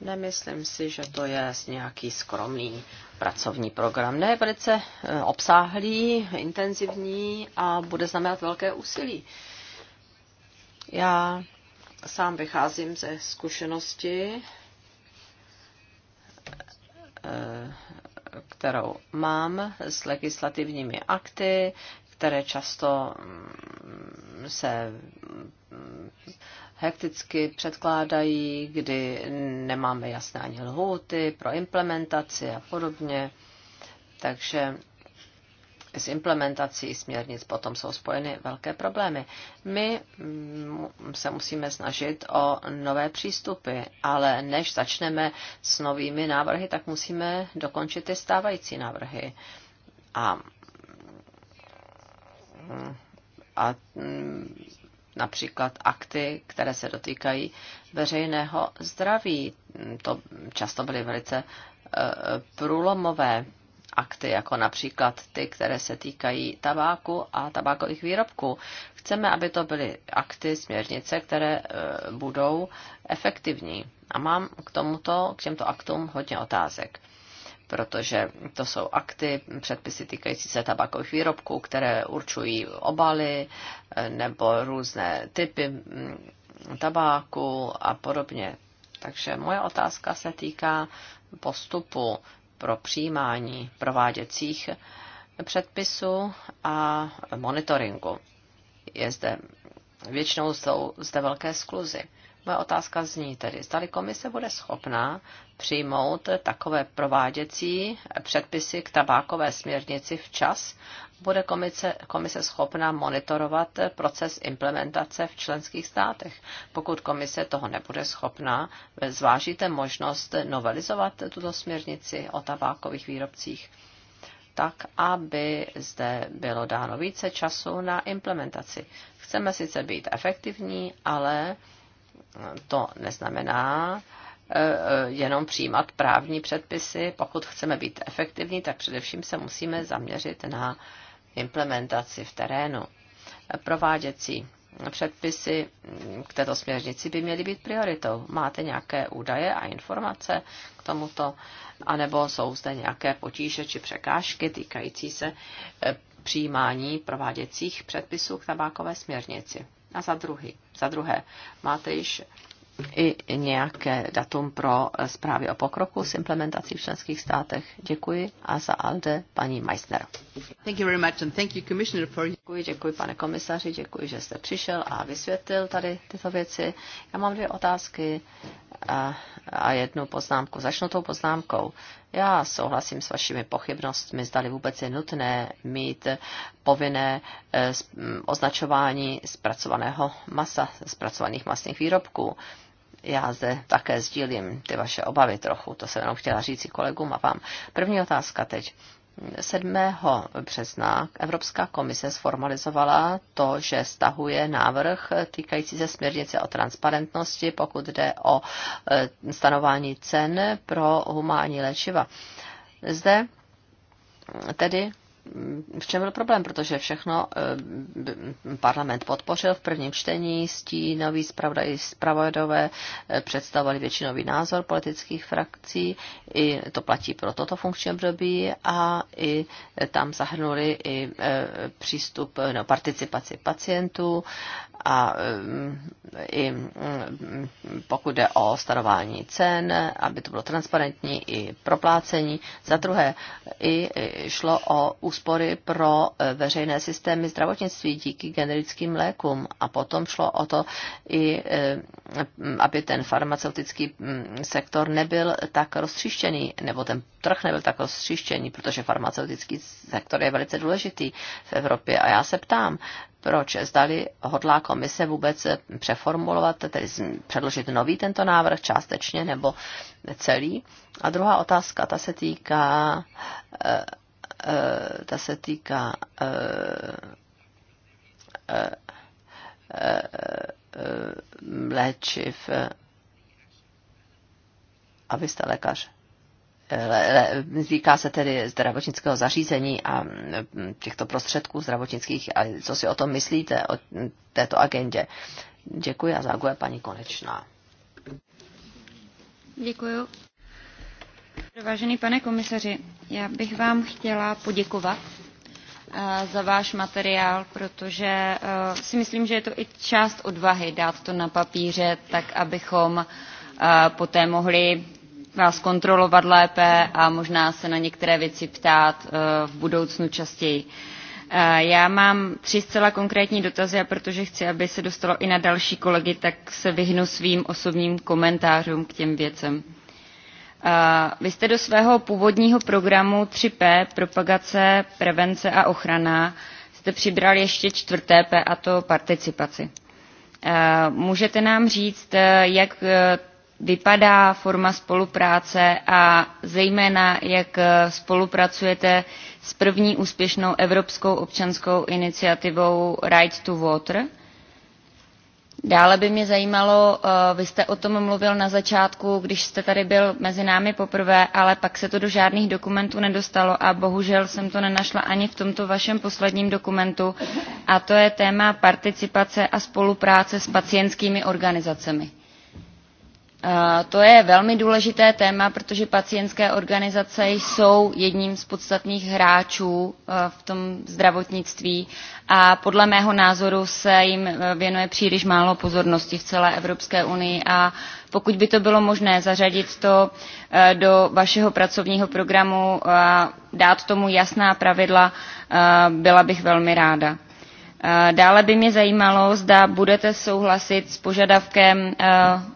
Nemyslím si, že to je nějaký skromný pracovní program. Ne, velice eh, obsáhlý, intenzivní a bude znamenat velké úsilí. Já sám vycházím ze zkušenosti eh, kterou mám s legislativními akty, které často mm, se mm, hekticky předkládají, kdy nemáme jasné ani lhuty pro implementaci a podobně. Takže s implementací směrnic potom jsou spojeny velké problémy. My mm, se musíme snažit o nové přístupy, ale než začneme s novými návrhy, tak musíme dokončit ty stávající návrhy. A, a například akty, které se dotýkají veřejného zdraví. To často byly velice eh, průlomové akty, jako například ty, které se týkají tabáku a tabákových výrobků. Chceme, aby to byly akty, směrnice, které e, budou efektivní. A mám k tomuto, k těmto aktům hodně otázek protože to jsou akty, předpisy týkající se tabakových výrobků, které určují obaly e, nebo různé typy mm, tabáku a podobně. Takže moje otázka se týká postupu pro přijímání prováděcích předpisů a monitoringu. Je zde, většinou jsou zde velké skluzy. Moje otázka zní tedy, zdali komise bude schopná přijmout takové prováděcí předpisy k tabákové směrnici včas, bude komise, komise schopna monitorovat proces implementace v členských státech. Pokud komise toho nebude schopna, zvážíte možnost novelizovat tuto směrnici o tabákových výrobcích tak, aby zde bylo dáno více času na implementaci. Chceme sice být efektivní, ale to neznamená e, e, jenom přijímat právní předpisy. Pokud chceme být efektivní, tak především se musíme zaměřit na implementaci v terénu. Prováděcí předpisy k této směrnici by měly být prioritou. Máte nějaké údaje a informace k tomuto, anebo jsou zde nějaké potíže či překážky týkající se e, přijímání prováděcích předpisů k tabákové směrnici. A za, druhý, za druhé, máte již i nějaké datum pro zprávy o pokroku s implementací v členských státech. Děkuji a za ALDE paní Meissner. Děkuji, děkuji pane komisaři, děkuji, že jste přišel a vysvětlil tady tyto věci. Já mám dvě otázky a, a jednu poznámku. Začnu tou poznámkou. Já souhlasím s vašimi pochybnostmi, zdali vůbec je nutné mít povinné eh, označování zpracovaného masa, zpracovaných masných výrobků já zde také sdílím ty vaše obavy trochu, to jsem jenom chtěla říct i kolegům a vám. První otázka teď. 7. března Evropská komise sformalizovala to, že stahuje návrh týkající se směrnice o transparentnosti, pokud jde o eh, stanování cen pro humánní léčiva. Zde tedy v čem byl problém, protože všechno eh, parlament podpořil v prvním čtení, stínoví zpravodové eh, představovali většinový názor politických frakcí, i to platí pro toto funkční období a i eh, tam zahrnuli i přístup, no, participaci pacientů a i mm, pokud jde o starování cen, aby to bylo transparentní i proplácení. Za druhé, i šlo o úspory pro e, veřejné systémy zdravotnictví díky generickým lékům. A potom šlo o to i, e, aby ten farmaceutický sektor nebyl tak roztříštěný, nebo ten trh nebyl tak roztříštěný, protože farmaceutický sektor je velice důležitý v Evropě. A já se ptám, proč zdali hodlá komise vůbec přeformulovat, tedy předložit nový tento návrh částečně nebo celý. A druhá otázka, ta se týká e, Eh, ta se týká eh, eh, léčiv. A vy jste lékař. Týká se tedy zdravotnického zařízení a mm, těchto prostředků zdravotnických. A co si o tom myslíte, o této agendě? Děkuji a záguje paní Konečná. Děkuji. Vážený pane komisaři, já bych vám chtěla poděkovat eh, za váš materiál, protože eh, si myslím, že je to i část odvahy dát to na papíře, tak abychom eh, poté mohli vás kontrolovat lépe a možná se na některé věci ptát v budoucnu častěji. Já mám tři zcela konkrétní dotazy a protože chci, aby se dostalo i na další kolegy, tak se vyhnu svým osobním komentářům k těm věcem. Vy jste do svého původního programu 3P, propagace, prevence a ochrana, jste přibral ještě čtvrté P, a to participaci. Můžete nám říct, jak e, vypadá forma spolupráce a zejména, jak e, spolupracujete s první úspěšnou evropskou občanskou iniciativou Right to Water – Dále by mě zajímalo, eh, vy jste o tom mluvil na začátku, když jste tady byl mezi námi poprvé, ale pak se to do žádných dokumentů nedostalo a bohužel jsem to nenašla ani v tomto vašem posledním dokumentu a to je téma participace a spolupráce s pacientskými organizacemi. Eh, to je velmi důležité téma, protože pacientské organizace jsou jedním z podstatných hráčů eh, v tom zdravotnictví a podle mého názoru se jim eh, věnuje příliš málo pozornosti v celé Evropské unii a pokud by to bylo možné zařadit to eh, do vašeho pracovního programu a dát tomu jasná pravidla, eh, byla bych velmi ráda. Dále by mě zajímalo, zda budete souhlasit s požadavkem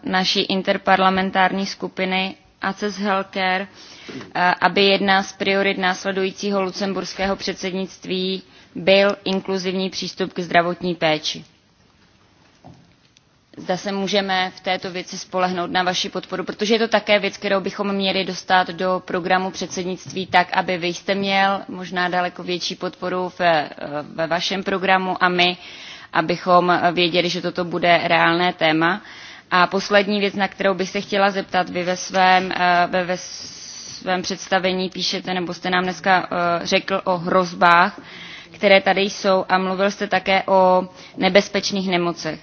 naší interparlamentární skupiny ACES Healthcare, aby jedna z priorit následujícího lucemburského předsednictví byl inkluzivní přístup k zdravotní péči. Zda se můžeme v této věci spolehnout na vaši podporu, protože je to také věc, kterou bychom měli dostat do programu předsednictví tak, aby vy jste měl možná daleko větší podporu ve, eh, ve vašem programu a my, abychom věděli, že toto bude reálné téma. A poslední věc, na kterou bych se chtěla zeptat, vy ve svém, eh, ve, ve svém představení píšete, nebo jste nám dneska eh, řekl o hrozbách které tady jsou a mluvil jste také o nebezpečných nemocech.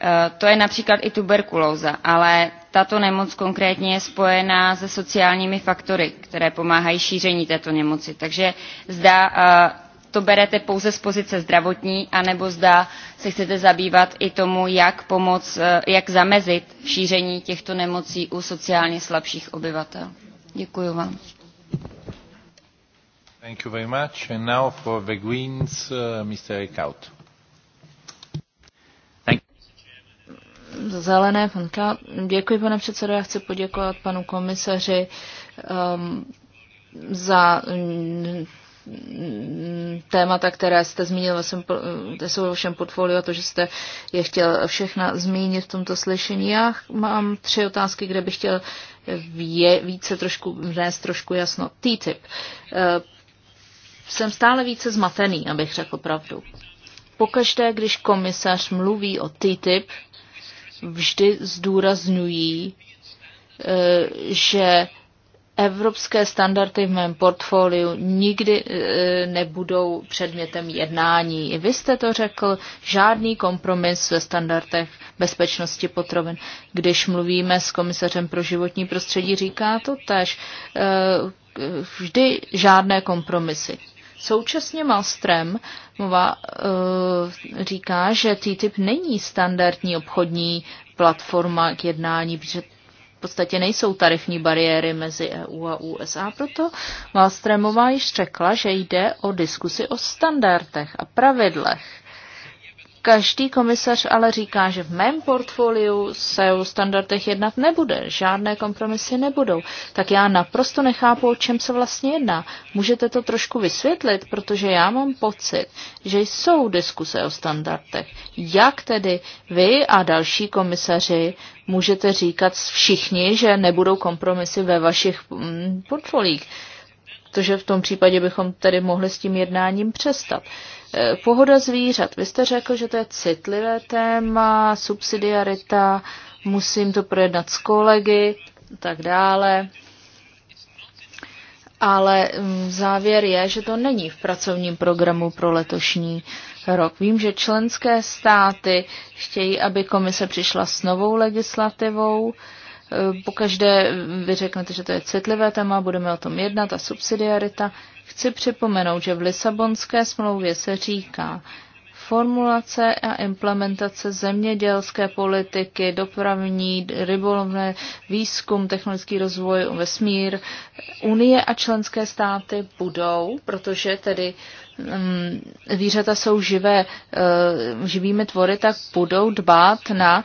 Eh, to je například i tuberkulóza, ale tato nemoc konkrétně je spojená se sociálními faktory, které pomáhají šíření této nemoci. Takže zda eh, to berete pouze z pozice zdravotní, anebo zda se chcete zabývat i tomu, jak pomoc, eh, jak zamezit šíření těchto nemocí u sociálně slabších obyvatel. Děkuji vám. Thank you very much. And now for the Greens, uh, Mr. Eckhout. Zelené panka. Děkuji, pane předsedo. Já chci poděkovat panu komisaři um, za um, témata, které jste zmínil, jsem, jsou ve svém portfoliu a to, že jste je chtěl všechna zmínit v tomto slyšení. Já mám tři otázky, kde bych chtěl vě, více trošku vnést trošku jasno. TTIP jsem stále více zmatený, abych řekl pravdu. Pokaždé, když komisař mluví o TTIP, vždy zdůrazňují, e, že evropské standardy v mém portfoliu nikdy e, nebudou předmětem jednání. I vy jste to řekl, žádný kompromis ve standardech bezpečnosti potravin. Když mluvíme s komisařem pro životní prostředí, říká to tež e, vždy žádné kompromisy. Současně Malstrem mluva, eh, říká, že TTIP není standardní obchodní platforma k jednání, protože v podstatě nejsou tarifní bariéry mezi EU a USA, proto Malstremová již řekla, že jde o diskusi o standardech a pravidlech Každý komisař ale říká, že v mém portfoliu se o standardech jednat nebude, žádné kompromisy nebudou. Tak já naprosto nechápu, o čem se vlastně jedná. Můžete to trošku vysvětlit, protože já mám pocit, že jsou diskuse o standardech. Jak tedy vy a další komisaři můžete říkat všichni, že nebudou kompromisy ve vašich mm, portfoliích? Protože v tom případě bychom tedy mohli s tím jednáním přestat. Uh, Eh, pohoda zvířat. Vy jste řekl, že to je citlivé téma, subsidiarita, musím to projednat s kolegy a tak dále. Ale mm, závěr je, že to není v pracovním programu pro letošní rok. Vím, že členské státy chtějí, aby komise přišla s novou legislativou. Eh, pokaždé mm, vy řeknete, že to je citlivé téma, budeme o tom jednat a subsidiarita. Chci připomenout, že v Lisabonské smlouvě se říká, formulace a implementace zemědělské politiky, dopravní, rybolovné, výzkum, technologický rozvoj, vesmír. Unie a členské státy budou, protože tedy um, zvířata jsou živé, uh, živými tvory, tak budou dbát na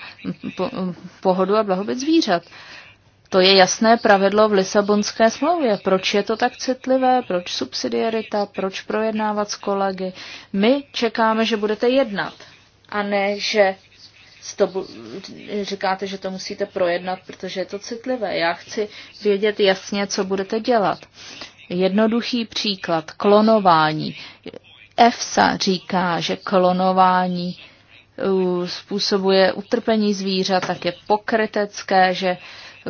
pohodu a blahobyt zvířat. Uh, to je jasné pravidlo v Lisabonské smlouvě. Proč je to tak citlivé? Proč subsidiarita? Proč projednávat s kolegy? My čekáme, že budete jednat a ne, že to, říkáte, že to musíte projednat, protože je to citlivé. Já chci vědět jasně, co budete dělat. Jednoduchý příklad, klonování. EFSA říká, že klonování uh, způsobuje utrpení zvířat, tak je pokrytecké, že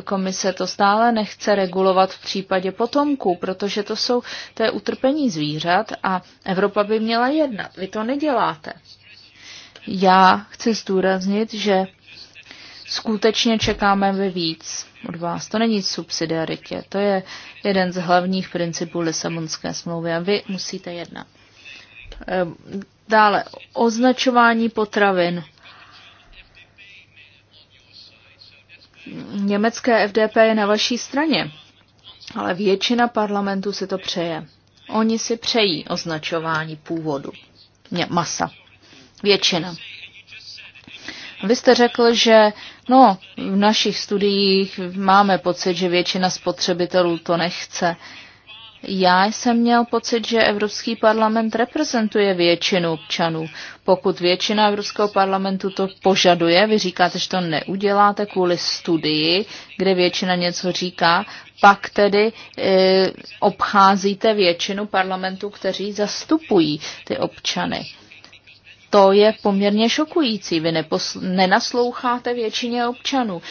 Komise to stále nechce regulovat v případě potomků, protože to jsou to je utrpení zvířat a Evropa by měla jednat. Vy to neděláte. Já chci zdůraznit, že skutečně čekáme ve víc od vás. To není subsidiaritě, to je jeden z hlavních principů Lisabonské smlouvy a vy musíte jednat. Ehm, dále, označování potravin. Německé FDP je na vaší straně, ale většina parlamentu si to přeje. Oni si přejí označování původu masa. Většina. Vy jste řekl, že no, v našich studiích máme pocit, že většina spotřebitelů to nechce. Já jsem měl pocit, že Evropský parlament reprezentuje většinu občanů. Pokud většina Evropského parlamentu to požaduje, vy říkáte, že to neuděláte kvůli studii, kde většina něco říká, pak tedy e, obcházíte většinu parlamentu, kteří zastupují ty občany. To je poměrně šokující. Vy neposl- nenasloucháte většině občanů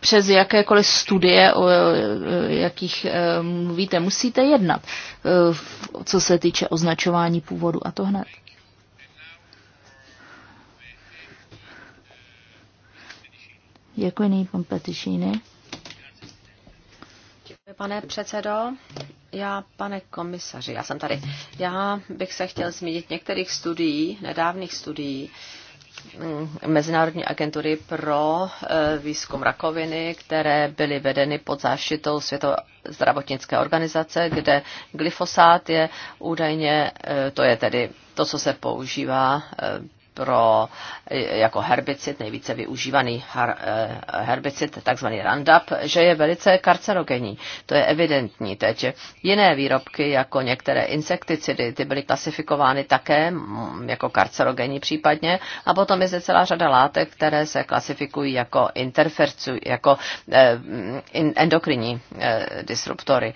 přes jakékoliv studie, o jakých e, mluvíte, musíte jednat, e, co se týče označování původu a to hned. Děkuji, pan Petišíny. Děkuji, pane předsedo. Já, pane komisaři, já jsem tady. Já bych se chtěl zmínit některých studií, nedávných studií, Mm, Mezinárodní agentury pro eh, výzkum rakoviny, které byly vedeny pod záštitou Světové zdravotnické organizace, kde glyfosát je údajně, eh, to je tedy to, co se používá eh, pro, eh, jako herbicid, nejvíce využívaný eh, herbicid, takzvaný Roundup, že je velice karcerogenní. To je evidentní teď. Jiné výrobky, jako některé insekticidy, ty byly klasifikovány také mm, jako karcerogenní případně. A potom je zde celá řada látek, které se klasifikují jako interfercu, jako eh, mm, endokrinní disruptory.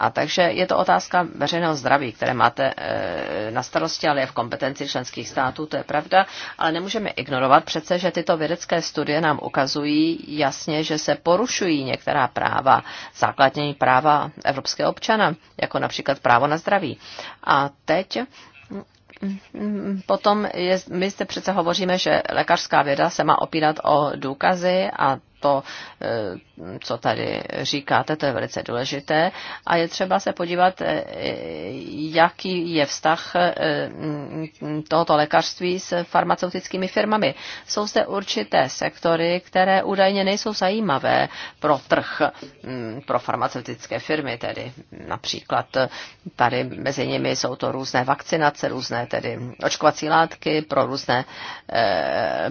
A takže je to otázka veřejného zdraví, které máte eh, na starosti, ale je v kompetenci členských států, to je pravda. Ale nemůžeme ignorovat přece, že tyto vědecké studie nám ukazují jasně, že se porušují některá práva, základní práva evropského občana, jako například právo na zdraví. A teď Potom je, my zde přece hovoříme, že lékařská věda se má opírat o důkazy a to eh, co tady říkáte, to je velice důležité. A je třeba se podívat, e, jaký je vztah e, tohoto lékařství s farmaceutickými firmami. Jsou zde určité sektory, které údajně nejsou zajímavé pro trh, pro farmaceutické firmy tedy. Například e, tady mezi nimi jsou to různé vakcinace, různé tedy očkovací látky pro různé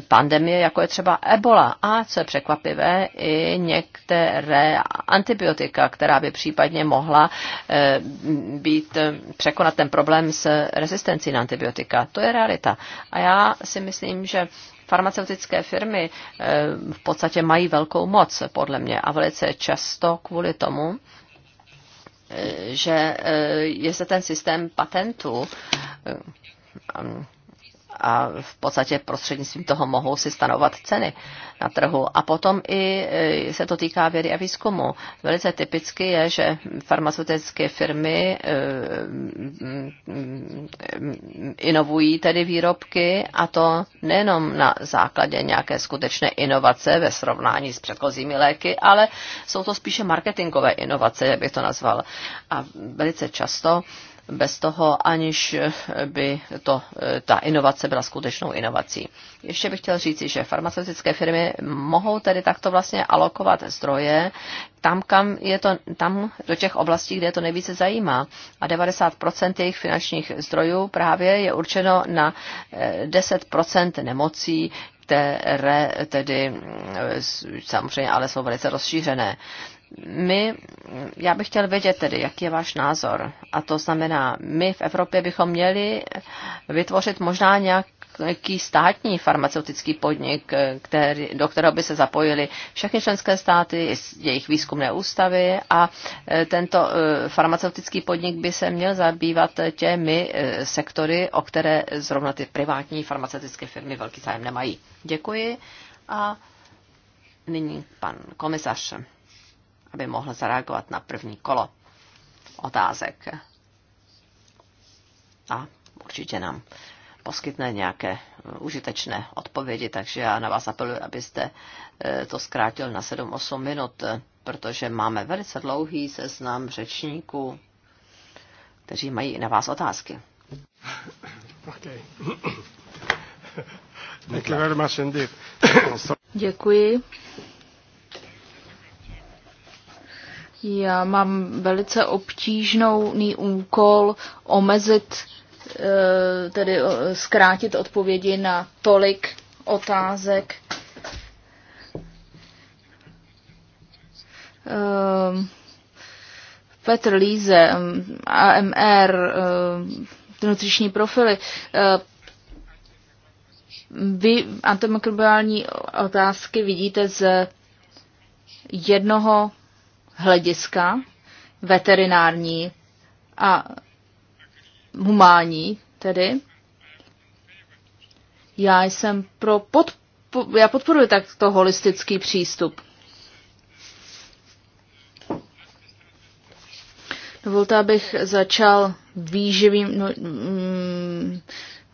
pandemie, jako je třeba ebola. A co je překvapivé, i něk některé antibiotika, která by případně mohla eh, být eh, překonat ten problém s rezistencí na antibiotika. To je realita. A já si myslím, že farmaceutické firmy eh, v podstatě mají velkou moc, podle mě, a velice často kvůli tomu, že je se ten systém patentů a v podstatě prostřednictvím toho mohou si stanovat ceny na trhu. A potom i e, se to týká vědy a výzkumu. Velice typicky je, že farmaceutické firmy e, e, inovují tedy výrobky a to nejenom na základě nějaké skutečné inovace ve srovnání s předchozími léky, ale jsou to spíše marketingové inovace, jak bych to nazval. A velice často bez toho, aniž by to, ta inovace byla skutečnou inovací. Ještě bych chtěl říci, že farmaceutické firmy mohou tedy takto vlastně alokovat zdroje tam, kam je to, tam do těch oblastí, kde je to nejvíce zajímá. A 90% jejich finančních zdrojů právě je určeno na 10% eh, nemocí, které tedy mm, samozřejmě ale jsou velice rozšířené my, já bych chtěl vědět tedy, jaký je váš názor. A to znamená, my v Evropě bychom měli vytvořit možná nějak nějaký státní farmaceutický podnik, který, do kterého by se zapojili všechny členské státy, jejich výzkumné ústavy a e, tento e, farmaceutický podnik by se měl zabývat těmi e, sektory, o které zrovna ty privátní farmaceutické firmy velký zájem nemají. Děkuji a nyní pan komisař aby mohl zareagovat na první kolo otázek. A určitě nám poskytne nějaké eh, užitečné odpovědi, takže já na vás apeluji, abyste eh, to zkrátil na 7-8 minut, eh, protože máme velice dlouhý seznam řečníků, kteří mají na vás otázky. Okay. Děkuji. Já mám velice obtížný úkol omezit, eh, tedy eh, zkrátit odpovědi na tolik otázek. Ehm, Petr Líze, AMR, eh, nutriční profily, vy antimikrobiální otázky vidíte z jednoho hlediska veterinární a humánní tedy. Já jsem pro pod, já podporuji takto holistický přístup. Dovolte, abych začal výživým, no, mm,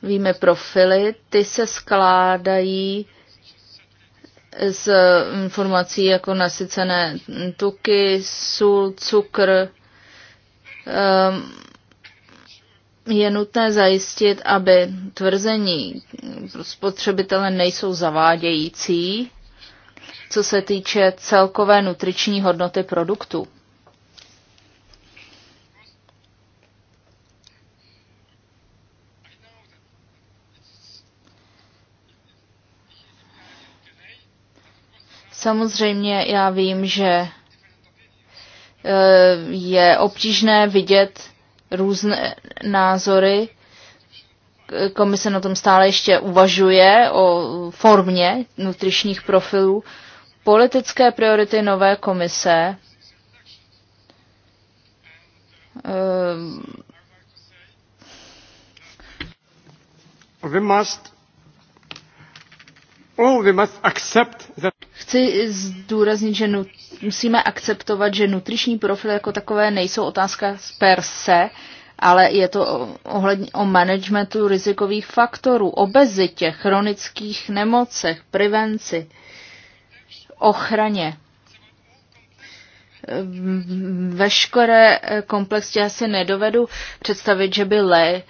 víme profily. Ty se skládají z informací jako nasycené tuky, sůl, cukr. Ehm, je nutné zajistit, aby tvrzení spotřebitele nejsou zavádějící, co se týče celkové nutriční hodnoty produktu. Samozřejmě já vím, že e, je obtížné vidět různé názory. Komise na tom stále ještě uvažuje o formě nutričních profilů. Politické priority nové komise e, We must Chci zdůraznit, že nu, musíme akceptovat, že nutriční profily jako takové nejsou otázka z per se, ale je to o, ohledně, o managementu rizikových faktorů, obezitě, chronických nemocech, prevenci, ochraně. Veškeré eh, komplexně asi nedovedu představit, že by lé,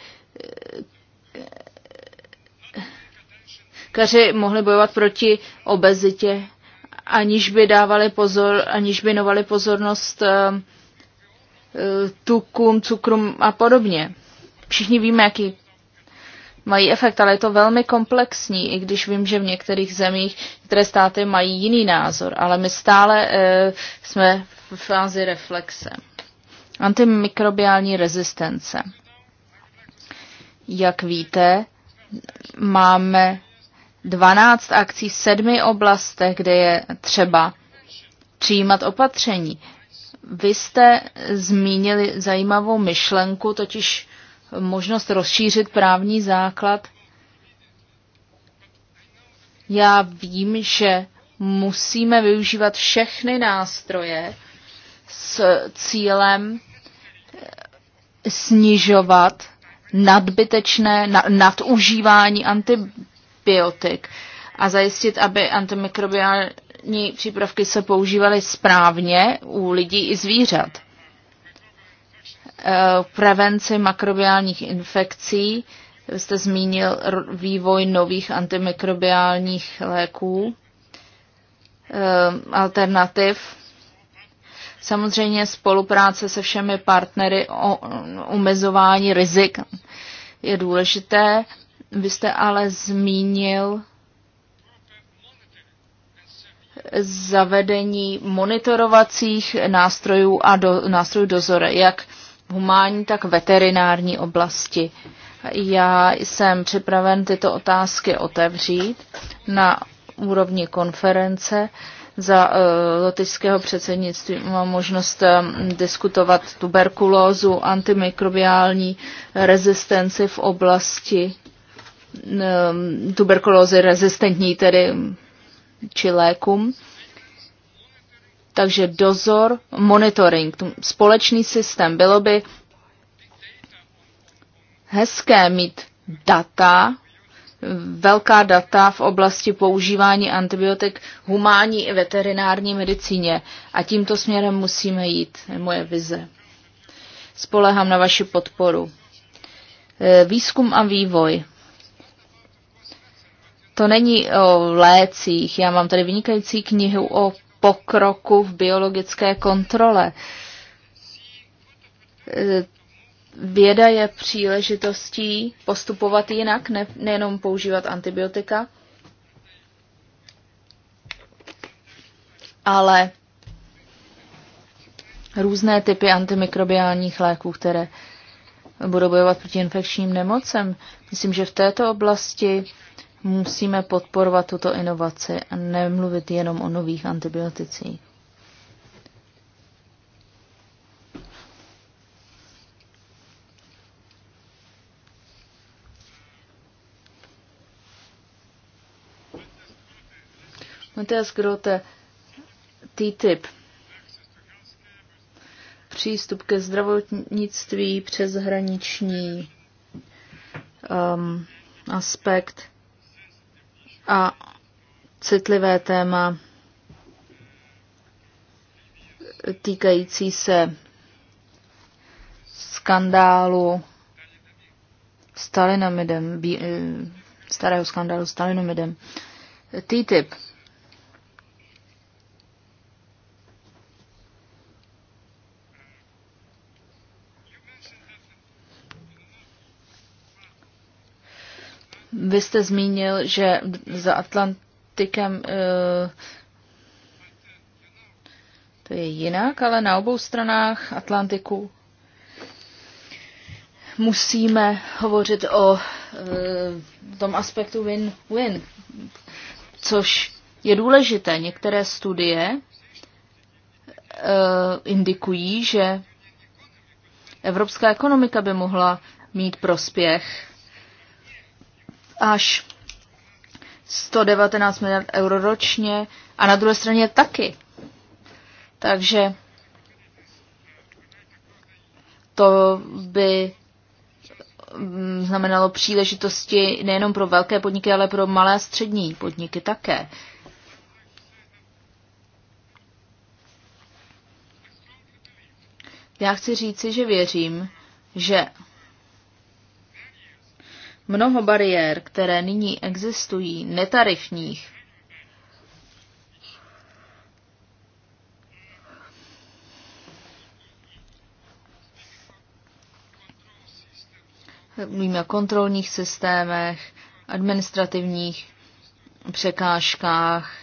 lékaři mohli bojovat proti obezitě, aniž by dávali pozor, aniž by novali pozornost eh, eh, tukům, cukrům a podobně. Všichni víme, jaký mají efekt, ale je to velmi komplexní, i když vím, že v některých zemích, které státy mají jiný názor, ale my stále uh, jsme v fázi reflexe. Antimikrobiální rezistence. Jak víte, máme 12 akcí v sedmi oblastech, kde je třeba přijímat opatření. Vy jste zmínili zajímavou myšlenku, totiž možnost rozšířit právní základ. Já vím, že musíme využívat všechny nástroje s cílem eh, snižovat nadbytečné nadužívání anti antibiotik a zajistit, aby antimikrobiální přípravky se používaly správně u lidí i zvířat. Eh, prevenci makrobiálních infekcí, jste zmínil vývoj nových antimikrobiálních léků, eh, alternativ. Samozřejmě spolupráce se všemi partnery o omezování rizik je důležité. Vy jste ale zmínil zavedení monitorovacích nástrojů a do, nástrojů dozoru, jak v humánní, tak veterinární oblasti. Já jsem připraven tyto otázky otevřít na úrovni konference. Za uh, lotyšského předsednictví mám možnost um, diskutovat tuberkulózu, antimikrobiální rezistenci v oblasti Ehm, tuberkulózy rezistentní, tedy či lékům. Takže dozor, monitoring, společný systém. Bylo by hezké mít data, velká data v oblasti používání antibiotik humánní i veterinární medicíně. A tímto směrem musíme jít, je moje vize. Spolehám na vaši podporu. Ehm, výzkum a vývoj. To není o lécích. Já mám tady vynikající knihu o pokroku v biologické kontrole. Věda je příležitostí postupovat jinak, ne, nejenom používat antibiotika, ale různé typy antimikrobiálních léků, které budou bojovat proti infekčním nemocem. Myslím, že v této oblasti Musíme podporovat tuto inovaci a nemluvit jenom o nových antibioticích. Matthias Grote, TTIP. Přístup ke zdravotnictví přes hraniční um, aspekt a citlivé téma týkající se skandálu Stalinomidem, eh, starého skandálu Stalinomidem. TTIP Vy jste zmínil, že za Atlantikem eh, to je jinak, ale na obou stranách Atlantiku musíme hovořit o eh, tom aspektu win-win, což je důležité. Některé studie eh, indikují, že evropská ekonomika by mohla mít prospěch až 119 miliard euro ročně a na druhé straně taky. Takže to by mm, znamenalo příležitosti nejenom pro velké podniky, ale pro malé a střední podniky také. Já chci říci, že věřím, že Mnoho bariér, které nyní existují, netarifních, mluvíme o kontrolních systémech, administrativních překážkách,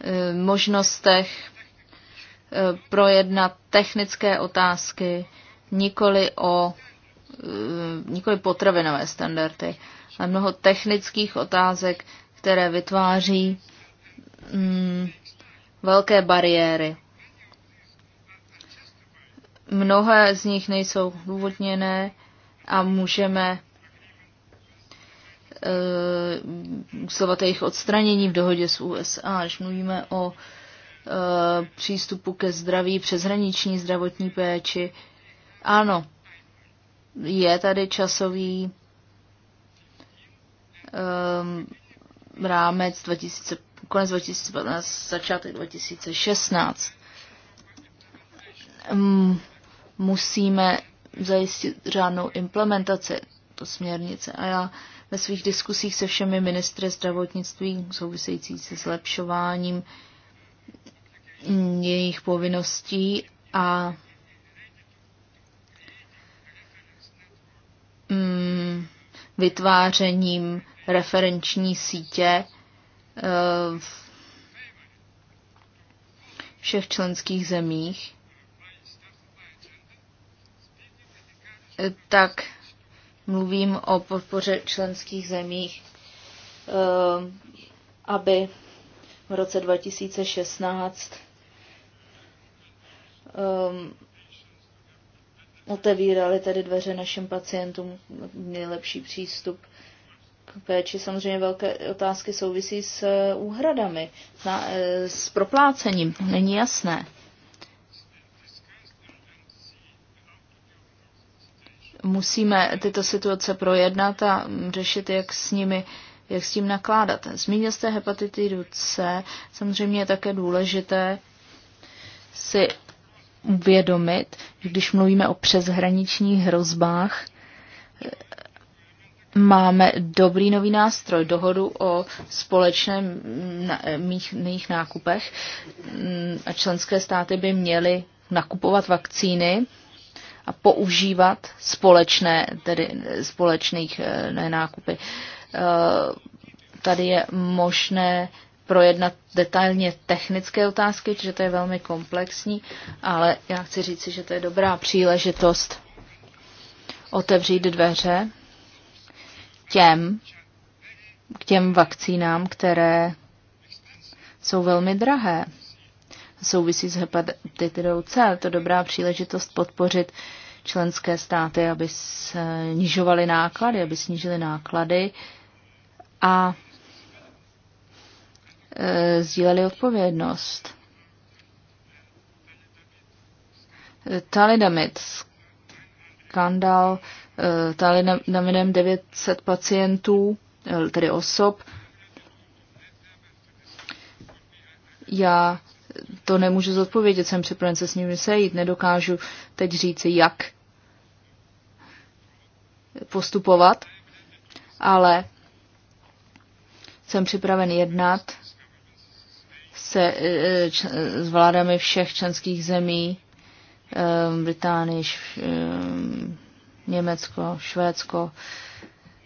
eh, možnostech eh, projednat technické otázky, nikoli o Mm, nikoli potravinové standardy, ale mnoho technických otázek, které vytváří mm, velké bariéry. Mnohé z nich nejsou důvodněné a můžeme eh, usilovat jejich odstranění v dohodě s USA. až mluvíme o uh, přístupu ke zdraví, přeshraniční zdravotní péči, ano, je tady časový um, rámec 2000, konec 2015, začátek 2016. Um, ehm, musíme zajistit řádnou implementaci to směrnice. A já ve svých diskusích se všemi ministry zdravotnictví související se zlepšováním jejich povinností a mm, vytvářením referenční sítě eh, všech členských zemích, eh, tak mluvím o podpoře členských zemích, eh, aby v roce 2016 otevírali tedy dveře našim pacientům nejlepší přístup k péči. Samozřejmě velké otázky souvisí s eh, úhradami, na, eh, s proplácením, není jasné. Musíme tyto situace projednat a mm, řešit, jak s nimi jak s tím nakládat. Zmínil jste hepatitidu C, samozřejmě je také důležité si uvědomit, že když mluvíme o přeshraničních hrozbách, máme dobrý nový nástroj, dohodu o společném mých, mých nákupech a členské státy by měly nakupovat vakcíny a používat společné, tedy společných eh, nákupy. Eh, tady je možné projednat detailně technické otázky, protože to je velmi komplexní, ale já chci říci, že to je dobrá příležitost otevřít dveře těm, k těm vakcínám, které jsou velmi drahé. Souvisí s hepatitidou C. Je to dobrá příležitost podpořit členské státy, aby snižovaly náklady, aby snížily náklady a Eh, sdíleli odpovědnost. Talidamid, e, eh, talidamidem 900 pacientů, eh, tedy osob. Já to nemůžu zodpovědět, jsem připraven se s nimi sejít, nedokážu teď říct, jak postupovat, ale jsem připraven jednat se e, s vládami všech členských zemí, e, š, e, Německo, Švédsko.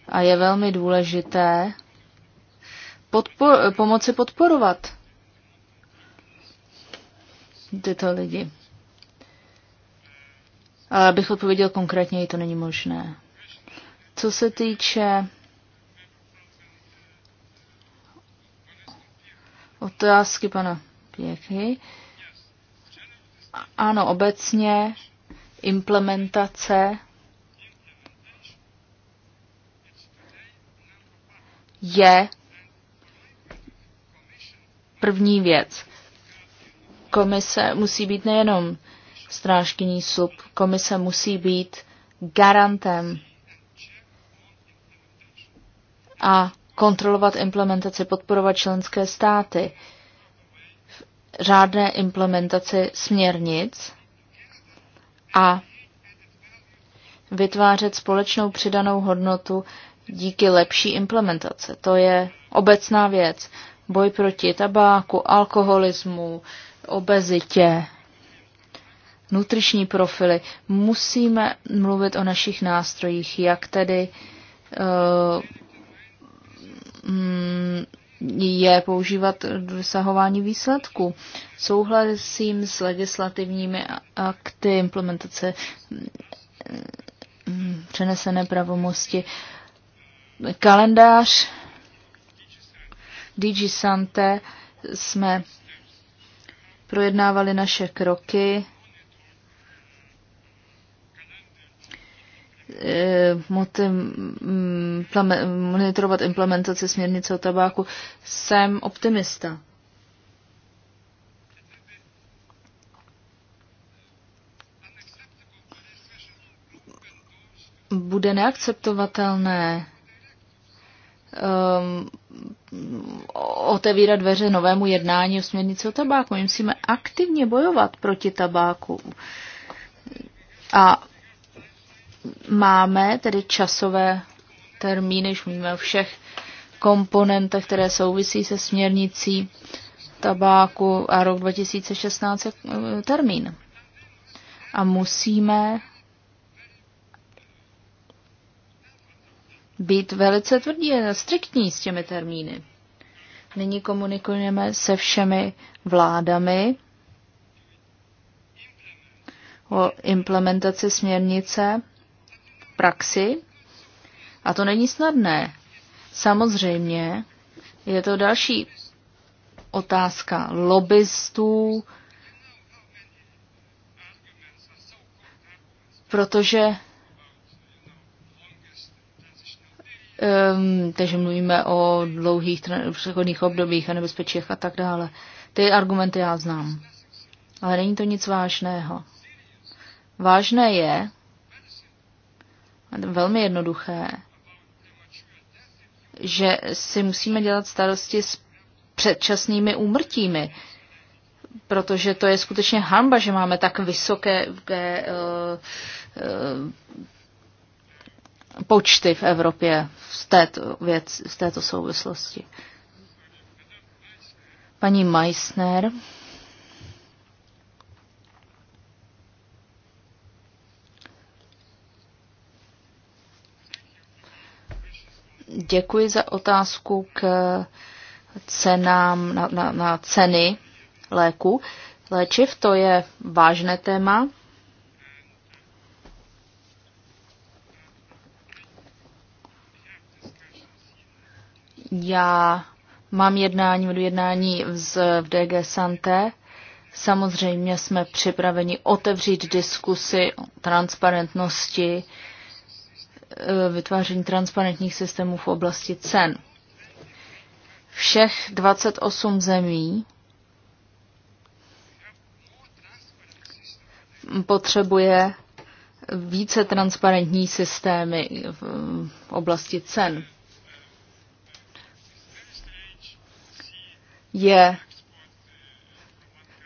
A je velmi důležité podpor, pomoci podporovat tyto lidi. Ale abych odpověděl konkrétně, to není možné. Co se týče Otázky pana Pěchy. Ano, obecně implementace je první věc. Komise musí být nejenom strážkyní sub, komise musí být garantem a kontrolovat implementaci, podporovat členské státy v řádné implementaci směrnic a vytvářet společnou přidanou hodnotu díky lepší implementace. To je obecná věc. Boj proti tabáku, alkoholismu, obezitě, nutriční profily. Musíme mluvit o našich nástrojích, jak tedy uh, Mm, je používat dosahování výsledku. Souhlasím s legislativními akty implementace mm, mm, přenesené pravomosti. Kalendář DG Sante jsme projednávali naše kroky Eh, mm, monitorovat implementaci směrnice o tabáku. Jsem optimista. Bude neakceptovatelné um, otevírat dveře novému jednání o směrnici o tabáku. My musíme aktivně bojovat proti tabáku. A máme tedy časové termíny, už víme o všech komponentech, které souvisí se směrnicí tabáku a rok 2016 eh, termín. A musíme být velice tvrdí a striktní s těmi termíny. Nyní komunikujeme se všemi vládami o implementaci směrnice praxi a to není snadné. Samozřejmě je to další otázka lobbystů, protože Um, takže mluvíme o dlouhých přechodných obdobích a nebezpečích a tak dále. Ty argumenty já znám. Ale není to nic vážného. Vážné je, velmi jednoduché, že si musíme dělat starosti s předčasnými úmrtími, protože to je skutečně hamba, že máme tak vysoké uh, uh, počty v Evropě v této, věc, v této souvislosti. Paní Meissner. Děkuji za otázku k cenám, na, na, na ceny léku. Léčiv to je vážné téma. Já mám jednání, vedu jednání z, v DG Santé. Samozřejmě jsme připraveni otevřít diskusy o transparentnosti Eh, vytváření transparentních systémů v oblasti cen. Všech 28 zemí potřebuje více transparentní systémy v oblasti cen. Je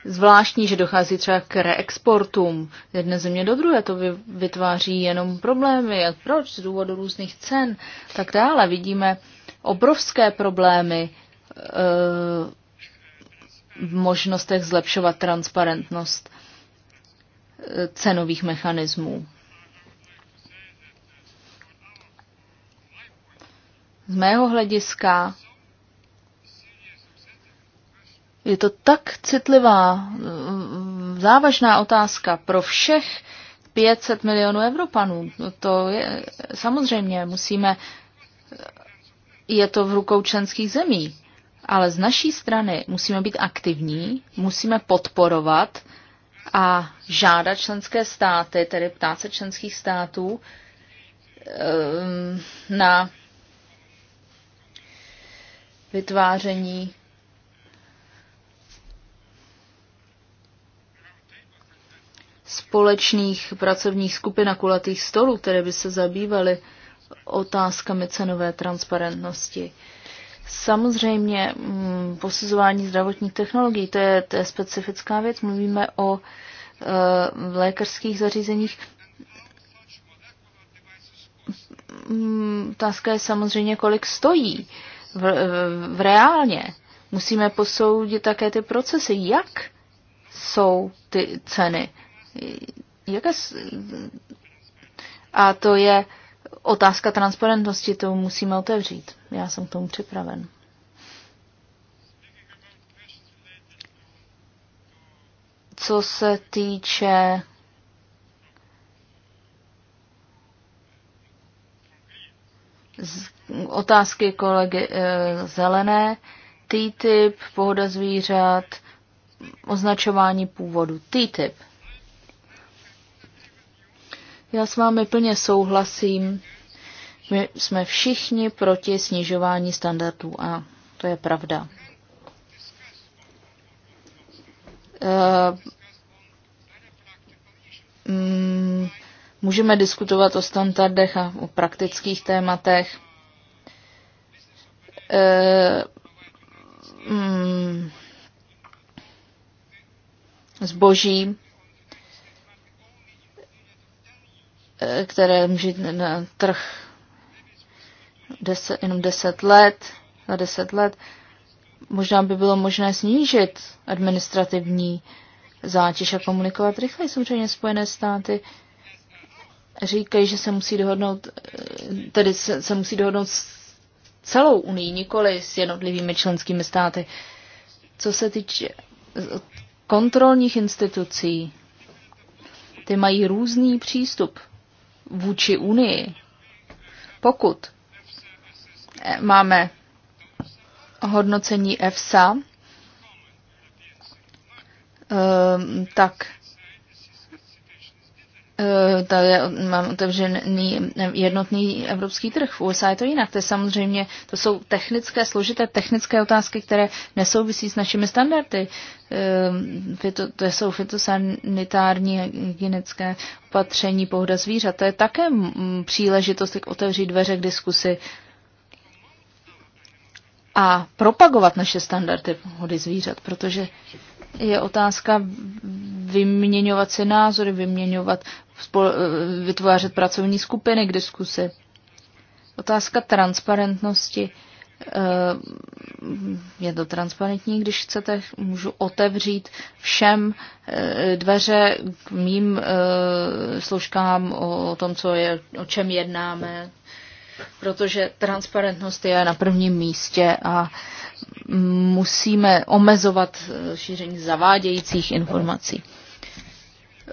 zvláštní, že dochází třeba k reexportům jedné země do druhé. To vytváří jenom problémy. Jak proč? Z důvodu různých cen. Tak dále. Vidíme obrovské problémy e, v možnostech zlepšovat transparentnost e, cenových mechanismů. Z mého hlediska je to tak citlivá, závažná otázka pro všech 500 milionů Evropanů. To je, samozřejmě musíme, je to v rukou členských zemí, ale z naší strany musíme být aktivní, musíme podporovat a žádat členské státy, tedy ptát se členských států ehm, na vytváření společných pracovních skupin a kulatých stolů, které by se zabývaly otázkami cenové transparentnosti. Samozřejmě mm, posuzování zdravotních technologií, to je, to je specifická věc. Mluvíme o e, v lékařských zařízeních. Mm, otázka je samozřejmě, kolik stojí v, v, e, v reálně. Musíme posoudit také ty procesy, jak jsou ty ceny. Jaká a to je otázka transparentnosti, to musíme otevřít. Já jsem k tomu připraven. Co se týče otázky kolegy eh, zelené, TTIP, pohoda zvířat, označování původu TTIP. Já s vámi plně souhlasím. My jsme všichni proti snižování standardů a to je pravda. Eh, mm, můžeme diskutovat o standardech a o praktických tématech. Eh, mm, zboží Eh, které může na trh deset, jenom 10 let, za 10 let, možná by bylo možné snížit administrativní zátěž a komunikovat rychleji. Samozřejmě Spojené státy říkají, že se musí dohodnout, eh, tedy se, se musí dohodnout s celou unii, nikoli s jednotlivými členskými státy. Co se týče kontrolních institucí, ty mají různý přístup vůči Unii. Pokud eh, máme hodnocení EFSA, eh, tak Eh, tady mám otevřený eh, jednotný evropský trh. V USA je to jinak. To je samozřejmě, to jsou technické, složité technické otázky, které nesouvisí s našimi standardy. Ehm, Fito, to jsou fitosanitární, hygienické opatření, pohoda zvířat. To je také mm, příležitost, jak otevřít dveře k diskusi a propagovat naše standardy pohody zvířat, protože je otázka vyměňovat si názory, vyměňovat, vytvářet pracovní skupiny k diskusi. Otázka transparentnosti. Eh, je to transparentní, když chcete, můžu otevřít všem eh, dveře k mým eh, složkám o tom, co je, o čem jednáme, protože transparentnost je na prvním místě a musíme omezovat eh, šíření zavádějících informací.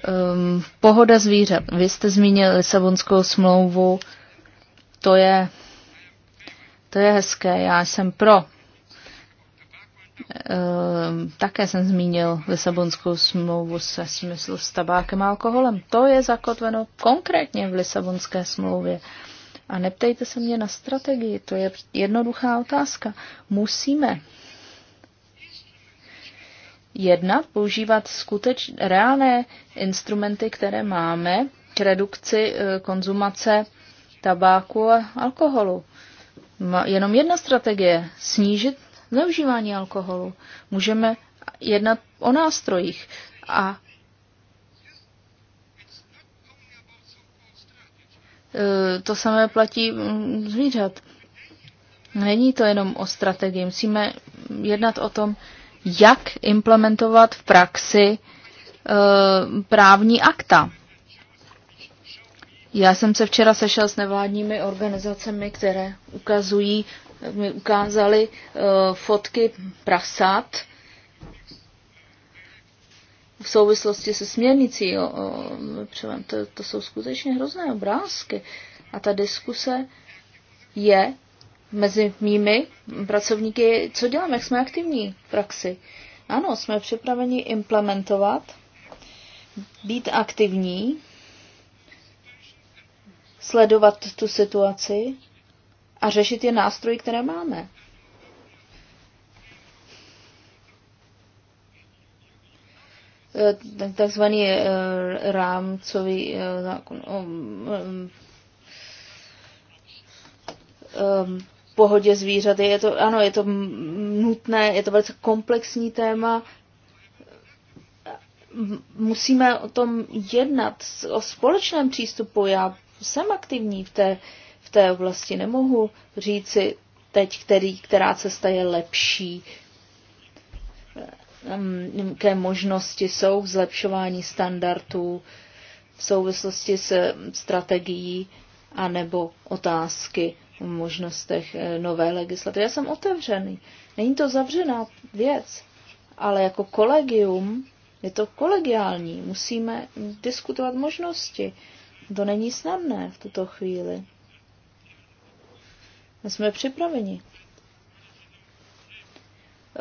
Ehm, pohoda zvířat. Vy jste zmínil Lisabonskou smlouvu. To je, to je hezké. Já jsem pro. Ehm, také jsem zmínil Lisabonskou smlouvu se smyslu s tabákem a alkoholem. To je zakotveno konkrétně v Lisabonské smlouvě. A neptejte se mě na strategii, to je jednoduchá otázka. Musíme jednat, používat skuteč, reálné instrumenty, které máme k redukci eh, konzumace tabáku a alkoholu. Jenom jedna strategie, snížit zneužívání alkoholu. Můžeme jednat o nástrojích a E, to samé platí mm, zvířat. Není to jenom o strategii. Musíme jednat o tom, jak implementovat v praxi e, právní akta. Já jsem se včera sešel s nevládními organizacemi, které ukazují, mi ukázali e, fotky prasat, v souvislosti se směrnicí o, o To, to jsou skutečně hrozné obrázky. A ta diskuse je mezi mými pracovníky, co děláme, jak jsme aktivní v praxi. Ano, jsme připraveni implementovat, být aktivní, sledovat tu situaci a řešit je nástroji, které máme. takzvaný eh, rámcový eh, zákon o eh, pohodě zvířat. Je to, ano, je to nutné, je to velice komplexní téma. Musíme o tom jednat, o společném přístupu. Já jsem aktivní v té, v té oblasti. Nemohu říci teď, který, která cesta je lepší jaké um, možnosti jsou v zlepšování standardů v souvislosti s um, strategií anebo otázky v možnostech eh, nové legislativy. Já jsem otevřený. Není to zavřená věc, ale jako kolegium je to kolegiální. Musíme diskutovat možnosti. To není snadné v tuto chvíli. My jsme připraveni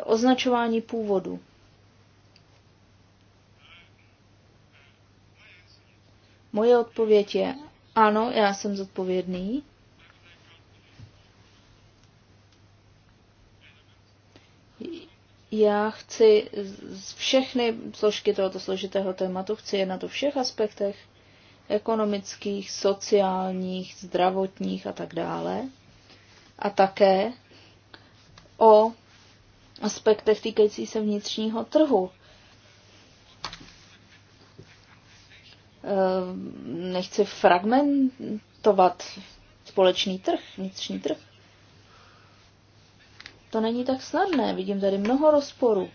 označování původu. Moje odpověď je ano, já jsem zodpovědný. Já chci z všechny složky tohoto složitého tématu, chci je na to všech aspektech, ekonomických, sociálních, zdravotních a tak dále. A také o aspektech týkající se vnitřního trhu. Ehm, nechci fragmentovat společný trh, vnitřní trh. To není tak snadné, vidím tady mnoho rozporů.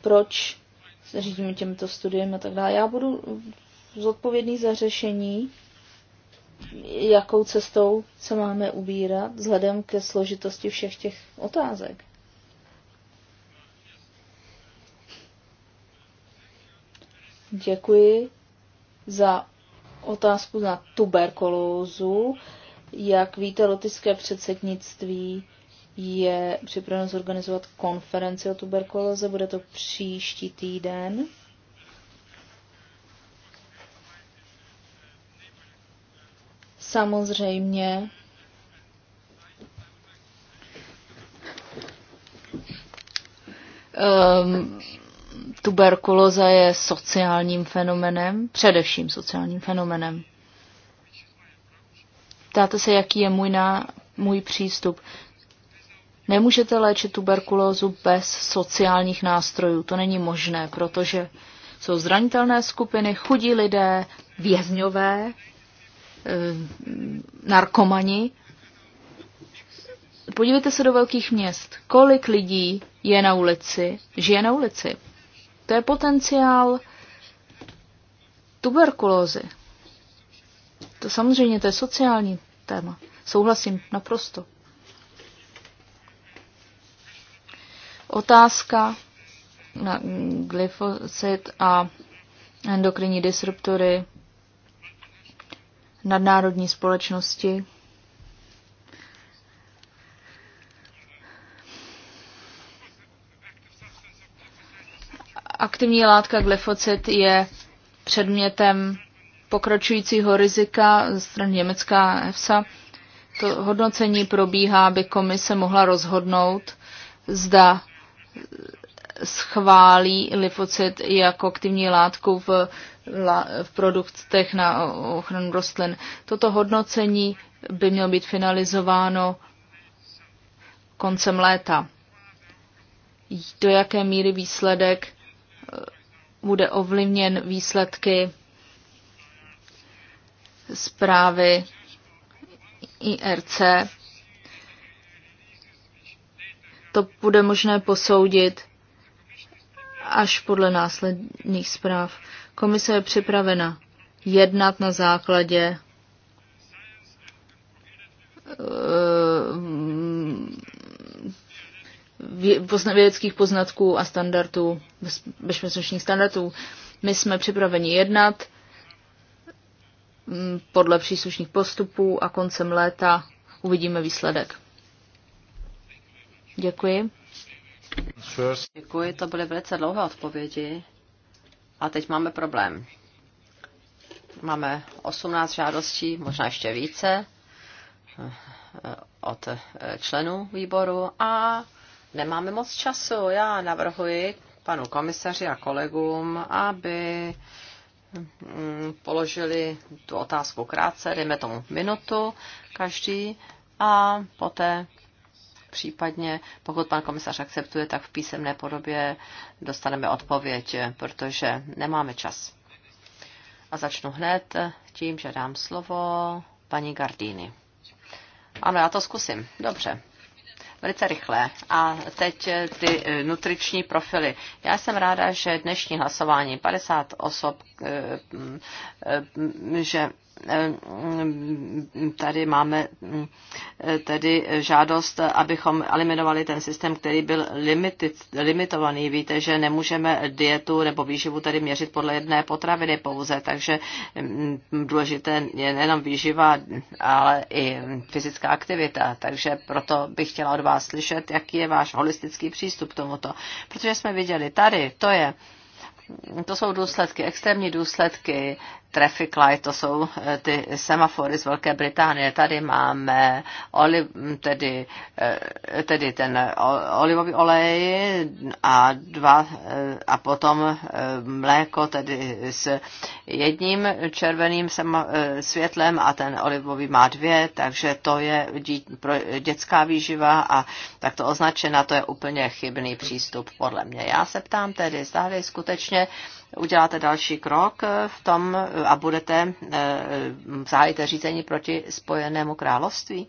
Proč se řídíme těmito studiemi a tak dále. Já budu zodpovědný za řešení jakou cestou se máme ubírat vzhledem ke složitosti všech těch otázek. Děkuji za otázku na tuberkulózu. Jak víte, lotické předsednictví je připraveno zorganizovat konferenci o tuberkulóze. Bude to příští týden. samozřejmě um, ehm, tuberkulóza je sociálním fenomenem, především sociálním fenomenem. Ptáte se, jaký je můj, na, můj přístup. Nemůžete léčit tuberkulózu bez sociálních nástrojů. To není možné, protože jsou zranitelné skupiny, chudí lidé, vězňové, Eh, narkomani. Podívejte se do velkých měst. Kolik lidí je na ulici, žije na ulici? To je potenciál tuberkulózy. To samozřejmě, to je sociální téma. Souhlasím naprosto. Otázka na glyfosit a endokrinní disruptory nadnárodní společnosti. Aktivní látka glyfocit je předmětem pokročujícího rizika ze strany Německá EFSA. To hodnocení probíhá, aby komise mohla rozhodnout, zda schválí lifocit jako aktivní látku v, v produktech na ochranu rostlin. Toto hodnocení by mělo být finalizováno koncem léta. Do jaké míry výsledek eh, bude ovlivněn výsledky zprávy IRC. To bude možné posoudit až podle následných zpráv. Komise je připravena jednat na základě eh, vědeckých poznatků a standardů, bezpečnostních standardů. My jsme připraveni jednat mm, podle příslušných postupů a koncem léta uvidíme výsledek. Děkuji. Děkuji, to byly velice dlouhé odpovědi. A teď máme problém. Máme 18 žádostí, možná ještě více, eh, od eh, členů výboru a nemáme moc času. Já navrhuji panu komisaři a kolegům, aby mm, položili tu otázku krátce, dejme tomu minutu každý, a poté případně, pokud pan komisař akceptuje, tak v písemné podobě dostaneme odpověď, protože nemáme čas. A začnu hned tím, že dám slovo paní Gardini. Ano, já to zkusím. Dobře. Velice rychle. A teď eh, ty eh, nutriční profily. Já jsem ráda, že dnešní hlasování 50 osob, eh, že Ehm, tady máme mm, eh, tedy žádost, abychom eliminovali ten systém, který byl limited, limitovaný. Víte, že nemůžeme dietu nebo výživu tedy měřit podle jedné potraviny pouze, takže mm, důležité je nejenom výživa, ale i fyzická aktivita. Takže proto bych chtěla od vás slyšet, jaký je váš holistický přístup k tomuto. Protože jsme viděli tady, to je to jsou důsledky, extrémní důsledky traffic light, to jsou eh, ty semafory z Velké Británie. Tady máme oli, tedy, eh, tedy ten olivový olej a, dva, eh, a potom mléko tedy s jedním červeným světlem a ten olivový má dvě, takže to je dí, pro dětská výživa a tak to označena, to je úplně chybný přístup podle mě. Já se ptám tedy, zdali skutečně uděláte další krok eh, v tom eh, a budete eh, zahájit řízení proti Spojenému království?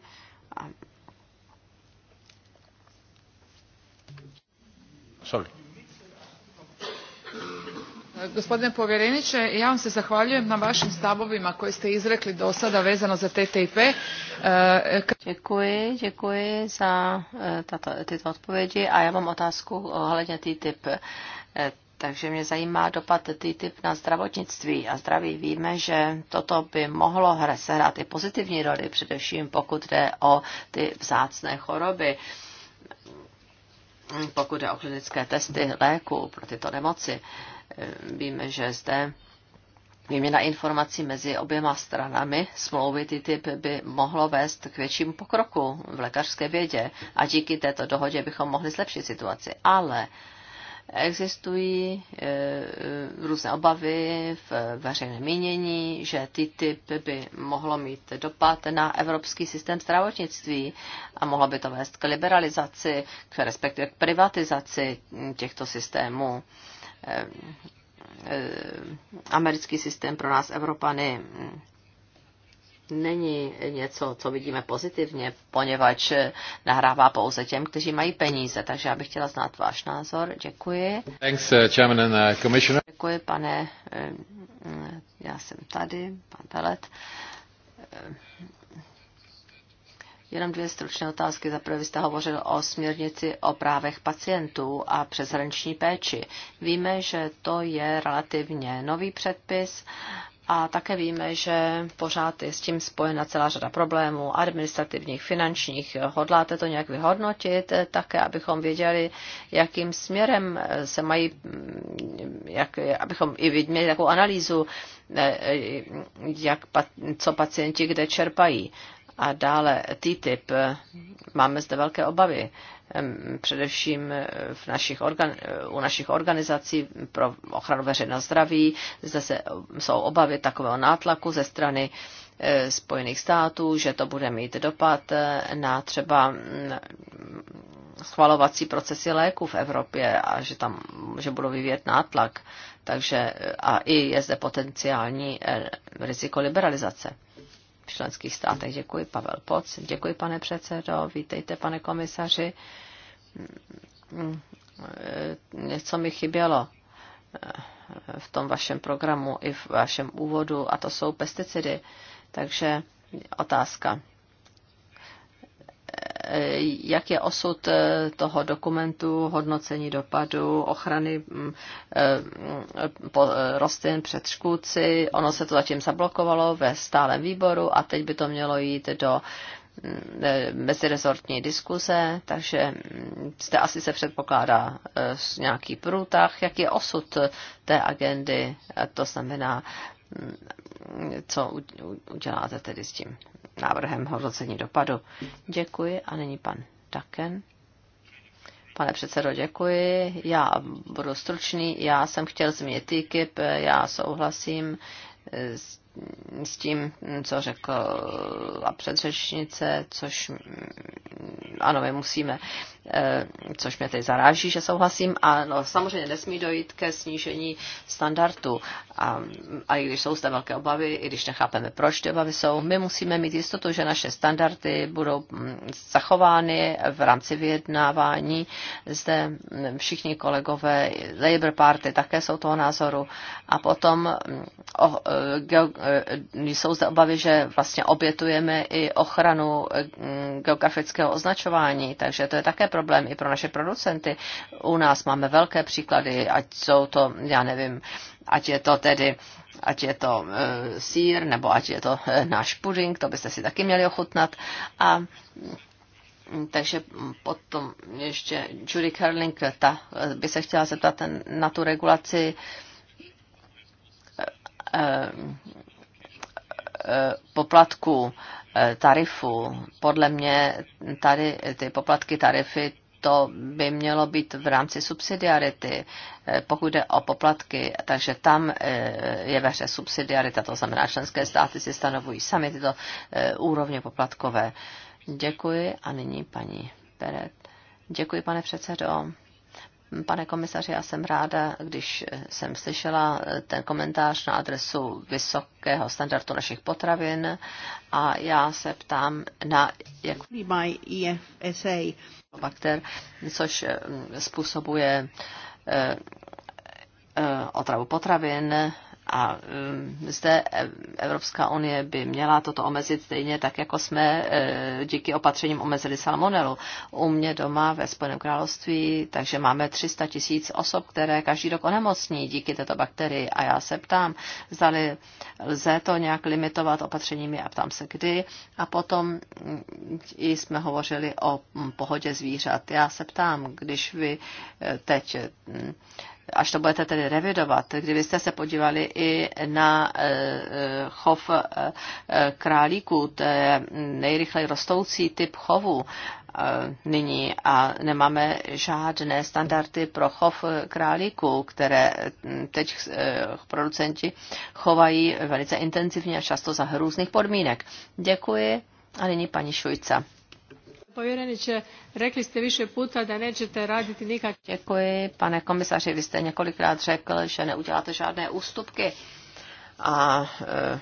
Sorry. Gospodine povjereniče, ja vam se zahvaljujem na vašim stavovima koje ste izrekli do sada vezano za TTIP. Děkuji, děkuji za tato, tyto odpovědi a já mám otázku ohledně TTIP. Takže mě zajímá dopad TTIP na zdravotnictví a zdraví. Víme, že toto by mohlo sehrát i pozitivní roli, především pokud jde o ty vzácné choroby, pokud jde o klinické testy léku pro tyto nemoci. Eh, víme, že zde Výměna informací mezi oběma stranami smlouvy TTIP by mohlo vést k většímu pokroku v lékařské vědě a díky této dohodě bychom mohli zlepšit situaci. Ale Existují e, e, různé obavy v veřejném mínění, že TTIP by mohlo mít dopad na evropský systém zdravotnictví a mohlo by to vést k liberalizaci, k respektive k privatizaci těchto systémů e, americký systém pro nás Evropany není něco, co vidíme pozitivně, poněvadž nahrává pouze těm, kteří mají peníze. Takže já bych chtěla znát váš názor. Děkuji. Thanks, uh, chairman and, uh, commissioner. Děkuji, pane. Eh, já jsem tady, pan Pelet. Eh, jenom dvě stručné otázky. Za prvé jste hovořil o směrnici o právech pacientů a přeshraniční péči. Víme, že to je relativně nový předpis a také víme, že pořád je s tím spojena celá řada problémů, administrativních, finančních. Hodláte to nějak vyhodnotit eh, také, abychom věděli, jakým směrem eh, se mají, mm, jak, abychom i viděli takovou analýzu, eh, jak, co pacienti kde čerpají. A dále TTIP. Máme zde velké obavy, především v našich organ, u našich organizací pro ochranu veřejného zdraví. Zde se, jsou obavy takového nátlaku ze strany e, Spojených států, že to bude mít dopad e, na třeba schvalovací procesy léků v Evropě a že tam že budou vyvíjet nátlak. Takže e, a i je zde potenciální riziko liberalizace v členských státech. Děkuji, Pavel Poc. Děkuji, pane předsedo. Vítejte, pane komisaři. Něco mi chybělo v tom vašem programu i v vašem úvodu, a to jsou pesticidy. Takže otázka. Eh, jak je osud eh, toho dokumentu, hodnocení dopadu, ochrany mm, eh, rostlin před škůdci. Ono se to zatím zablokovalo ve stálem výboru a teď by to mělo jít do mm, mezirezortní diskuze, takže mm, zde asi se předpokládá nějaký průtah, jak je osud té agendy, to znamená, co uděláte tedy s tím návrhem hodnocení dopadu. Děkuji a nyní pan Daken. Pane předsedo, děkuji. Já budu stručný. Já jsem chtěl změnit TTIP. Já souhlasím s, s tím, co řekla předřečnice, což mm, ano, my musíme Eh, což mě tedy zaráží, že souhlasím, a no, samozřejmě nesmí dojít ke snížení standardu. A, a i když jsou zde velké obavy, i když nechápeme, proč ty obavy jsou, my musíme mít jistotu, že naše standardy budou mm, zachovány v rámci vyjednávání. Zde mm, všichni kolegové Labour Party také jsou toho názoru. A potom mm, o, eh, geo, eh, jsou zde obavy, že vlastně obětujeme i ochranu geografického označování, takže to je také problém i pro naše producenty. U nás máme velké příklady, ať jsou to, já nevím, ať je to tedy ať je to e, sír, nebo ať je to e, náš puding, to byste si taky měli ochutnat. A takže potom ještě Judy Kerling, ta eh, by se chtěla zeptat na tu regulaci e, poplatků Eh, tarifu Podle mě tady ty poplatky tarify to by mělo být v rámci subsidiarity, eh, pokud jde o poplatky, takže tam eh, je ve hře subsidiarita, to znamená, členské státy si stanovují sami tyto úrovně poplatkové. Děkuji a nyní paní Peret. Děkuji, pane předsedo. Pane komisaři, já jsem ráda, když jsem slyšela ten komentář na adresu vysokého standardu našich potravin a já se ptám na jak e bakter, což eh, způsobuje eh, eh, otravu potravin a um, zde Evropská unie by měla toto omezit stejně tak, jako jsme uh, díky opatřením omezili salmonelu. U mě doma ve Spojeném království, takže máme 300 tisíc osob, které každý rok onemocní díky této bakterii. A já se ptám, zda lze to nějak limitovat opatřeními a ptám se kdy. A potom mm, i jsme hovořili o mm, pohodě zvířat. Já se ptám, když vy eh, teď mm, až to budete tedy revidovat, kdybyste se podívali i na e, e, chov e, králíků, to je nejrychleji rostoucí typ chovu nyní a nemáme žádné standardy pro chov králíků, které teď producenti chovají velice intenzivně a často za hrůzných podmínek. Děkuji. A nyní paní Šujca povjereniče, rekli jste više puta da nećete raditi nikak... Děkuji, pane komisaři, vy jste několikrát řekl, že neuděláte žádné ústupky a eh,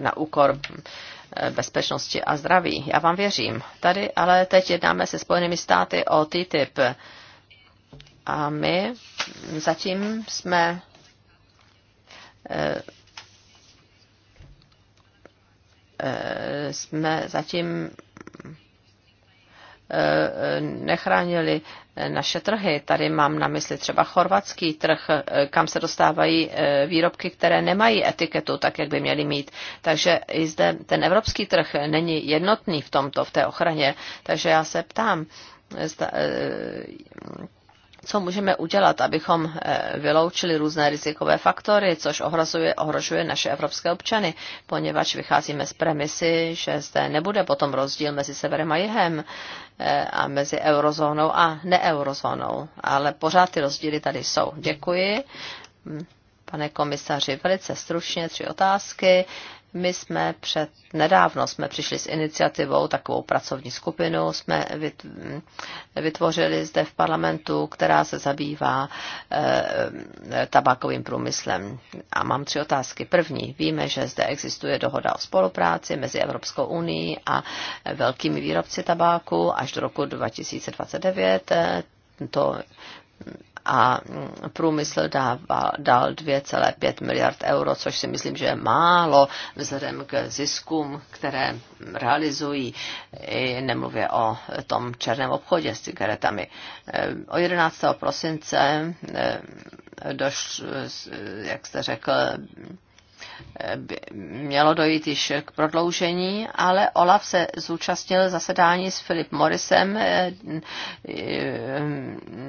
na úkor eh, bezpečnosti a zdraví. Já vám věřím. Tady ale teď jednáme se Spojenými státy o TTIP a my zatím jsme eh, Eh, jsme zatím eh, nechránili naše trhy. Tady mám na mysli třeba chorvatský trh, eh, kam se dostávají výrobky, které nemají etiketu tak, jak by měly mít. Takže i zde ten evropský trh není jednotný v tomto, v té ochraně. Takže já se ptám, co můžeme udělat, abychom eh, vyloučili různé rizikové faktory, což ohrozuje, ohrožuje naše evropské občany, poněvadž vycházíme z premisy, že zde nebude potom rozdíl mezi severem a jihem eh, a mezi eurozónou a neeurozónou. Ale pořád ty rozdíly tady jsou. Děkuji. Hm, pane komisaři, velice stručně tři otázky. My jsme před, nedávno jsme přišli s iniciativou, takovou pracovní skupinu jsme vytvořili zde v parlamentu, která se zabývá e, tabákovým průmyslem. A mám tři otázky. První, víme, že zde existuje dohoda o spolupráci mezi Evropskou unii a velkými výrobci tabáku až do roku 2029. To a mm, průmysl dává dal 2,5 miliard euro, což si myslím, že je málo vzhledem k ziskům, které realizují, nemluvě o tom černém obchodě s cigaretami. E, o 11. prosince e, došlo, jak jste řekl, mělo dojít již k prodloužení, ale Olaf se zúčastnil zasedání s Filip Morrisem,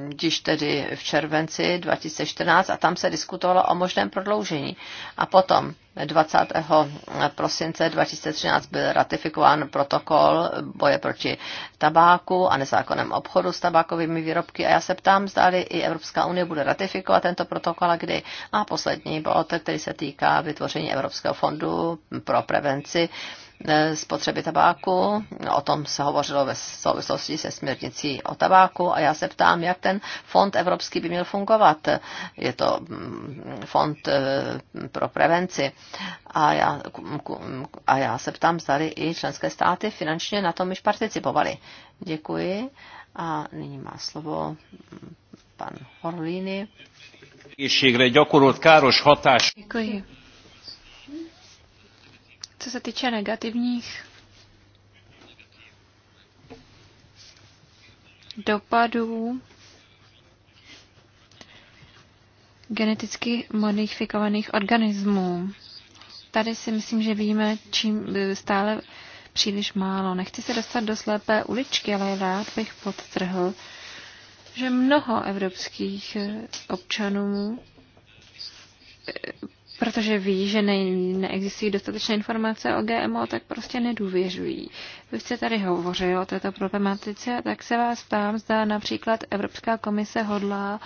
když eh, eh, tedy v červenci 2014, a tam se diskutovalo o možném prodloužení. A potom 20. prosince 2013 byl ratifikován protokol boje proti tabáku a nezákonném obchodu s tabákovými výrobky a já se ptám, zda i Evropská unie bude ratifikovat tento protokol a kdy. A poslední bod, který se týká vytvoření Evropského fondu pro prevenci E, spotřeby tabáku. O tom se hovořilo ve souvislosti se směrnicí o tabáku a já se ptám, jak ten fond evropský by měl fungovat. Je to mm, fond e, pro prevenci a já, a já se ptám, zdali i členské státy finančně na tom již participovaly. Děkuji a nyní má slovo mm, pan Horlíny. Děkuji. Co se týče negativních dopadů geneticky modifikovaných organismů. Tady si myslím, že víme čím stále příliš málo. Nechci se dostat do slepé uličky, ale rád bych podtrhl, že mnoho evropských občanů protože ví, že ne, neexistují dostatečné informace o GMO, tak prostě nedůvěřují. Vy jste tady hovořil o této problematice, tak se vás ptám, zda například Evropská komise hodlá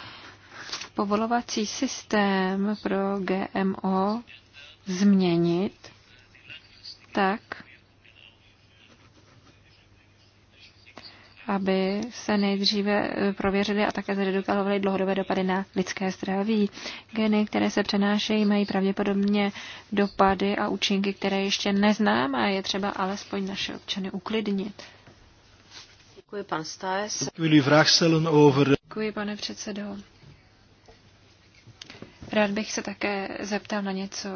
povolovací systém pro GMO změnit tak, aby se nejdříve eh, prověřily a také zredukovaly dlouhodobé dopady na lidské zdraví. Geny, které se přenášejí, mají pravděpodobně dopady a účinky, které ještě neznáme a je třeba alespoň naše občany uklidnit. Děkuji, pan Staes. Děkuji, pane předsedo. Rád bych se také zeptal na něco,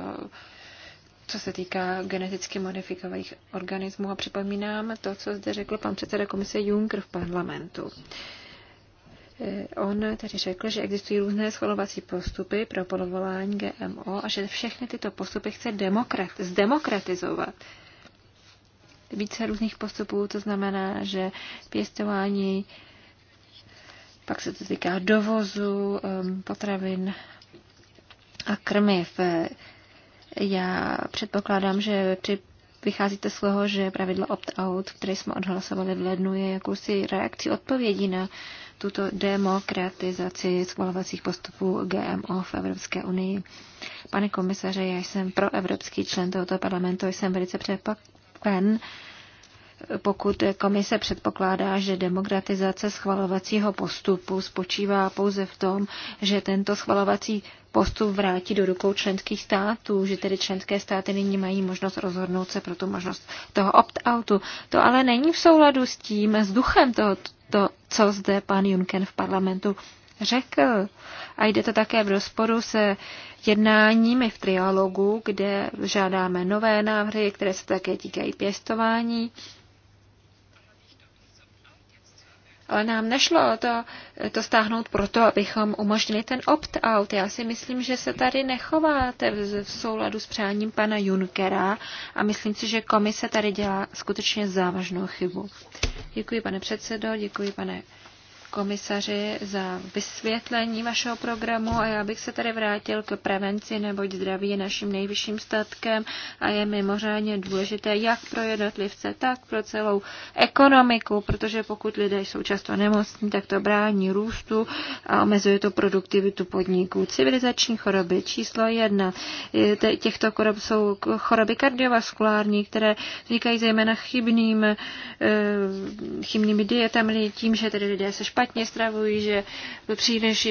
co se týká geneticky modifikovaných organismů. A připomínám to, co zde řekl pan předseda komise Juncker v parlamentu. Eh, on tedy řekl, že existují různé schvalovací postupy pro polovolání GMO a že všechny tyto postupy chce demokrat, zdemokratizovat. Více různých postupů, to znamená, že pěstování, pak se to týká dovozu eh, potravin a krmiv. Eh, já předpokládám, že při Vycházíte z toho, že pravidlo opt-out, které jsme odhlasovali v lednu, je jakousi reakcí odpovědí na tuto demokratizaci schvalovacích postupů GMO v Evropské unii. Pane komisaře, já jsem pro evropský člen tohoto parlamentu, jsem velice překvapen, pokud komise předpokládá, že demokratizace schvalovacího postupu spočívá pouze v tom, že tento schvalovací postup vrátí do rukou členských států, že tedy členské státy nyní mají možnost rozhodnout se pro tu možnost toho opt-outu. To ale není v souladu s tím, s duchem toho, to, co zde pan Juncker v parlamentu řekl. A jde to také v rozporu se jednáními v trialogu, kde žádáme nové návrhy, které se také týkají pěstování Ale nám nešlo to, to stáhnout proto, abychom umožnili ten opt-out. Já si myslím, že se tady nechováte v, v souladu s přáním pana Junkera a myslím si, že komise tady dělá skutečně závažnou chybu. Děkuji, pane předsedo, děkuji, pane komisaři, za vysvětlení vašeho programu a já bych se tady vrátil k prevenci, neboť zdraví je naším nejvyšším statkem a je mimořádně důležité jak pro jednotlivce, tak pro celou ekonomiku, protože pokud lidé jsou často nemocní, tak to brání růstu a omezuje to produktivitu podniků. Civilizační choroby číslo jedna. Těchto chorob jsou choroby kardiovaskulární, které vznikají zejména chybným, eh, chybnými dietami, tím, že tedy lidé se špatně špatně stravují, že příliš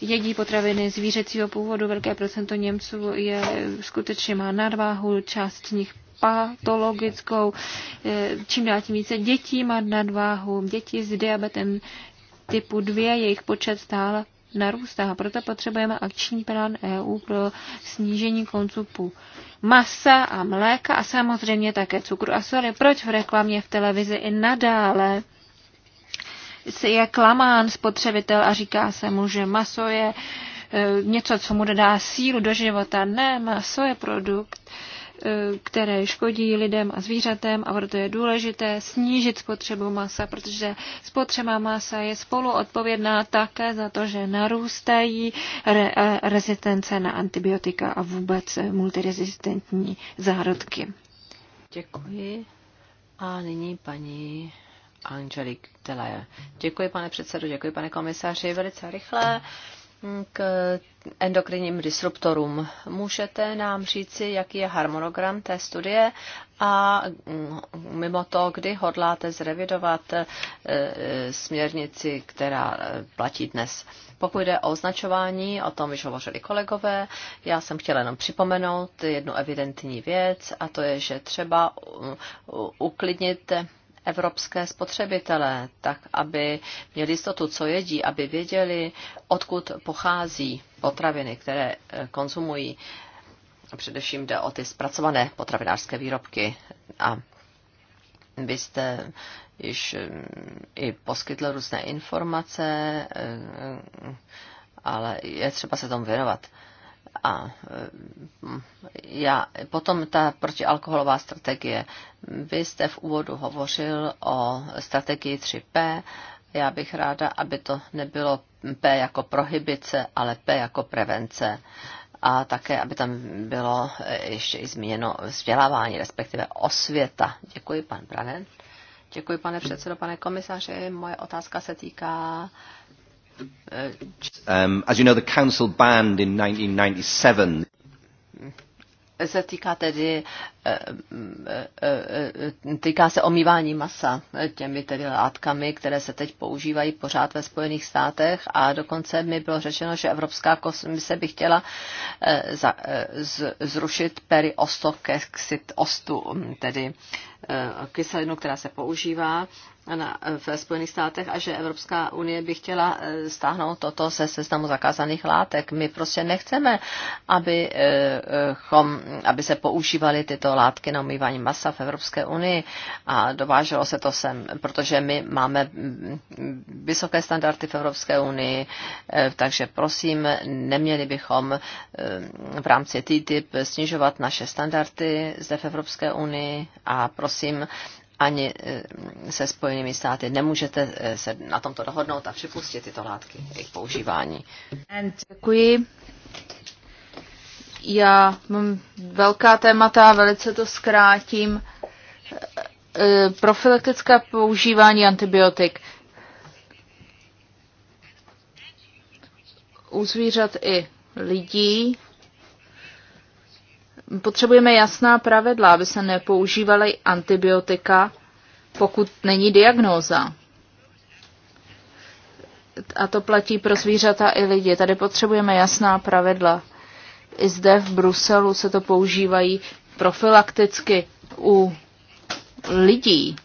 jedí potraviny zvířecího původu. Velké procento Němců je, skutečně má nadváhu, část z nich patologickou. Eh, čím dál tím více dětí má nadváhu. Děti s diabetem typu 2, jejich počet stále narůstá. Proto potřebujeme akční plán EU pro snížení koncupu masa a mléka a samozřejmě také cukru a soli. Proč v reklamě v televizi i nadále je klamán spotřebitel a říká se mu, že maso je e, něco, co mu dodá sílu do života. Ne, maso je produkt, e, které škodí lidem a zvířatem a proto je důležité snížit spotřebu masa, protože spotřeba masa je spolu odpovědná také za to, že narůstají re- e, rezistence na antibiotika a vůbec multirezistentní zárodky. Děkuji. A nyní paní Angelique Delaje. Děkuji, pane předsedu, děkuji, pane komisaři. Velice rychle k endokrinním disruptorům. Můžete nám říci, jaký je harmonogram té studie a mm, mimo to, kdy hodláte zrevidovat e, směrnici, která e, platí dnes. Pokud jde o označování, o tom již hovořili kolegové, já jsem chtěla jenom připomenout jednu evidentní věc a to je, že třeba uklidnit evropské spotřebitelé, tak aby měli jistotu, co jedí, aby věděli, odkud pochází potraviny, které eh, konzumují. Především jde o ty zpracované potravinářské výrobky a vy jste již eh, i poskytl různé informace, eh, ale je třeba se tomu věnovat a eh, já, potom ta protialkoholová strategie. Vy jste v úvodu hovořil o strategii 3P. Já bych ráda, aby to nebylo P jako prohibice, ale P jako prevence. A také, aby tam bylo eh, ještě i zmíněno vzdělávání, respektive osvěta. Děkuji, pan Branen. Děkuji, pane předsedo, pane komisaři. Moje otázka se týká Um, as you know, the council banned in 1997 se týká tedy eh, eh, eh, týká se omývání masa těmi tedy látkami, které se teď používají pořád ve Spojených státech a dokonce mi bylo řečeno, že Evropská komise by chtěla zrušit periostokexit ostu, tedy Eh, kyselinu, která se používá na, v Spojených státech a že Evropská unie by chtěla eh, stáhnout toto se seznamu zakázaných látek. My prostě nechceme, aby, eh, chom, aby se používaly tyto látky na umývání masa v Evropské unii a dováželo se to sem, protože my máme mm, vysoké standardy v Evropské unii, takže prosím, neměli bychom v rámci TTIP snižovat naše standardy zde v Evropské unii a prosím, prosím, ani eh, se Spojenými státy nemůžete eh, se na tomto dohodnout a připustit tyto látky, jejich používání. Děkuji. Já mám velká témata, velice to zkrátím. Eh, Profilaktické používání antibiotik. U zvířat i lidí Potřebujeme jasná pravidla, aby se nepoužívaly antibiotika, pokud není diagnóza. A to platí pro zvířata i lidi. Tady potřebujeme jasná pravidla. I zde v Bruselu se to používají profilakticky u lidí.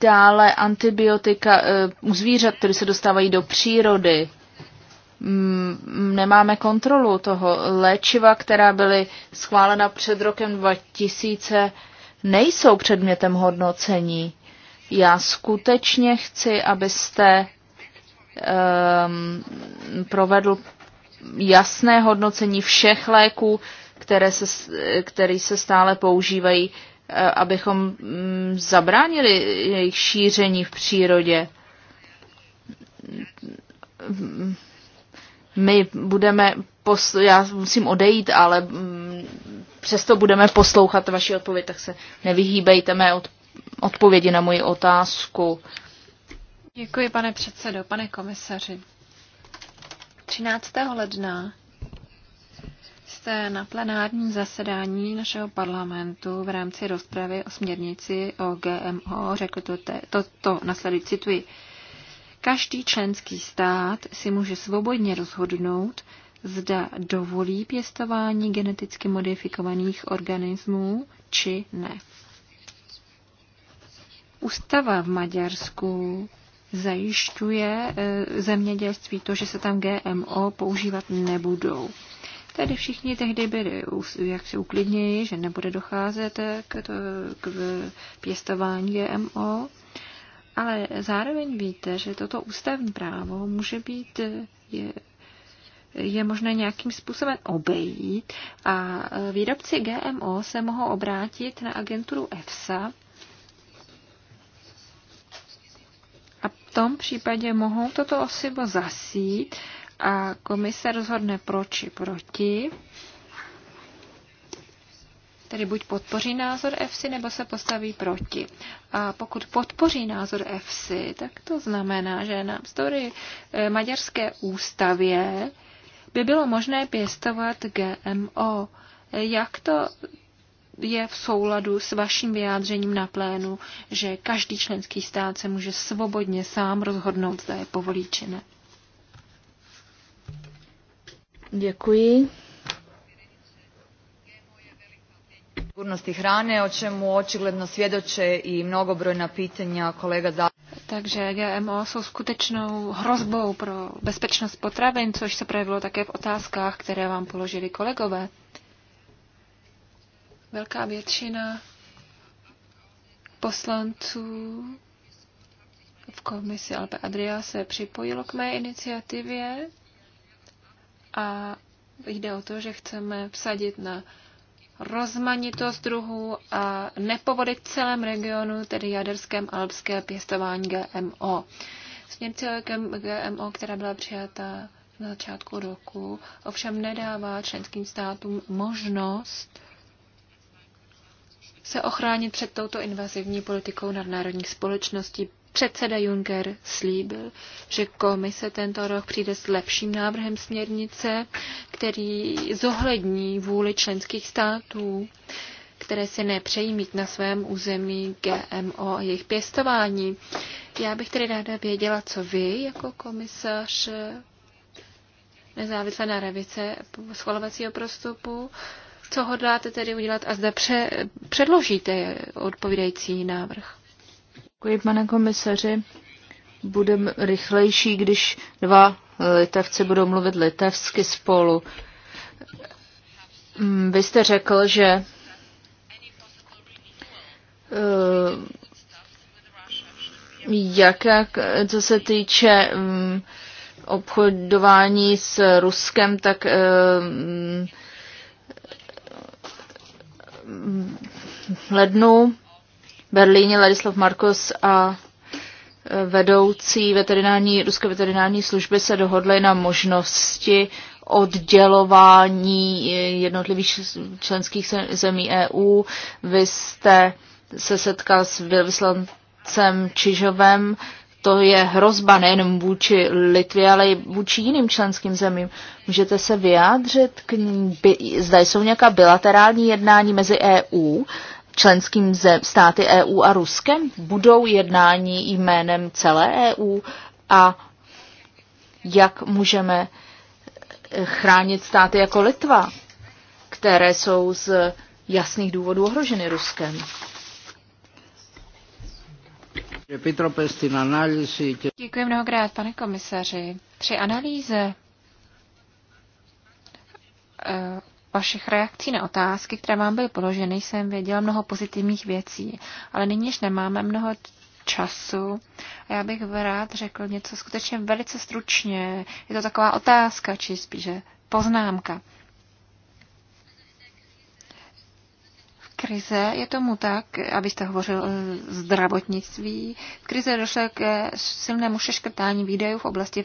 Dále antibiotika eh, u zvířat, které se dostávají do přírody. Mm, nemáme kontrolu toho. Léčiva, která byly schválena před rokem 2000, nejsou předmětem hodnocení. Já skutečně chci, abyste um, provedl jasné hodnocení všech léků, které se, který se stále používají, e, abychom mm, zabránili jejich šíření v přírodě my budeme, pos- já musím odejít, ale mm, přesto budeme poslouchat vaši odpověď, tak se nevyhýbejte mé od- odpovědi na moji otázku. Děkuji, pane předsedo, pane komisaři. 13. ledna jste na plenárním zasedání našeho parlamentu v rámci rozpravy o směrnici o GMO řekl to, te, to, to nasledující, cituji. Každý členský stát si může svobodně rozhodnout, zda dovolí pěstování geneticky modifikovaných organismů či ne. Ústava v Maďarsku zajišťuje e, zemědělství to, že se tam GMO používat nebudou. Tady všichni tehdy byli, jak se uklidněji, že nebude docházet k, to, k pěstování GMO. Ale zároveň víte, že toto ústavní právo může být je, je možné nějakým způsobem obejít a e, výrobci GMO se mohou obrátit na agenturu EFSA a v tom případě mohou toto osivo zasít a komise rozhodne proči, proti Tedy buď podpoří názor EFSI, nebo se postaví proti. A pokud podpoří názor EFSI, tak to znamená, že na story eh, maďarské ústavě by bylo možné pěstovat GMO. Jak to je v souladu s vaším vyjádřením na plénu, že každý členský stát se může svobodně sám rozhodnout, zda je povolí či ne? Děkuji. sigurnosti hrane, o čemu očigledno svjedoče i mnogobrojna pitanja kolega za... Takže GMO jsou skutečnou hrozbou pro bezpečnost potravin, což se projevilo také v otázkách, které vám položili kolegové. Velká většina poslanců v komisi Alpe Adria se připojilo k mé iniciativě a jde o to, že chceme vsadit na rozmanitost druhů a nepovody v celém regionu, tedy jaderském alpské pěstování GMO. Směrnice GMO, která byla přijata na začátku roku, ovšem nedává členským státům možnost se ochránit před touto invazivní politikou nadnárodních společností. Předseda Juncker slíbil, že komise tento rok přijde s lepším návrhem směrnice, který zohlední vůli členských států, které si nepřejí mít na svém území GMO a jejich pěstování. Já bych tedy ráda věděla, co vy jako komisař nezávisle na revice schvalovacího prostupu, co hodláte tedy udělat a zda pře- předložíte odpovídající návrh. Děkuji, pane komisaři. Budeme rychlejší, když dva eh, litevci budou mluvit litevsky spolu. Mm, vy jste řekl, že eh, jak, jak co se týče mm, obchodování s Ruskem, tak eh, mm, lednu Berlíně Ladislav Markos a e, vedoucí veterinární, ruské veterinární služby se dohodly na možnosti oddělování e, jednotlivých členských zemí EU. Vy jste se setkal s vyslancem Čižovem. To je hrozba nejenom vůči Litvě, ale i vůči jiným členským zemím. Můžete se vyjádřit, k, by, zda jsou nějaká bilaterální jednání mezi EU členským zem, státy EU a Ruskem? Budou jednání jménem celé EU a jak můžeme eh, chránit státy jako Litva, které jsou z jasných důvodů ohroženy Ruskem? Děkuji mnohokrát, pane komisaři. Tři analýze eh, vašich reakcí na otázky, které vám byly položeny, jsem věděla mnoho pozitivních věcí, ale nyníž nemáme mnoho času. A já bych rád řekl něco skutečně velice stručně. Je to taková otázka, či spíše poznámka. krize, je tomu tak, abyste hovořil o eh, zdravotnictví, v krize došlo k eh, silnému šeškrtání výdajů v oblasti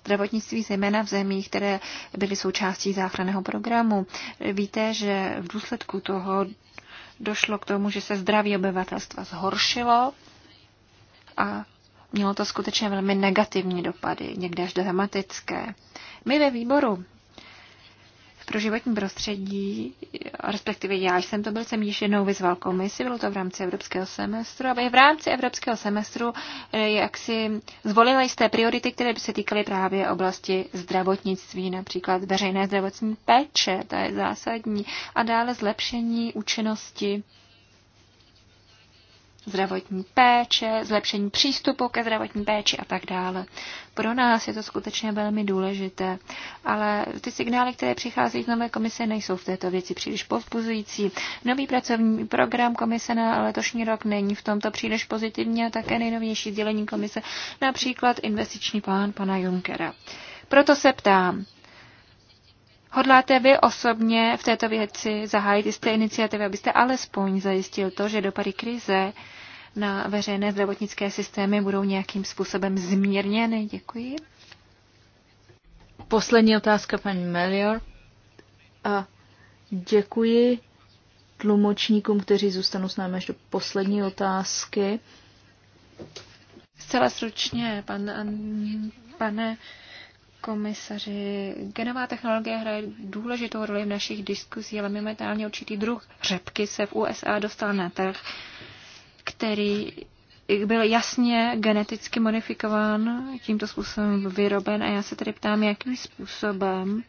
zdravotnictví, zejména v zemích, které byly součástí záchranného programu. Víte, že v důsledku toho došlo k tomu, že se zdraví obyvatelstva zhoršilo a mělo to skutečně velmi negativní dopady, někde až dramatické. My ve výboru pro životní prostředí, respektive já jsem to byl, jsem již jednou vyzval komisi, bylo to v rámci evropského semestru, aby v rámci evropského semestru eh, jak si zvolila jisté priority, které by se týkaly právě oblasti zdravotnictví, například veřejné zdravotní péče, to je zásadní, a dále zlepšení účinnosti zdravotní péče, zlepšení přístupu ke zdravotní péči a tak dále. Pro nás je to skutečně velmi důležité, ale ty signály, které přicházejí z nové komise, nejsou v této věci příliš povzbuzující. Nový pracovní program komise na letošní rok není v tomto příliš pozitivní a také nejnovější sdělení komise, například investiční plán pana Junckera. Proto se ptám, Hodláte vy osobně v této věci zahájit jisté iniciativy, abyste alespoň zajistil to, že dopady krize na veřejné zdravotnické systémy budou nějakým způsobem zmírněny? Děkuji. Poslední otázka, paní Melior. A děkuji tlumočníkům, kteří zůstanou s námi až do poslední otázky. Zcela stručně, pan, pane komisaři, genová technologie hraje důležitou roli v našich diskuzích, ale momentálně určitý druh řepky se v USA dostal na trh, který byl jasně geneticky modifikován, tímto způsobem vyroben a já se tedy ptám, jakým způsobem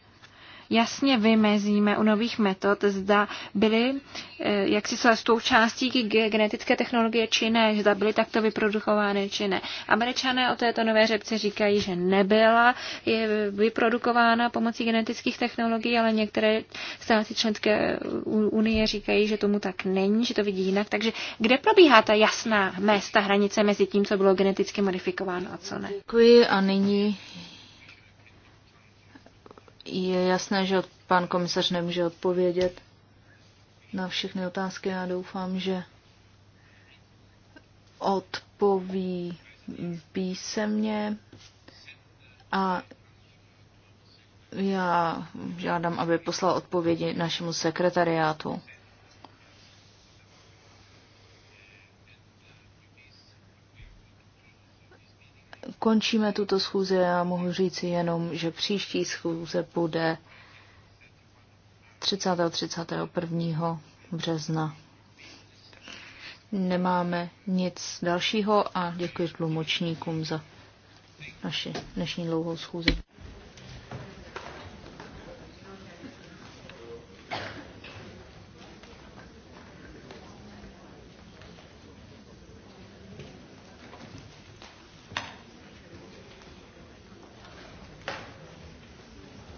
jasně vymezíme u nových metod, zda byly, eh, jak si se součástí genetické technologie či ne, zda byly takto vyprodukovány či ne. Američané o této nové řepce říkají, že nebyla je vyprodukována pomocí genetických technologií, ale některé státy členské unie říkají, že tomu tak není, že to vidí jinak. Takže kde probíhá ta jasná mesta, hranice mezi tím, co bylo geneticky modifikováno a co ne? Děkuji a nyní je jasné, že pan komisař nemůže odpovědět na všechny otázky. Já doufám, že odpoví písemně a já žádám, aby poslal odpovědi našemu sekretariátu. končíme tuto schůzi a mohu říci jenom, že příští schůze bude 30. 31. března. Nemáme nic dalšího a děkuji tlumočníkům za naši dnešní dlouhou schůzi.